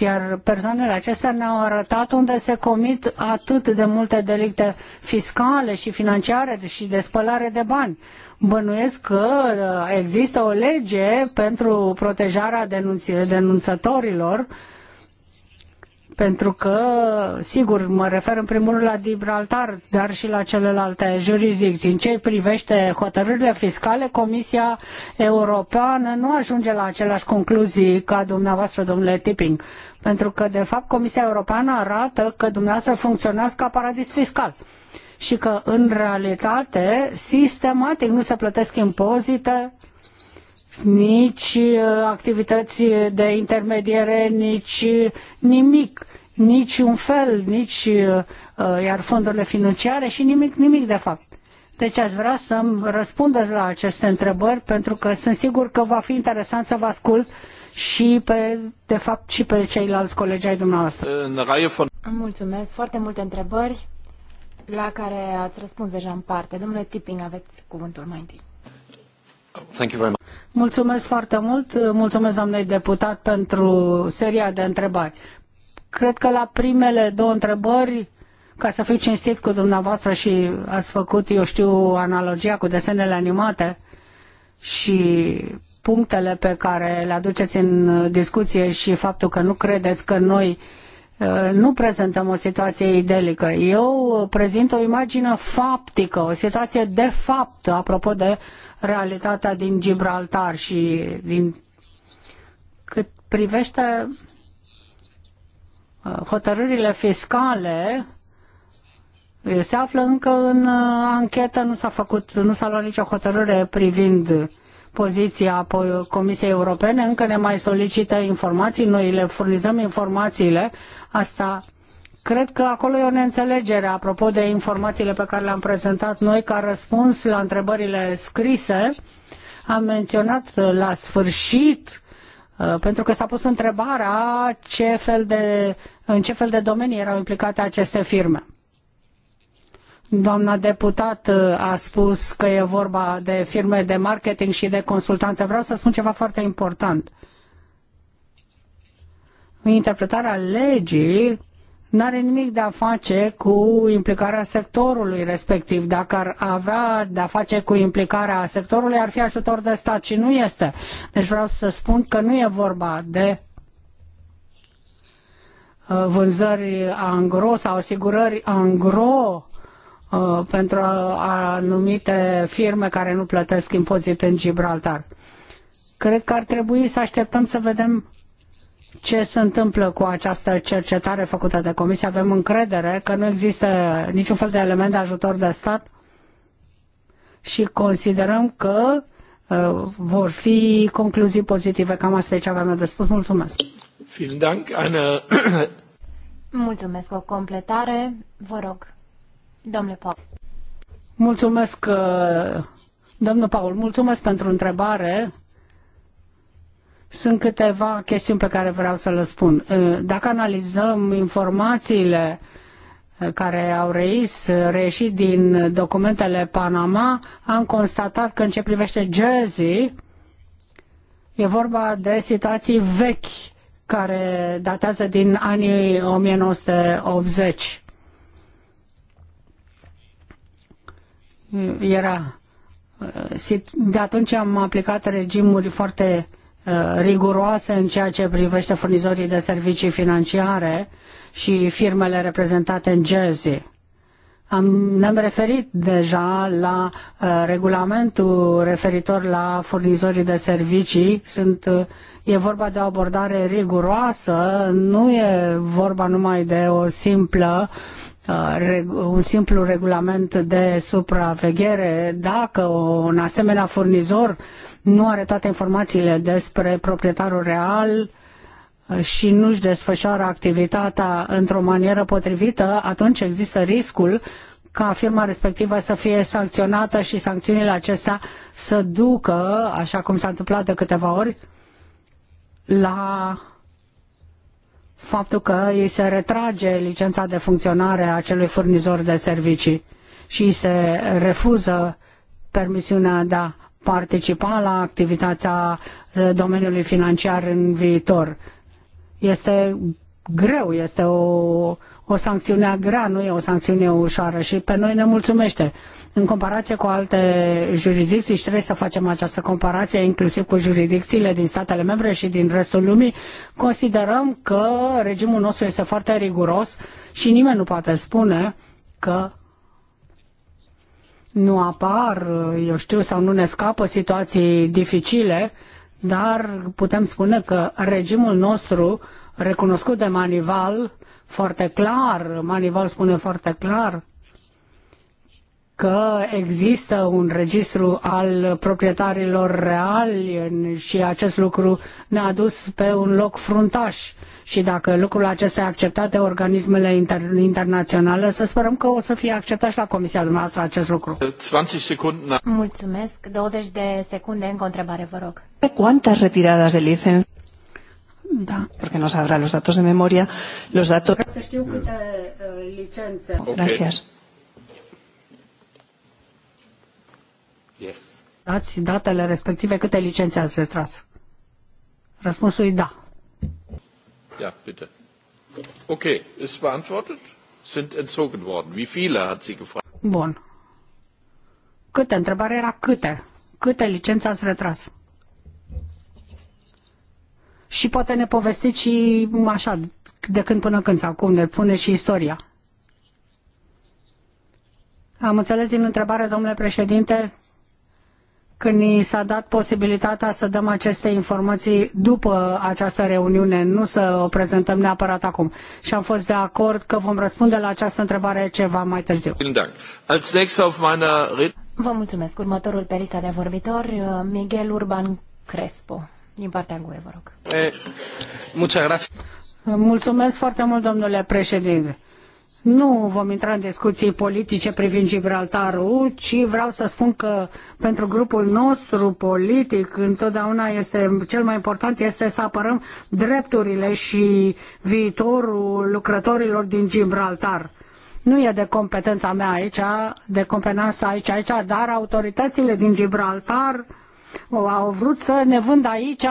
iar persoanele acestea ne-au arătat unde se comit atât de multe delicte fiscale și financiare și de spălare de bani. Bănuiesc că eh, există o lege pentru protejarea denunț- denunțătorilor uh, pentru că, sigur, mă refer în primul rând la Gibraltar, dar și la celelalte jurisdicții. În ce privește hotărârile fiscale, Comisia Europeană nu ajunge la aceleași concluzii ca dumneavoastră, domnule Tipping, pentru că, de fapt, Comisia Europeană arată că dumneavoastră funcționează ca paradis fiscal și că, în realitate, sistematic nu se plătesc impozite nici uh, activități de intermediere, nici uh, nimic, nici un fel, nici uh, iar fondurile financiare și nimic, nimic de fapt. Deci aș vrea să-mi răspundeți la aceste întrebări pentru că sunt sigur că va fi interesant să vă ascult și pe, de fapt și pe ceilalți colegi ai dumneavoastră. Mulțumesc, foarte multe întrebări la care ați răspuns deja în parte. Domnule Tipping, aveți cuvântul mai întâi. Thank you very much. Mulțumesc foarte mult, mulțumesc doamnei deputat pentru seria de întrebări. Cred că la primele două întrebări, ca să fiu cinstit cu dumneavoastră și ați făcut, eu știu, analogia cu desenele animate și punctele pe care le aduceți în discuție și faptul că nu credeți că noi uh, Uh, nu prezentăm o situație idelică. Eu prezint o imagine faptică, o situație de fapt, apropo de realitatea din Gibraltar și din cât privește uh, hotărârile fiscale, se află încă în uh, anchetă, nu s-a făcut, nu s-a luat nicio hotărâre privind poziția Comisiei Europene, încă ne mai solicită informații, noi le furnizăm informațiile, asta Cred că acolo e o neînțelegere apropo de informațiile pe care le-am prezentat noi ca răspuns la întrebările scrise. Am menționat uh, la sfârșit uh, pentru că s-a pus întrebarea ce fel de, în ce fel de domenii erau implicate aceste firme. Doamna deputat uh, a spus că e vorba de firme de marketing și de consultanță. Vreau să spun ceva foarte important. Interpretarea legii nu are nimic de a face cu implicarea sectorului respectiv. Dacă ar avea de a face cu implicarea sectorului, ar fi ajutor de stat și nu este. Deci vreau să spun că nu e vorba de uh, vânzări angro sau asigurări angro Uh, pentru anumite firme care nu plătesc impozit în Gibraltar. Cred că ar trebui să așteptăm să vedem ce se întâmplă cu această cercetare făcută de comisie. Avem încredere că nu există niciun fel de element de ajutor de stat și considerăm că uh, vor fi concluzii pozitive. Cam asta e ce aveam de spus. Mulțumesc! Mulțumesc o completare. Vă rog. Domnule Paul. Mulțumesc, uh, domnul Paul, mulțumesc pentru întrebare. Sunt câteva chestiuni pe care vreau să le spun. Uh, dacă analizăm informațiile uh, care au reis, reieșit din documentele Panama, am constatat că în ce privește Jersey, e vorba de situații vechi care datează din anii 1980. era uh, de atunci am aplicat regimuri foarte uh, riguroase în ceea ce privește furnizorii de servicii financiare și firmele reprezentate în Jersey. Am, ne-am referit deja la uh, regulamentul referitor la furnizorii de servicii. Sunt, uh, e vorba de o abordare riguroasă, nu e vorba numai de o simplă uh, un simplu regulament de supraveghere dacă un asemenea furnizor nu are toate informațiile despre proprietarul real și nu-și desfășoară activitatea într-o manieră potrivită, atunci există riscul ca firma respectivă să fie sancționată și sancțiunile acestea să ducă, așa cum s-a întâmplat de câteva ori, la faptul că îi se retrage licența de funcționare a acelui furnizor de servicii și îi se refuză permisiunea de a participa la activitatea eh, domeniului financiar în viitor. Este greu, este o o sancțiune grea, nu e o sancțiune ușoară și pe noi ne mulțumește. În comparație cu alte jurisdicții și trebuie să facem această comparație inclusiv cu jurisdicțiile din statele membre și din restul lumii, considerăm că regimul nostru este foarte riguros și nimeni nu poate spune că nu apar, eu știu, sau nu ne scapă situații dificile, dar putem spune că regimul nostru recunoscut de Manival foarte clar, Manival spune foarte clar că există un registru al proprietarilor reali și acest lucru ne-a dus pe un loc fruntaș. Și dacă lucrul acesta e acceptat de organismele inter- internaționale, să sperăm că o să fie acceptat și la Comisia noastră acest lucru. 20 secunde. Mulțumesc. 20 de secunde încă o întrebare, vă rog. cuantas retiradas de licență? Da, porque no sabrá los datos de memoria, los datos... Uh, Gracias. Yes. Dați datele respective, câte licențe ați retras? Răspunsul e da. Ja, bitte. Ok, ist beantwortet? Sind entzogen worden. Wie viele hat sie gefragt? Bun. Câte? Întrebarea era câte? Câte licențe ați retras? și poate ne povestiți și așa, de când până când, sau cum ne pune și istoria. Am înțeles din întrebare, domnule președinte, când ni s-a dat posibilitatea să dăm aceste informații după această reuniune, nu să o prezentăm neapărat acum. Și am fost de acord că vom răspunde la această întrebare ceva mai târziu. Vă mulțumesc. Următorul pe lista de vorbitori, Miguel Urban Crespo din partea GUE, vă rog. Mulțumesc. Mulțumesc foarte mult, domnule președinte. Nu vom intra în discuții politice privind Gibraltarul, ci vreau să spun că pentru grupul nostru politic întotdeauna este cel mai important este să apărăm drepturile și viitorul lucrătorilor din Gibraltar. Nu e de competența mea aici, de competența aici, aici, dar autoritățile din Gibraltar au vrut să ne vând aici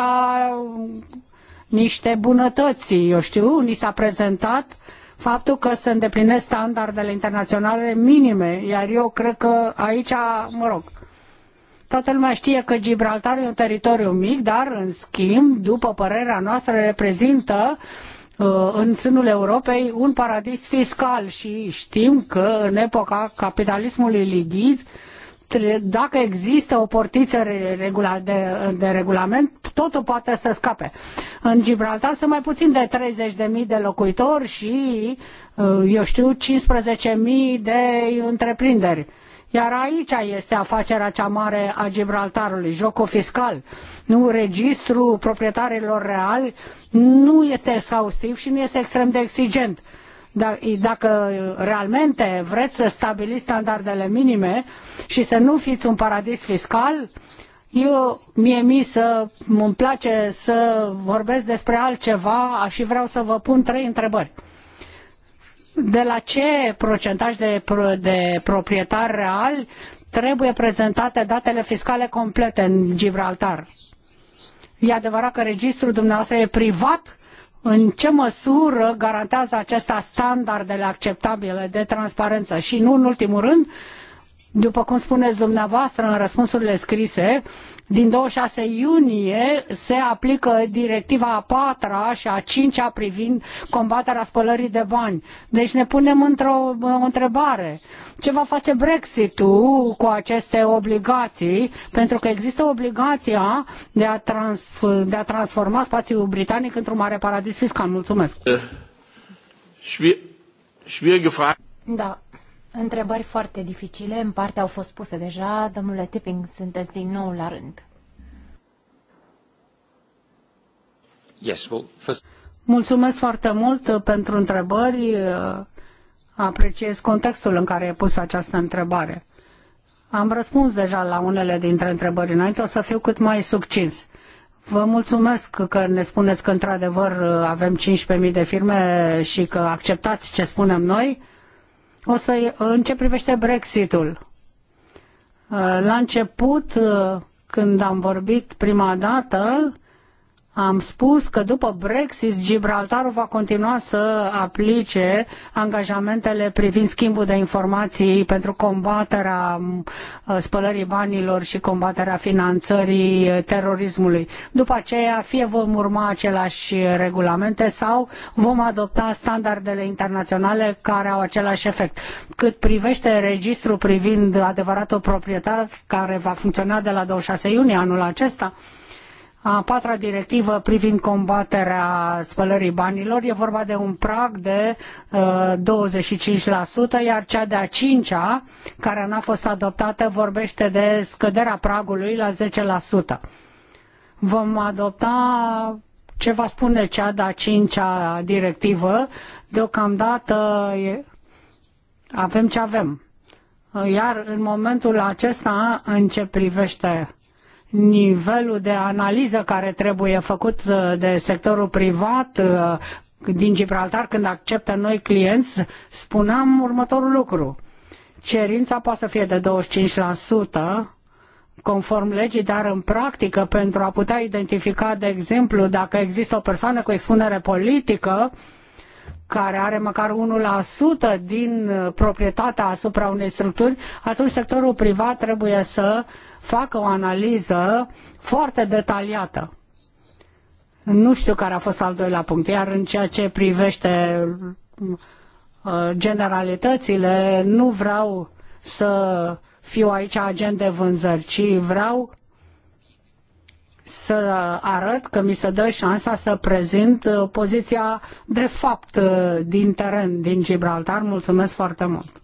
niște bunătăți, eu știu, ni s-a prezentat faptul că se îndeplinesc standardele internaționale minime, iar eu cred că aici, mă rog, toată lumea știe că Gibraltar e un teritoriu mic, dar în schimb, după părerea noastră, reprezintă uh, în sânul Europei un paradis fiscal și știm că în epoca capitalismului lichid dacă există o portiță de, de regulament, totul poate să scape. În Gibraltar sunt mai puțin de 30.000 de locuitori și, uh, eu știu, 15.000 de întreprinderi. Iar aici este afacerea cea mare a Gibraltarului, jocul fiscal. Nu registrul proprietarilor reali nu este exhaustiv și nu este extrem de exigent da, dacă realmente vreți să stabiliți standardele minime și să nu fiți un paradis fiscal, eu, mie mi să, îmi place să vorbesc despre altceva și vreau să vă pun trei întrebări. De la ce procentaj de, de proprietari real trebuie prezentate datele fiscale complete în Gibraltar? E adevărat că registrul dumneavoastră e privat, în ce măsură garantează acesta standardele acceptabile de transparență și nu în ultimul rând după cum spuneți dumneavoastră în răspunsurile scrise, din 26 iunie se aplică directiva a patra și a cincea privind combaterea spălării de bani. Deci ne punem într-o întrebare. Ce va face Brexit-ul cu aceste obligații? Pentru că există obligația de a, trans, de a transforma spațiul britanic într-un mare paradis fiscal. Mulțumesc. Da, Întrebări foarte dificile, în parte au fost puse deja. Domnule Tipping, sunteți din nou la rând. Yes, well, first... Mulțumesc foarte mult uh, pentru întrebări. Uh, apreciez contextul în care e pusă această întrebare. Am răspuns deja la unele dintre întrebări înainte, o să fiu cât mai succins. Vă mulțumesc că ne spuneți că într-adevăr uh, avem 15.000 de firme și că acceptați ce spunem noi o să, în ce privește Brexitul, uh, la început, uh, când am vorbit prima dată, am spus că după Brexit Gibraltarul va continua să aplice angajamentele privind schimbul de informații pentru combaterea uh, spălării banilor și combaterea finanțării uh, terorismului. După aceea fie vom urma aceleași regulamente sau vom adopta standardele internaționale care au același efect. Cât privește registrul privind adevăratul proprietar care va funcționa de la 26 iunie anul acesta, a patra directivă privind combaterea spălării banilor. E vorba de un prag de uh, 25%, iar cea de-a cincea, care n-a fost adoptată, vorbește de scăderea pragului la 10%. Vom adopta ce va spune cea de-a cincea directivă. Deocamdată e... avem ce avem. Iar în momentul acesta, în ce privește nivelul de analiză care trebuie făcut uh, de sectorul privat uh, din Gibraltar când acceptă noi clienți, spuneam următorul lucru. Cerința poate să fie de 25% conform legii, dar în practică pentru a putea identifica, de exemplu, dacă există o persoană cu expunere politică, uh, care are măcar 1% din uh, proprietatea asupra unei structuri, atunci sectorul privat trebuie să facă o analiză foarte detaliată. Nu știu care a fost al doilea punct, iar în ceea ce privește uh, generalitățile, nu vreau să fiu aici agent de vânzări, ci vreau să arăt că mi se dă șansa să prezint uh, poziția de fapt uh, din teren, din Gibraltar. Mulțumesc foarte mult!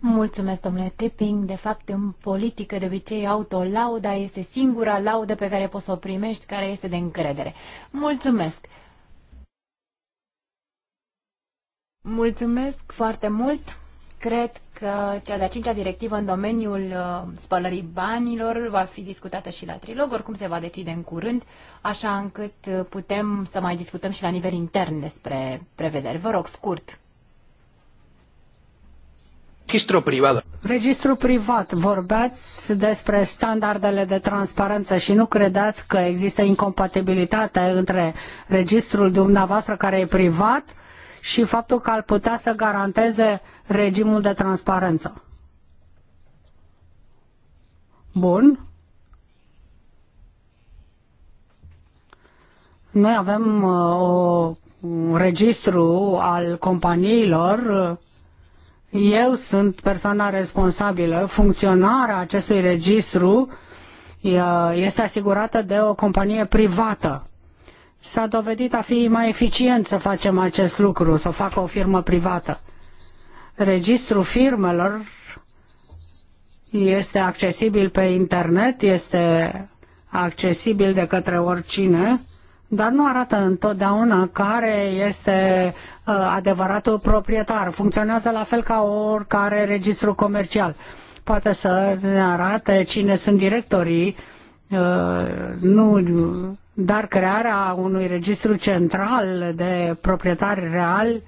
Mulțumesc, domnule Tipping. De fapt, în politică, de obicei, autolauda este singura laudă pe care poți să o primești, care este de încredere. Mulțumesc! Mulțumesc foarte mult! Cred că cea de-a cincea directivă în domeniul uh, spălării banilor va fi discutată și la trilog, oricum se va decide în curând, așa încât uh, putem să mai discutăm și la nivel intern despre prevederi. Vă rog, scurt. Registru privat. Registrul privat. Vorbeați despre standardele de transparență și nu credeți că există incompatibilitate între registrul dumneavoastră care e privat și faptul că ar putea să garanteze regimul de transparență. Bun. Noi avem uh, o, un registru al companiilor. Eu sunt persoana responsabilă. Funcționarea acestui registru uh, este asigurată de o companie privată s-a dovedit a fi mai eficient să facem acest lucru, să facă o firmă privată. Registrul firmelor este accesibil pe internet, este accesibil de către oricine, dar nu arată întotdeauna care este uh, adevăratul proprietar. Funcționează la fel ca oricare registru comercial. Poate să ne arate cine sunt directorii Uh, nu, dar crearea unui registru central de proprietari real,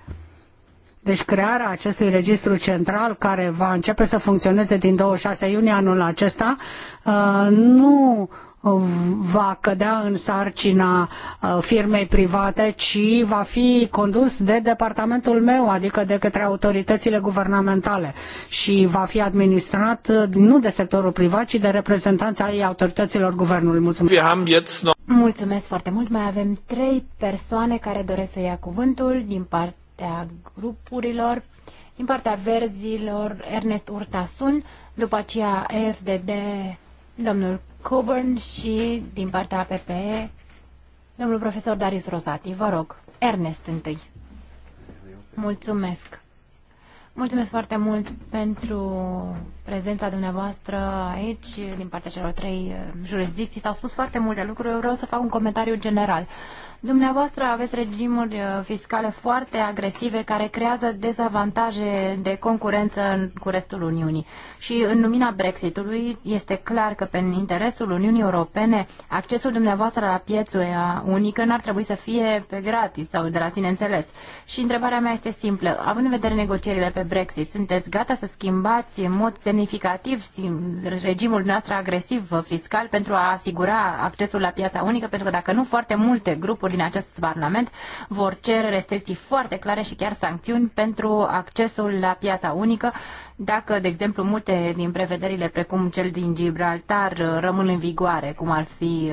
deci crearea acestui registru central care va începe să funcționeze din 26 iunie anul acesta uh, nu va cădea în sarcina uh, firmei private, ci va fi condus de departamentul meu, adică de către autoritățile guvernamentale și va fi administrat uh, nu de sectorul privat, ci de reprezentanța ai autorităților guvernului. Mulțumesc. Mulțumesc foarte mult. Mai avem trei persoane care doresc să ia cuvântul din partea grupurilor. Din partea verzilor, Ernest Urtasun, după aceea EFDD, domnul Coburn și din partea PPE, domnul profesor Darius Rosati. Vă rog, Ernest întâi. Mulțumesc. Mulțumesc foarte mult pentru prezența dumneavoastră aici, din partea celor trei eh, jurisdicții. S-au spus foarte multe lucruri, eu vreau să fac un comentariu general. Dumneavoastră aveți regimuri uh, fiscale foarte agresive care creează dezavantaje de concurență cu restul Uniunii. Și în lumina Brexitului este clar că pe interesul Uniunii Europene accesul dumneavoastră la piața uh, unică n-ar trebui să fie pe gratis sau de la sine înțeles. Și întrebarea mea este simplă. Având în vedere negocierile pe Brexit, sunteți gata să schimbați în mod semnificativ regimul noastră agresiv uh, fiscal pentru a asigura accesul la piața unică? Pentru că dacă nu, foarte multe grupuri din acest Parlament vor cere restricții foarte clare și chiar sancțiuni pentru accesul la piața unică dacă, de exemplu, multe din prevederile precum cel din Gibraltar rămân în vigoare, cum ar fi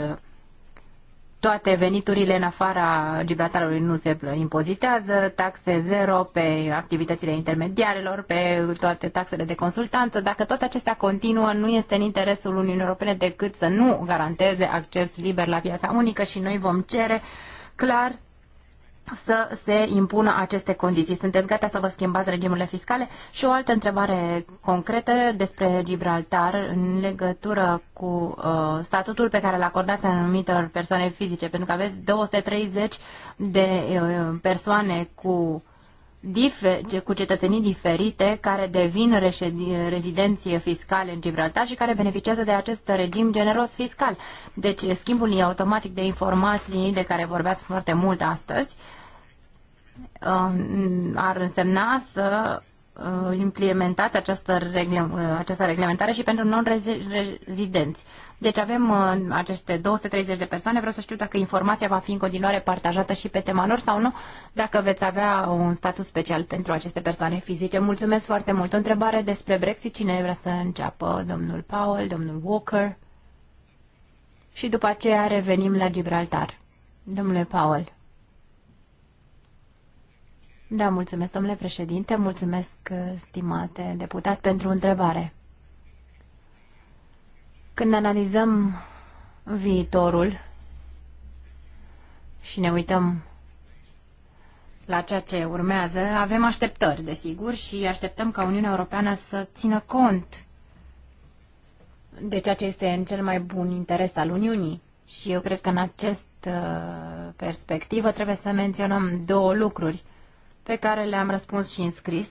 toate veniturile în afara Gibraltarului nu se impozitează, taxe zero pe activitățile intermediarelor, pe toate taxele de consultanță. Dacă tot acestea continuă, nu este în interesul Uniunii Europene decât să nu garanteze acces liber la piața unică și noi vom cere clar să se impună aceste condiții. Sunteți gata să vă schimbați regimurile fiscale? Și o altă întrebare concretă despre Gibraltar în legătură cu uh, statutul pe care îl acordați anumitor persoane fizice, pentru că aveți 230 de uh, persoane cu cu cetățenii diferite care devin rezidenții fiscale în Gibraltar și care beneficiază de acest regim generos fiscal. Deci schimbul automatic de informații de care vorbeați foarte mult astăzi Um, ar însemna să uh, implementați această, regle, uh, această reglementare și pentru non-rezidenți. Deci avem uh, aceste 230 de persoane. Vreau să știu dacă informația va fi în continuare partajată și pe tema lor sau nu, dacă veți avea un statut special pentru aceste persoane fizice. Mulțumesc foarte mult. O întrebare despre Brexit. Cine vrea să înceapă? Domnul Powell, domnul Walker? Și după aceea revenim la Gibraltar. Domnule Powell. Da, mulțumesc, domnule președinte, mulțumesc, uh, stimate deputat, pentru întrebare. Când analizăm viitorul și ne uităm la ceea ce urmează, avem așteptări, desigur, și așteptăm ca Uniunea Europeană să țină cont de ceea ce este în cel mai bun interes al Uniunii. Și eu cred că în această uh, perspectivă trebuie să menționăm două lucruri – pe care le-am răspuns și în scris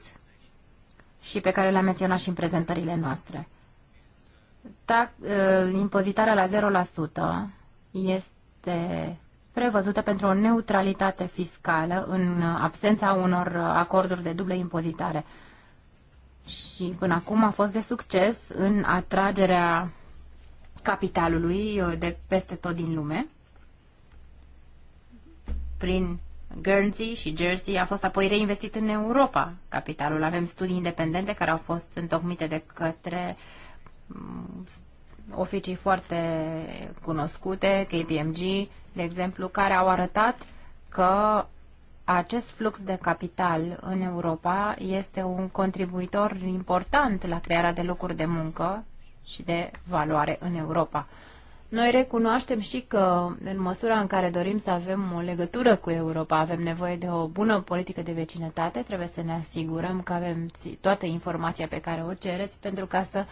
și pe care le-am menționat și în prezentările noastre. Tax, ă, impozitarea la 0% este prevăzută pentru o neutralitate fiscală în absența unor acorduri de dublă impozitare. Și până acum a fost de succes în atragerea capitalului ă, de peste tot din lume prin Guernsey și Jersey a fost apoi reinvestit în Europa, capitalul. Avem studii independente care au fost întocmite de către mm, oficii foarte cunoscute, KPMG, de exemplu, care au arătat că acest flux de capital în Europa este un contribuitor important la crearea de locuri de muncă și de valoare în Europa. Noi recunoaștem și că, în măsura în care dorim să avem o legătură cu Europa, avem nevoie de o bună politică de vecinătate, trebuie să ne asigurăm că avem toată informația pe care o cereți pentru ca să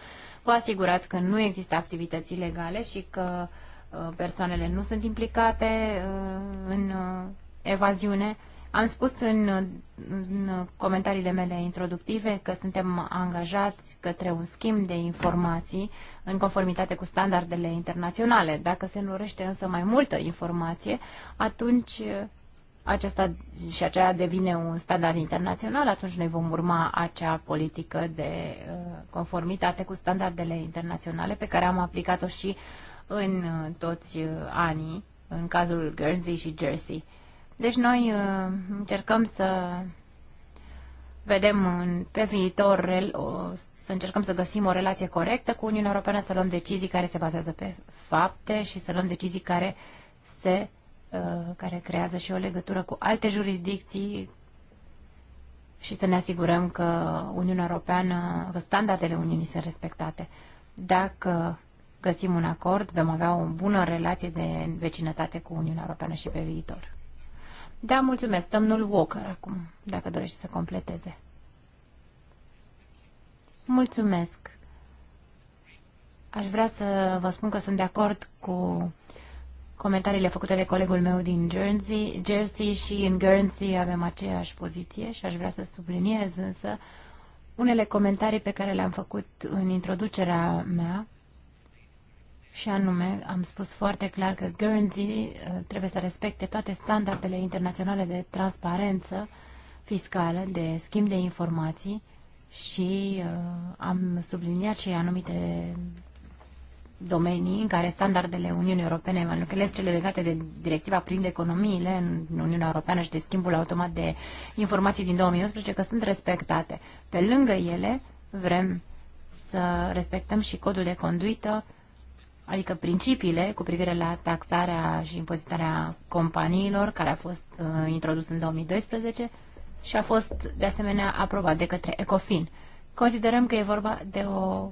vă asigurați că nu există activități ilegale și că uh, persoanele nu sunt implicate uh, în uh, evaziune am spus în, în comentariile mele introductive că suntem angajați către un schimb de informații în conformitate cu standardele internaționale. Dacă se înlorește însă mai multă informație, atunci uh, aceasta și aceea devine un standard internațional, atunci noi vom urma acea politică de uh, conformitate cu standardele internaționale pe care am aplicat-o și în uh, toți anii, în cazul Guernsey și Jersey. Deci noi uh, încercăm să vedem în, pe viitor o, să încercăm să găsim o relație corectă cu Uniunea Europeană, să luăm decizii care se bazează pe fapte și să luăm decizii care se uh, care creează și o legătură cu alte jurisdicții și să ne asigurăm că Uniunea Europeană, că standardele Uniunii sunt respectate. Dacă găsim un acord, vom avea o bună relație de vecinătate cu Uniunea Europeană și pe viitor. Da, mulțumesc. Domnul Walker acum, dacă dorește să completeze. Mulțumesc. Aș vrea să vă spun că sunt de acord cu comentariile făcute de colegul meu din Jersey, Jersey și în Guernsey avem aceeași poziție și aș vrea să subliniez însă unele comentarii pe care le-am făcut în introducerea mea și anume am spus foarte clar că Guernsey uh, trebuie să respecte toate standardele internaționale de transparență fiscală, de schimb de informații și uh, am subliniat și anumite domenii în care standardele Uniunii Europene, mai ales cele legate de directiva privind economiile în Uniunea Europeană și de schimbul automat de informații din 2011, că sunt respectate. Pe lângă ele, vrem să respectăm și codul de conduită adică principiile cu privire la taxarea și impozitarea companiilor, care a fost uh, introdus în 2012 și a fost de asemenea aprobat de către ECOFIN. Considerăm că e vorba de o,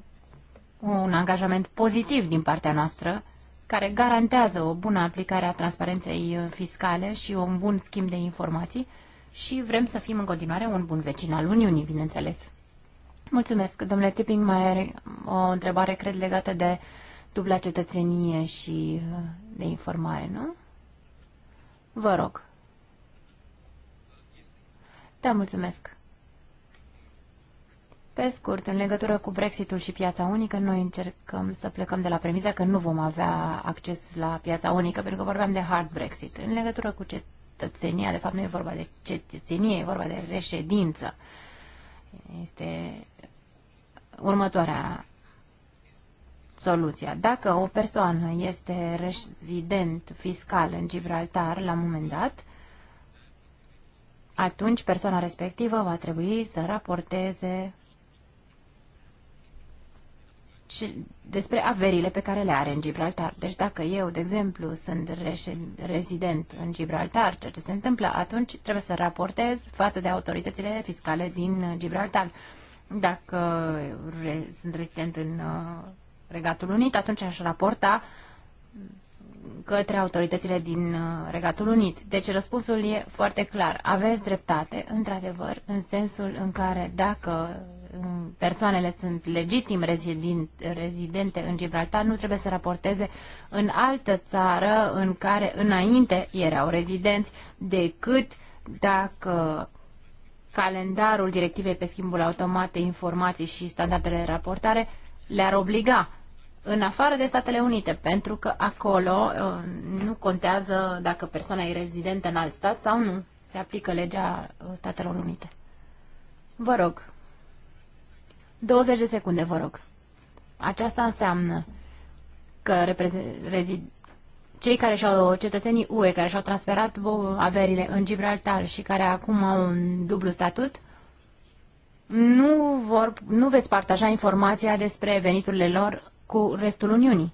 un angajament pozitiv din partea noastră, care garantează o bună aplicare a transparenței fiscale și un bun schimb de informații și vrem să fim în continuare un bun vecin al Uniunii, bineînțeles. Mulțumesc. Domnule Tipping, mai are o întrebare, cred, legată de uh, dubla cetățenie și uh, de informare, nu? Vă rog. Da, mulțumesc. Pe scurt, în legătură cu Brexitul și piața unică, noi încercăm să plecăm de la premiza că nu vom avea acces la piața unică, pentru că vorbeam de hard Brexit. În legătură cu cetățenia, de fapt nu e vorba de cetățenie, e vorba de reședință. Este următoarea soluția. Dacă o persoană este rezident fiscal în Gibraltar la un moment dat, atunci persoana respectivă va trebui să raporteze despre averile pe care le are în Gibraltar. Deci dacă eu, de exemplu, sunt rezident în Gibraltar, ceea ce se întâmplă, atunci trebuie să raportez față de autoritățile fiscale din Gibraltar. Dacă sunt rezident în uh, Regatul Unit, atunci aș raporta către autoritățile din uh, Regatul Unit. Deci răspunsul e foarte clar. Aveți dreptate, într-adevăr, în sensul în care dacă uh, persoanele sunt legitim rezident, rezidente în Gibraltar, nu trebuie să raporteze în altă țară în care înainte erau rezidenți, decât dacă calendarul directivei pe schimbul automat de informații și standardele de raportare uh, le-ar obliga în afară de Statele Unite, pentru că acolo uh, nu contează dacă persoana e rezidentă în alt stat sau nu. Se aplică legea uh, Statelor Unite. Vă rog. 20 de secunde, vă rog. Aceasta înseamnă că cei care și-au cetățenii UE, care și-au transferat averile în Gibraltar și care acum au un dublu statut, nu, vor, nu veți partaja informația despre veniturile lor cu restul Uniunii.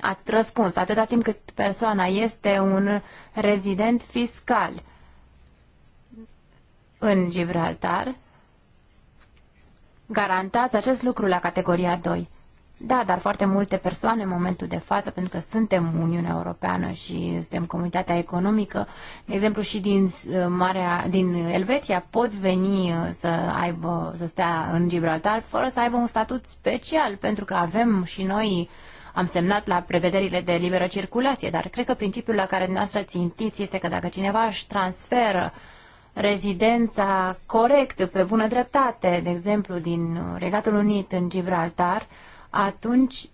Ați răspuns, atâta timp cât persoana este un rezident fiscal în Gibraltar, garantați acest lucru la categoria 2. Da, dar foarte multe persoane în momentul de față, pentru că suntem Uniunea Europeană și suntem comunitatea economică, de exemplu și din, uh, Marea, din Elveția pot veni uh, să, aibă, să stea în Gibraltar fără să aibă un statut special, pentru că avem și noi am semnat la prevederile de liberă circulație, dar cred că principiul la care dumneavoastră țintiți este că dacă cineva își transferă rezidența corect, pe bună dreptate, de exemplu, din Regatul Unit în Gibraltar, uh, atunci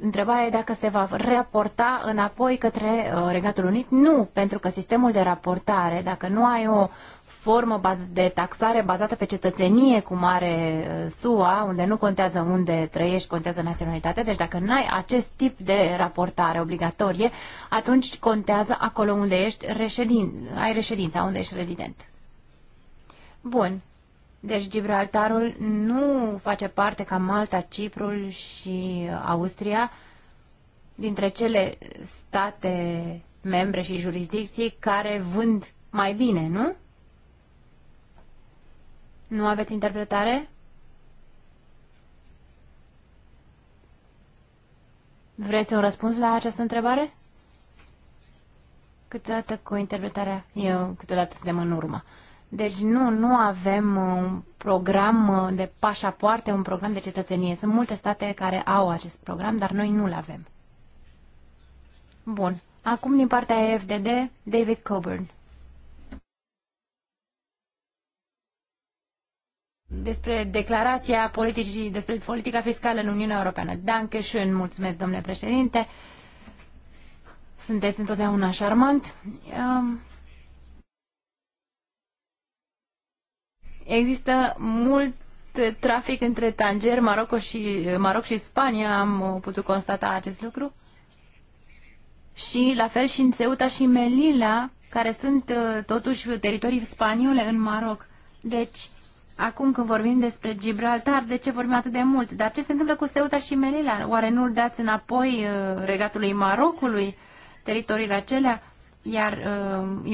întrebarea e dacă se va raporta înapoi către uh, Regatul Unit. Nu, pentru că sistemul de raportare, dacă nu ai o formă de taxare bazată pe cetățenie, cum are uh, SUA, unde nu contează unde trăiești, contează naționalitatea, deci dacă n-ai acest tip de raportare obligatorie, atunci contează acolo unde ești reședin, ai reședința, unde ești rezident. Bun. Deci Gibraltarul nu face parte ca Malta, Ciprul și Austria dintre cele state membre și jurisdicții care vând mai bine, nu? Nu aveți interpretare? Vreți un răspuns la această întrebare? Câteodată cu interpretarea, eu câteodată suntem în urmă. Deci nu, nu avem uh, un program uh, de pașapoarte, un program de cetățenie. Sunt multe state care au acest program, dar noi nu-l avem. Bun. Acum din partea EFDD, David Coburn. despre declarația politicii, despre politica fiscală în Uniunea Europeană. Danke schön, mulțumesc, domnule președinte. Sunteți întotdeauna șarmant. Există mult trafic între Tanger, Maroc și, Maroc și Spania, am putut constata acest lucru. Și la fel și în Ceuta și Melilla, care sunt uh, totuși teritorii spaniole în Maroc. Deci, acum când vorbim despre Gibraltar, de ce vorbim atât de mult? Dar ce se întâmplă cu Ceuta și Melilla? Oare nu dați înapoi uh, regatului Marocului teritoriile acelea? iar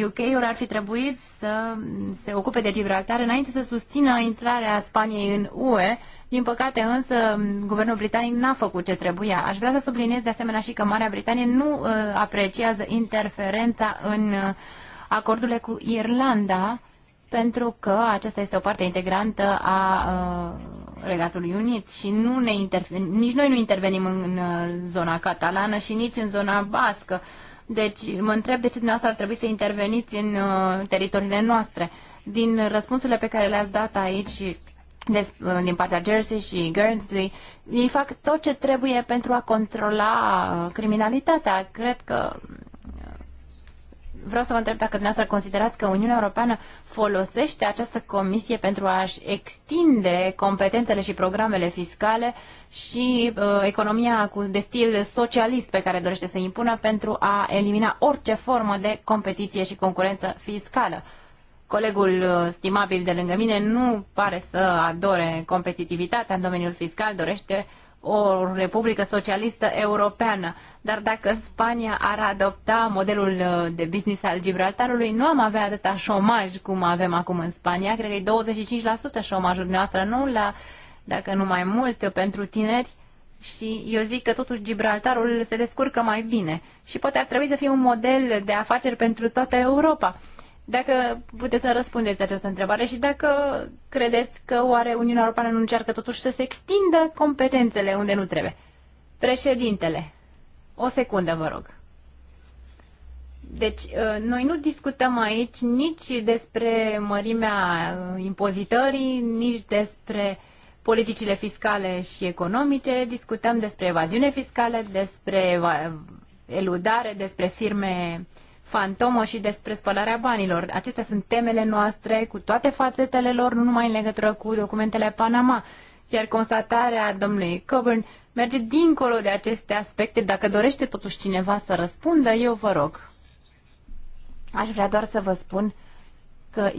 UK-ul uh, ar fi trebuit să se ocupe de Gibraltar înainte să susțină intrarea Spaniei în UE. Din păcate însă, guvernul britanic n-a făcut ce trebuia. Aș vrea să subliniez de asemenea și că Marea Britanie nu uh, apreciază interferența în uh, acordurile cu Irlanda, pentru că aceasta este o parte integrantă a Regatului Unit și nu ne nici noi nu intervenim în zona catalană și nici în zona bască deci mă întreb de ce dumneavoastră ar trebui să interveniți în uh, teritoriile noastre. Din răspunsurile pe care le-ați dat aici des, uh, din partea Jersey și Guernsey, ei fac tot ce trebuie pentru a controla uh, criminalitatea. Cred că vreau să vă întreb dacă dumneavoastră considerați că Uniunea Europeană folosește această comisie pentru a-și extinde competențele și programele fiscale și uh, economia cu, de stil socialist pe care dorește să impună pentru a elimina orice formă de competiție și concurență fiscală. Colegul uh, stimabil de lângă mine nu pare să adore competitivitatea în domeniul fiscal, dorește uh, o republică socialistă europeană. Dar dacă Spania ar adopta modelul uh, de business al Gibraltarului, nu am avea atâta șomaj cum avem acum în Spania. Cred că e 25% șomajul noastră, nu la, dacă nu mai mult, pentru tineri. Și eu zic că totuși Gibraltarul se descurcă mai bine. Și poate ar trebui să fie un model de afaceri pentru toată Europa. Dacă puteți să răspundeți această întrebare și dacă credeți că oare Uniunea Europeană nu încearcă totuși să se extindă competențele unde nu trebuie. Președintele, o secundă vă rog. Deci, uh, noi nu discutăm aici nici despre mărimea uh, impozitării, nici despre politicile fiscale și economice, discutăm despre evaziune fiscală, despre eludare, despre firme uh, fantomă și despre spălarea banilor. Acestea sunt temele noastre cu toate fațetele lor, nu numai în legătură cu documentele Panama. Iar constatarea domnului Coburn merge dincolo de aceste aspecte. Dacă dorește totuși cineva să răspundă, eu vă rog. Aș vrea doar să vă spun că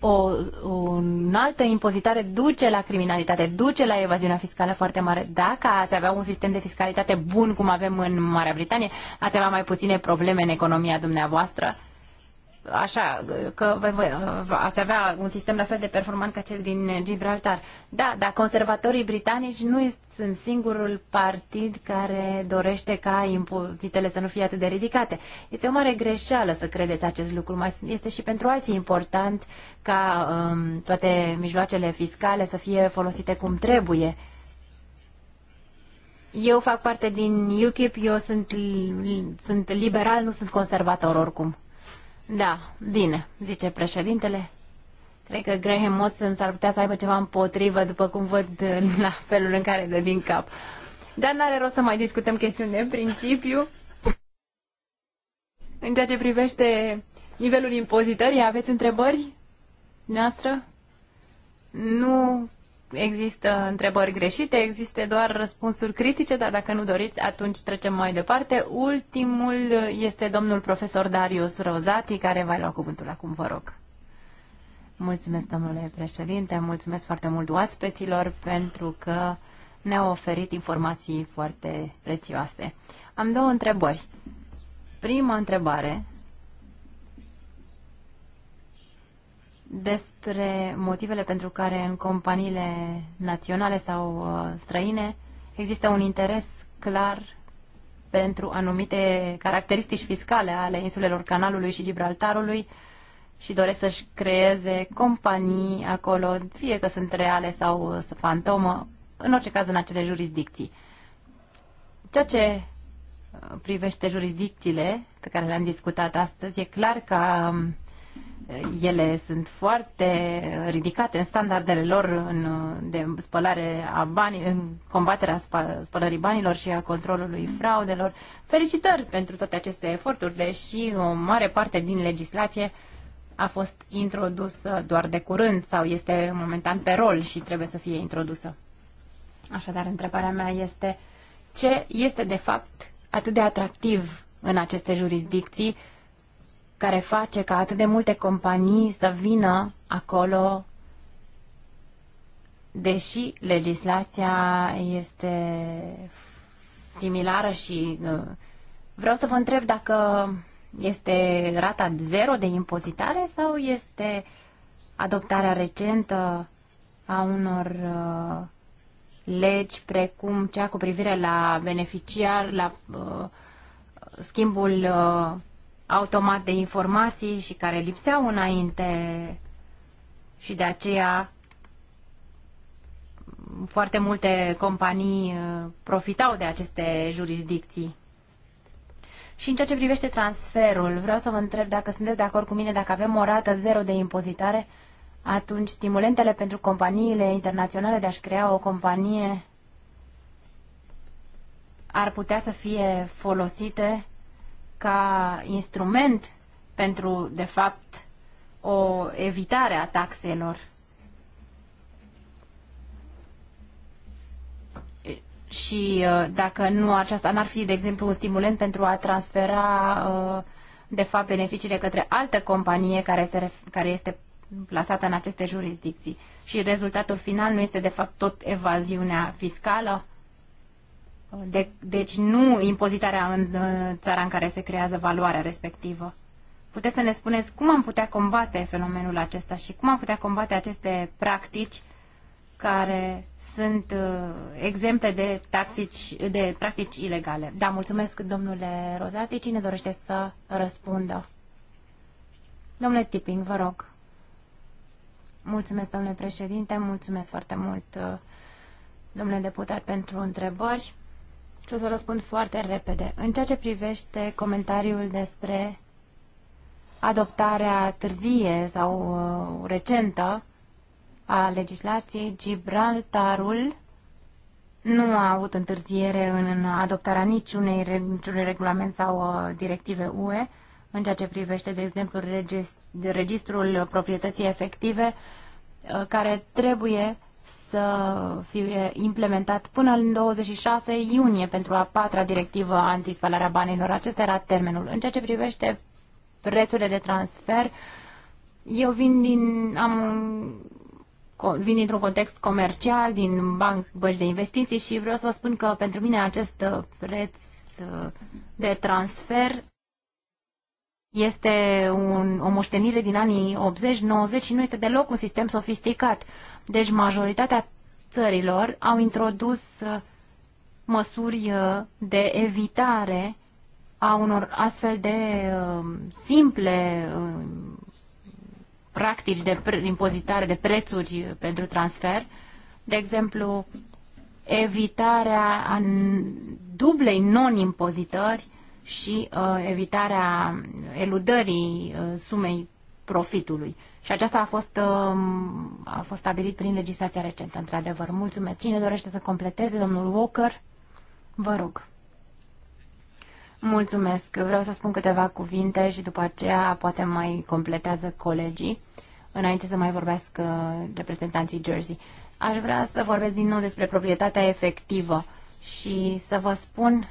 o, o altă impozitare duce la criminalitate, duce la evaziunea fiscală foarte mare. Dacă ați avea un sistem de fiscalitate bun, cum avem în Marea Britanie, ați avea mai puține probleme în economia dumneavoastră așa, că ați avea un sistem la fel de performant ca cel din Gibraltar. Da, dar conservatorii britanici nu sunt singurul partid care dorește ca impozitele să nu fie atât de ridicate. Este o mare greșeală să credeți acest lucru. Mai este și pentru alții important ca um, toate mijloacele fiscale să fie folosite cum trebuie. Eu fac parte din UKIP, eu sunt, sunt liberal, nu sunt conservator oricum. Da, bine, zice președintele. Cred că Graham Watson s-ar putea să aibă ceva împotrivă, după cum văd la felul în care dă din cap. Dar n-are rost să mai discutăm chestiuni de principiu. În ceea ce privește nivelul impozitării, aveți întrebări noastră? Nu există întrebări greșite, există doar răspunsuri critice, dar dacă nu doriți, atunci trecem mai departe. Ultimul este domnul profesor Darius Rozati, care va lua cuvântul acum, vă rog. Mulțumesc, domnule președinte, mulțumesc foarte mult oaspeților pentru că ne-au oferit informații foarte prețioase. Am două întrebări. Prima întrebare despre motivele pentru care în companiile naționale sau uh, străine există un interes clar pentru anumite caracteristici fiscale ale insulelor Canalului și Gibraltarului și doresc să-și creeze companii acolo, fie că sunt reale sau uh, fantomă, în orice caz în acele jurisdicții. Ceea ce uh, privește jurisdicțiile pe care le-am discutat astăzi, e clar că um, ele sunt foarte ridicate în standardele lor în, de spălare a banii, în combaterea spălării banilor și a controlului fraudelor. Felicitări pentru toate aceste eforturi, deși o mare parte din legislație a fost introdusă doar de curând sau este momentan pe rol și trebuie să fie introdusă. Așadar, întrebarea mea este ce este de fapt atât de atractiv în aceste jurisdicții care face ca atât de multe companii să vină acolo, deși legislația este similară și uh, vreau să vă întreb dacă este rata zero de impozitare sau este adoptarea recentă a unor uh, legi precum cea cu privire la beneficiar, la uh, schimbul automat de informații și care lipseau înainte și de aceea foarte multe companii uh, profitau de aceste jurisdicții. Și în ceea ce privește transferul, vreau să vă întreb dacă sunteți de acord cu mine, dacă avem o rată zero de impozitare, atunci stimulentele pentru companiile internaționale de a-și crea o companie ar putea să fie folosite ca instrument pentru, de fapt, o evitare a taxelor. Și uh, dacă nu aceasta n-ar fi, de exemplu, un stimulent pentru a transfera, uh, de fapt, beneficiile către altă companie care, se, care este plasată în aceste jurisdicții. Și rezultatul final nu este, de fapt, tot evaziunea fiscală? De, deci nu impozitarea în țara în care se creează valoarea respectivă. Puteți să ne spuneți cum am putea combate fenomenul acesta și cum am putea combate aceste practici care sunt uh, exemple de, taxici, de practici ilegale. Da, mulțumesc, domnule Rozati. Cine dorește să răspundă? Domnule Tipping, vă rog. Mulțumesc, domnule președinte, mulțumesc foarte mult, uh, domnule deputat, pentru întrebări. Și o să răspund foarte repede. În ceea ce privește comentariul despre adoptarea târzie sau uh, recentă a legislației, Gibraltarul nu a avut întârziere în adoptarea niciunei, niciunui regulament sau uh, directive UE în ceea ce privește, de exemplu, registrul proprietății efective, uh, care trebuie să fie implementat până în 26 iunie pentru a patra directivă antispalarea banilor. Acesta era termenul. În ceea ce privește prețurile de transfer, eu vin din, am, vin dintr-un context comercial, din banc, băci de investiții și vreau să vă spun că pentru mine acest uh, preț uh, de transfer este un, o moștenire din anii 80-90 și nu este deloc un sistem sofisticat. Deci majoritatea țărilor au introdus uh, măsuri uh, de evitare a unor astfel de um, simple um, practici de impozitare de prețuri uh, pentru transfer, de exemplu, evitarea dublei non-impozitări și uh, evitarea eludării uh, sumei profitului. Și aceasta a fost, uh, a fost stabilit prin legislația recentă, într-adevăr. Mulțumesc. Cine dorește să completeze, domnul Walker, vă rog. Mulțumesc. Vreau să spun câteva cuvinte și după aceea poate mai completează colegii, înainte să mai vorbească reprezentanții Jersey. Aș vrea să vorbesc din nou despre proprietatea efectivă și să vă spun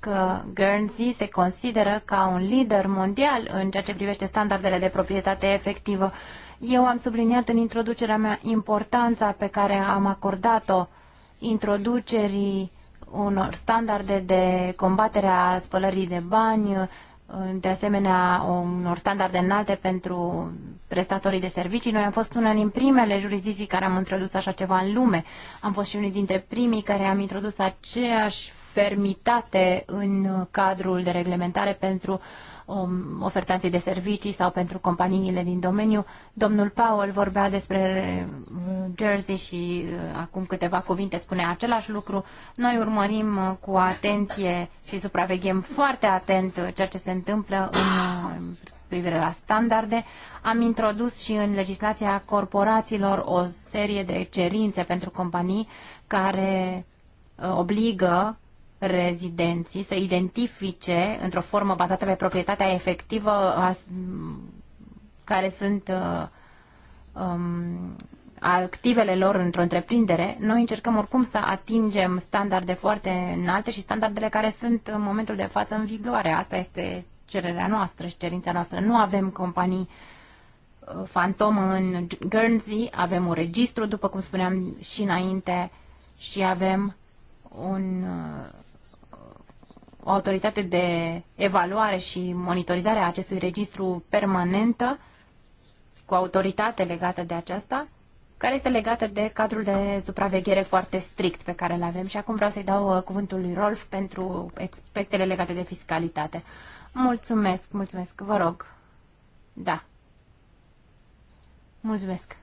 că Guernsey se consideră ca un lider mondial în ceea ce privește standardele de proprietate efectivă. Eu am subliniat în introducerea mea importanța pe care am acordat-o introducerii unor standarde de combatere a spălării de bani, de asemenea unor standarde înalte pentru prestatorii de servicii. Noi am fost una din primele jurisdicții care am introdus așa ceva în lume. Am fost și unii dintre primii care am introdus aceeași fermitate în cadrul de reglementare pentru um, ofertanții de servicii sau pentru companiile din domeniu. Domnul Paul vorbea despre uh, Jersey și uh, acum câteva cuvinte spune același lucru. Noi urmărim uh, cu atenție și supraveghem foarte atent ceea ce se întâmplă în privire la standarde. Am introdus și în legislația corporațiilor o serie de cerințe pentru companii care obligă rezidenții să identifice într-o formă bazată pe proprietatea efectivă a, care sunt uh, um, activele lor într-o întreprindere, noi încercăm oricum să atingem standarde foarte înalte și standardele care sunt în momentul de față în vigoare. Asta este cererea noastră și cerința noastră. Nu avem companii uh, fantomă în Guernsey, avem un registru, după cum spuneam și înainte, și avem un uh, o autoritate de evaluare și monitorizare a acestui registru permanentă cu autoritate legată de aceasta, care este legată de cadrul de supraveghere foarte strict pe care îl avem. Și acum vreau să-i dau uh, cuvântul lui Rolf pentru aspectele legate de fiscalitate. Mulțumesc, mulțumesc, vă rog. Da. Mulțumesc.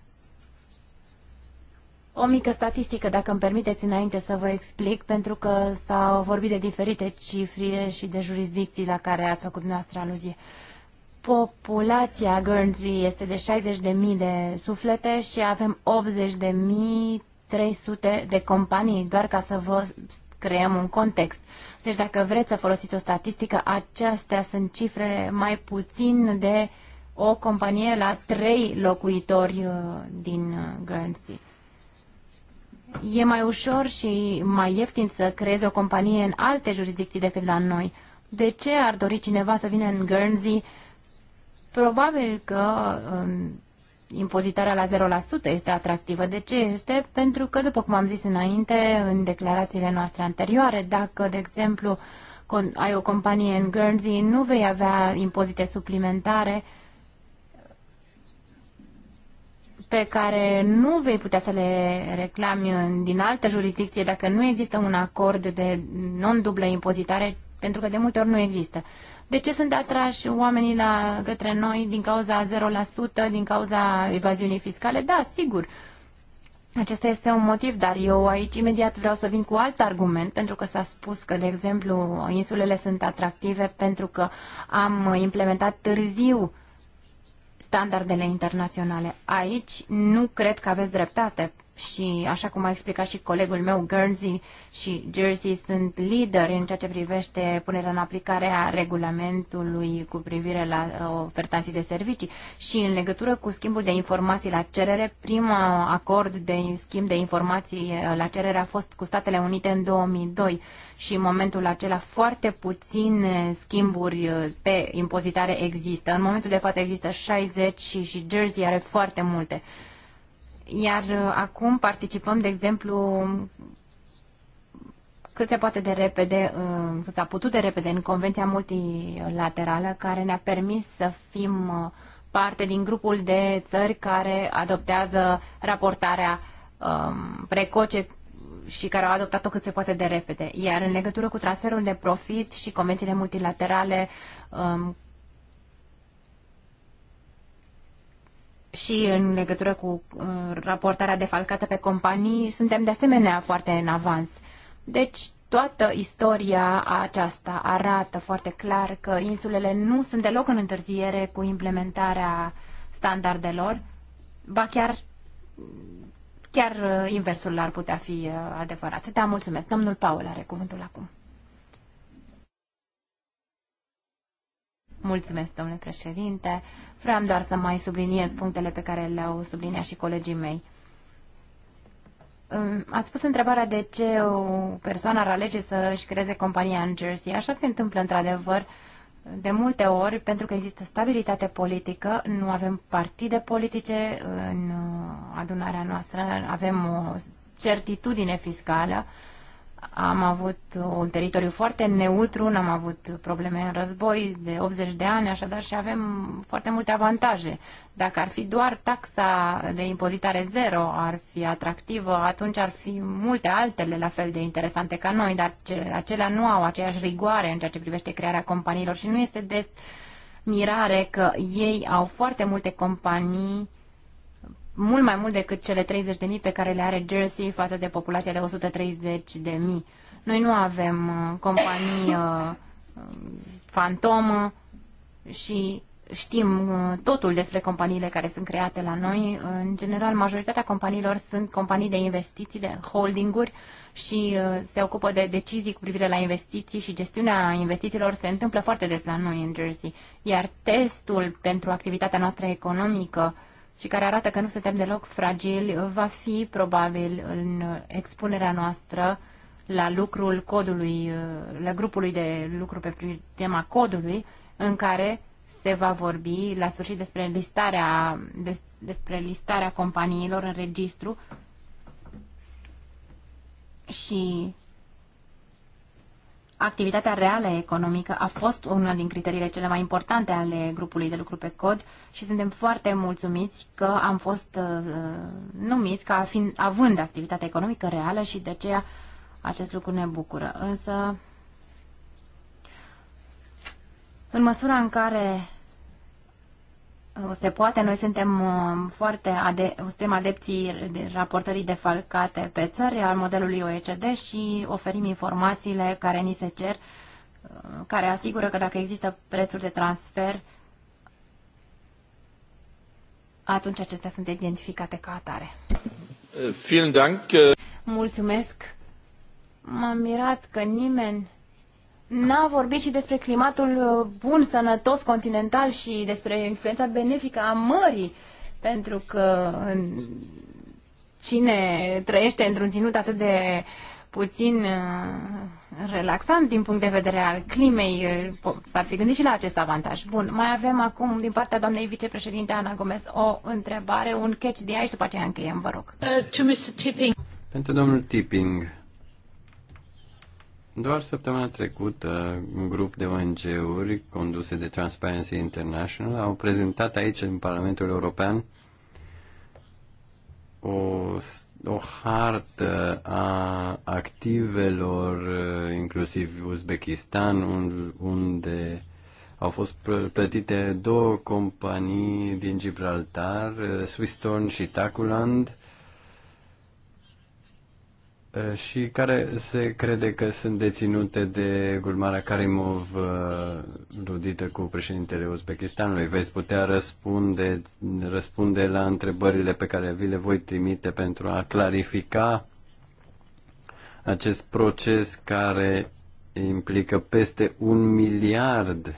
O mică statistică, dacă îmi permiteți înainte să vă explic, pentru că s-au vorbit de diferite cifre și de jurisdicții la care ați făcut noastră aluzie. Populația Guernsey este de 60.000 de suflete și avem 80.300 de companii, doar ca să vă creăm un context. Deci dacă vreți să folosiți o statistică, acestea sunt cifre mai puțin de o companie la 3 locuitori uh, din uh, Guernsey e mai ușor și mai ieftin să creezi o companie în alte jurisdicții decât la noi. De ce ar dori cineva să vină în Guernsey? Probabil că um, impozitarea la 0% este atractivă. De ce este? Pentru că, după cum am zis înainte, în declarațiile noastre anterioare, dacă, de exemplu, ai o companie în Guernsey, nu vei avea impozite suplimentare uh, pe care nu vei putea să le reclami din altă jurisdicție dacă nu există un acord de non-dublă impozitare, pentru că de multe ori nu există. De ce sunt atrași oamenii la, către noi din cauza 0%, din cauza evaziunii fiscale? Da, sigur. Acesta este un motiv, dar eu aici imediat vreau să vin cu alt argument, pentru că s-a spus că, de exemplu, insulele sunt atractive pentru că am implementat târziu uh, standardele internaționale. Aici nu cred că aveți dreptate, și, așa cum a explicat și colegul meu, Guernsey și Jersey sunt lideri în ceea ce privește punerea în aplicare a regulamentului cu privire la uh, ofertanții de servicii și în legătură cu schimbul de informații la cerere, primul acord de schimb de informații uh, la cerere a fost cu Statele Unite în 2002 și în momentul acela foarte puține schimburi uh, pe impozitare există. În momentul de față există 60 și, și Jersey are foarte multe. Iar uh, acum participăm, de exemplu, cât se poate de repede, uh, cât s-a putut de repede în Convenția Multilaterală care ne-a permis să fim uh, parte din grupul de țări care adoptează raportarea um, precoce și care au adoptat-o cât se poate de repede. Iar în legătură cu transferul de profit și convențiile multilaterale um, și în legătură cu uh, raportarea defalcată pe companii, suntem de asemenea foarte în avans. Deci, toată istoria aceasta arată foarte clar că insulele nu sunt deloc în întârziere cu implementarea standardelor, ba chiar, chiar uh, inversul ar putea fi uh, adevărat. Da, mulțumesc. Domnul Paul are cuvântul acum. Mulțumesc, domnule președinte. Vreau doar să mai subliniez punctele pe care le-au subliniat și colegii mei. Ați pus întrebarea de ce o persoană ar alege să își creeze compania în Jersey. Așa se întâmplă într-adevăr de multe ori, pentru că există stabilitate politică, nu avem partide politice în adunarea noastră, avem o certitudine fiscală, am avut un teritoriu foarte neutru, n-am avut probleme în război de 80 de ani, așadar și avem foarte multe avantaje. Dacă ar fi doar taxa de impozitare zero ar fi atractivă, atunci ar fi multe altele la fel de interesante ca noi, dar acelea nu au aceeași rigoare în ceea ce privește crearea companiilor și nu este des mirare că ei au foarte multe companii mult mai mult decât cele 30.000 pe care le are Jersey față de populația de 130.000. Noi nu avem uh, companii uh, fantomă și știm uh, totul despre companiile care sunt create la noi. În general, majoritatea companiilor sunt companii de investiții, de holdinguri și se ocupă de decizii cu privire la investiții și gestiunea investițiilor se întâmplă foarte des la noi în Jersey. Iar testul pentru activitatea noastră economică și care arată că nu suntem deloc fragili, va fi probabil în expunerea noastră la lucrul codului, la grupului de lucru pe tema codului, în care se va vorbi la sfârșit despre listarea, despre listarea companiilor în registru și activitatea reală economică a fost una din criteriile cele mai importante ale grupului de lucru pe cod și suntem foarte mulțumiți că am fost uh, numiți ca fiind, având activitatea economică reală și de aceea acest lucru ne bucură. Însă, în măsura în care Uh, se poate. Noi suntem uh, foarte ade- suntem adepții de raportării defalcate pe țări al modelului OECD și oferim informațiile care ni se cer, uh, care asigură că dacă există prețuri de transfer, atunci acestea sunt identificate ca atare. Mulțumesc! M-am mirat că nimeni n-a vorbit și despre climatul uh, bun, sănătos, continental și despre influența benefică a mării, pentru că cine trăiește într-un ținut atât de puțin uh, relaxant din punct de vedere al climei, uh, s-ar fi gândit și la acest avantaj. Bun, mai avem acum din partea doamnei vicepreședinte Ana Gomez o întrebare, un catch de aici, după aceea încheiem, vă rog. Uh, to Mr. Tipping. Pentru domnul Tipping, doar săptămâna trecută, un grup de ONG-uri conduse de Transparency International au prezentat aici, în Parlamentul European, o, o hartă a activelor, inclusiv Uzbekistan, unde au fost plătite două companii din Gibraltar, Swiston și Taculand, Eh, și care se crede că sunt deținute de Gulmara Karimov rudită eh, cu președintele Uzbekistanului. Veți putea răspunde, răspunde la întrebările pe care vi le voi trimite pentru a clarifica acest proces care implică peste un miliard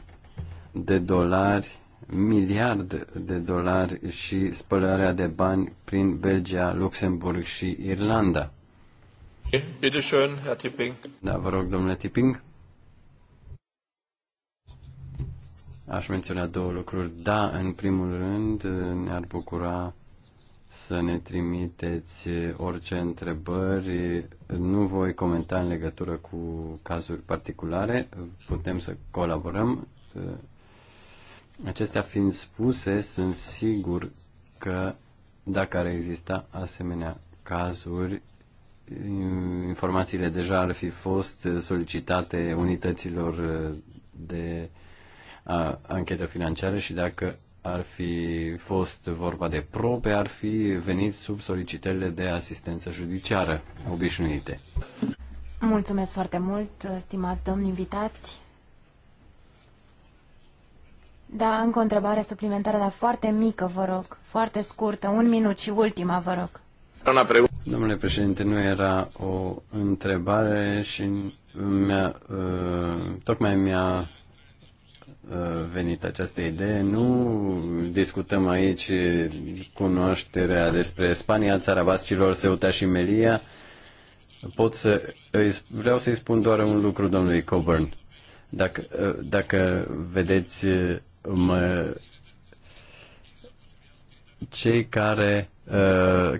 de dolari miliard de dolari și spălarea de bani prin Belgia, Luxemburg și Irlanda schön, Herr Tipping. Da, vă rog, domnule Tipping. Aș menționa două lucruri. Da, în primul rând, ne-ar bucura să ne trimiteți orice întrebări. Nu voi comenta în legătură cu cazuri particulare. Putem să colaborăm. Acestea fiind spuse, sunt sigur că dacă ar exista asemenea cazuri, informațiile deja ar fi fost solicitate unităților uh, de anchetă financiară și dacă ar fi fost vorba de probe, ar fi venit sub solicitările de asistență judiciară obișnuite. Mulțumesc foarte mult, uh, stimați domni invitați. Da, încă o întrebare suplimentară, dar foarte mică, vă rog. Foarte scurtă, un minut și ultima, vă rog. Domnule președinte, nu era o întrebare și mi-a, uh, tocmai mi-a uh, venit această idee. Nu discutăm aici cunoașterea despre Spania, țara bascilor, Seuta și Melia. Pot să, vreau să-i spun doar un lucru domnului Coburn. Dacă, uh, dacă vedeți mă, cei care Uh,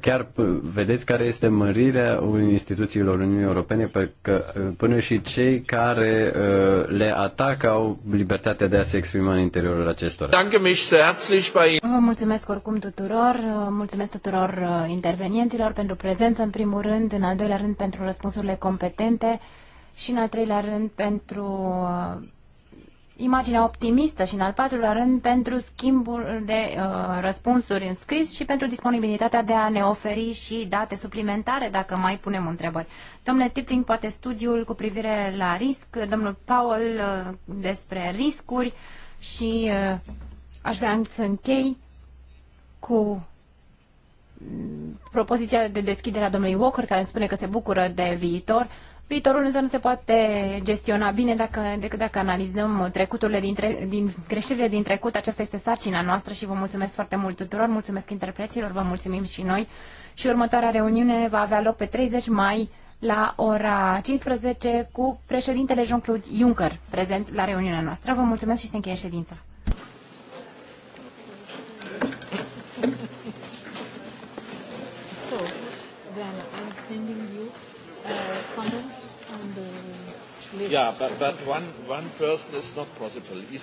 chiar vedeți care este mărirea instituțiilor Uniunii Europene, pentru că uh, până și cei care uh, le atacă au libertatea de a se exprima în interiorul acestora. Vă mulțumesc oricum tuturor, mulțumesc tuturor intervenienților pentru prezență, în primul rând, în al doilea rând pentru răspunsurile competente și în al treilea rând pentru imaginea optimistă și, în al patrulea rând, pentru schimbul de uh, răspunsuri în scris și pentru disponibilitatea de a ne oferi și date suplimentare, dacă mai punem întrebări. Domnule Tipling, poate studiul cu privire la risc, domnul Paul uh, despre riscuri și uh, aș vrea să închei cu propoziția de deschidere a domnului Walker, care îmi spune că se bucură de viitor. Viitorul însă nu se poate gestiona bine dacă, decât dacă analizăm trecuturile din, tre- din greșelile din trecut. Aceasta este sarcina noastră și vă mulțumesc foarte mult tuturor, mulțumesc interpreților, vă mulțumim și noi. Și următoarea reuniune va avea loc pe 30 mai la ora 15 cu președintele Jean-Claude Juncker prezent la reuniunea noastră. Vă mulțumesc și se încheie ședința. Yeah, but, but one, one person is not possible.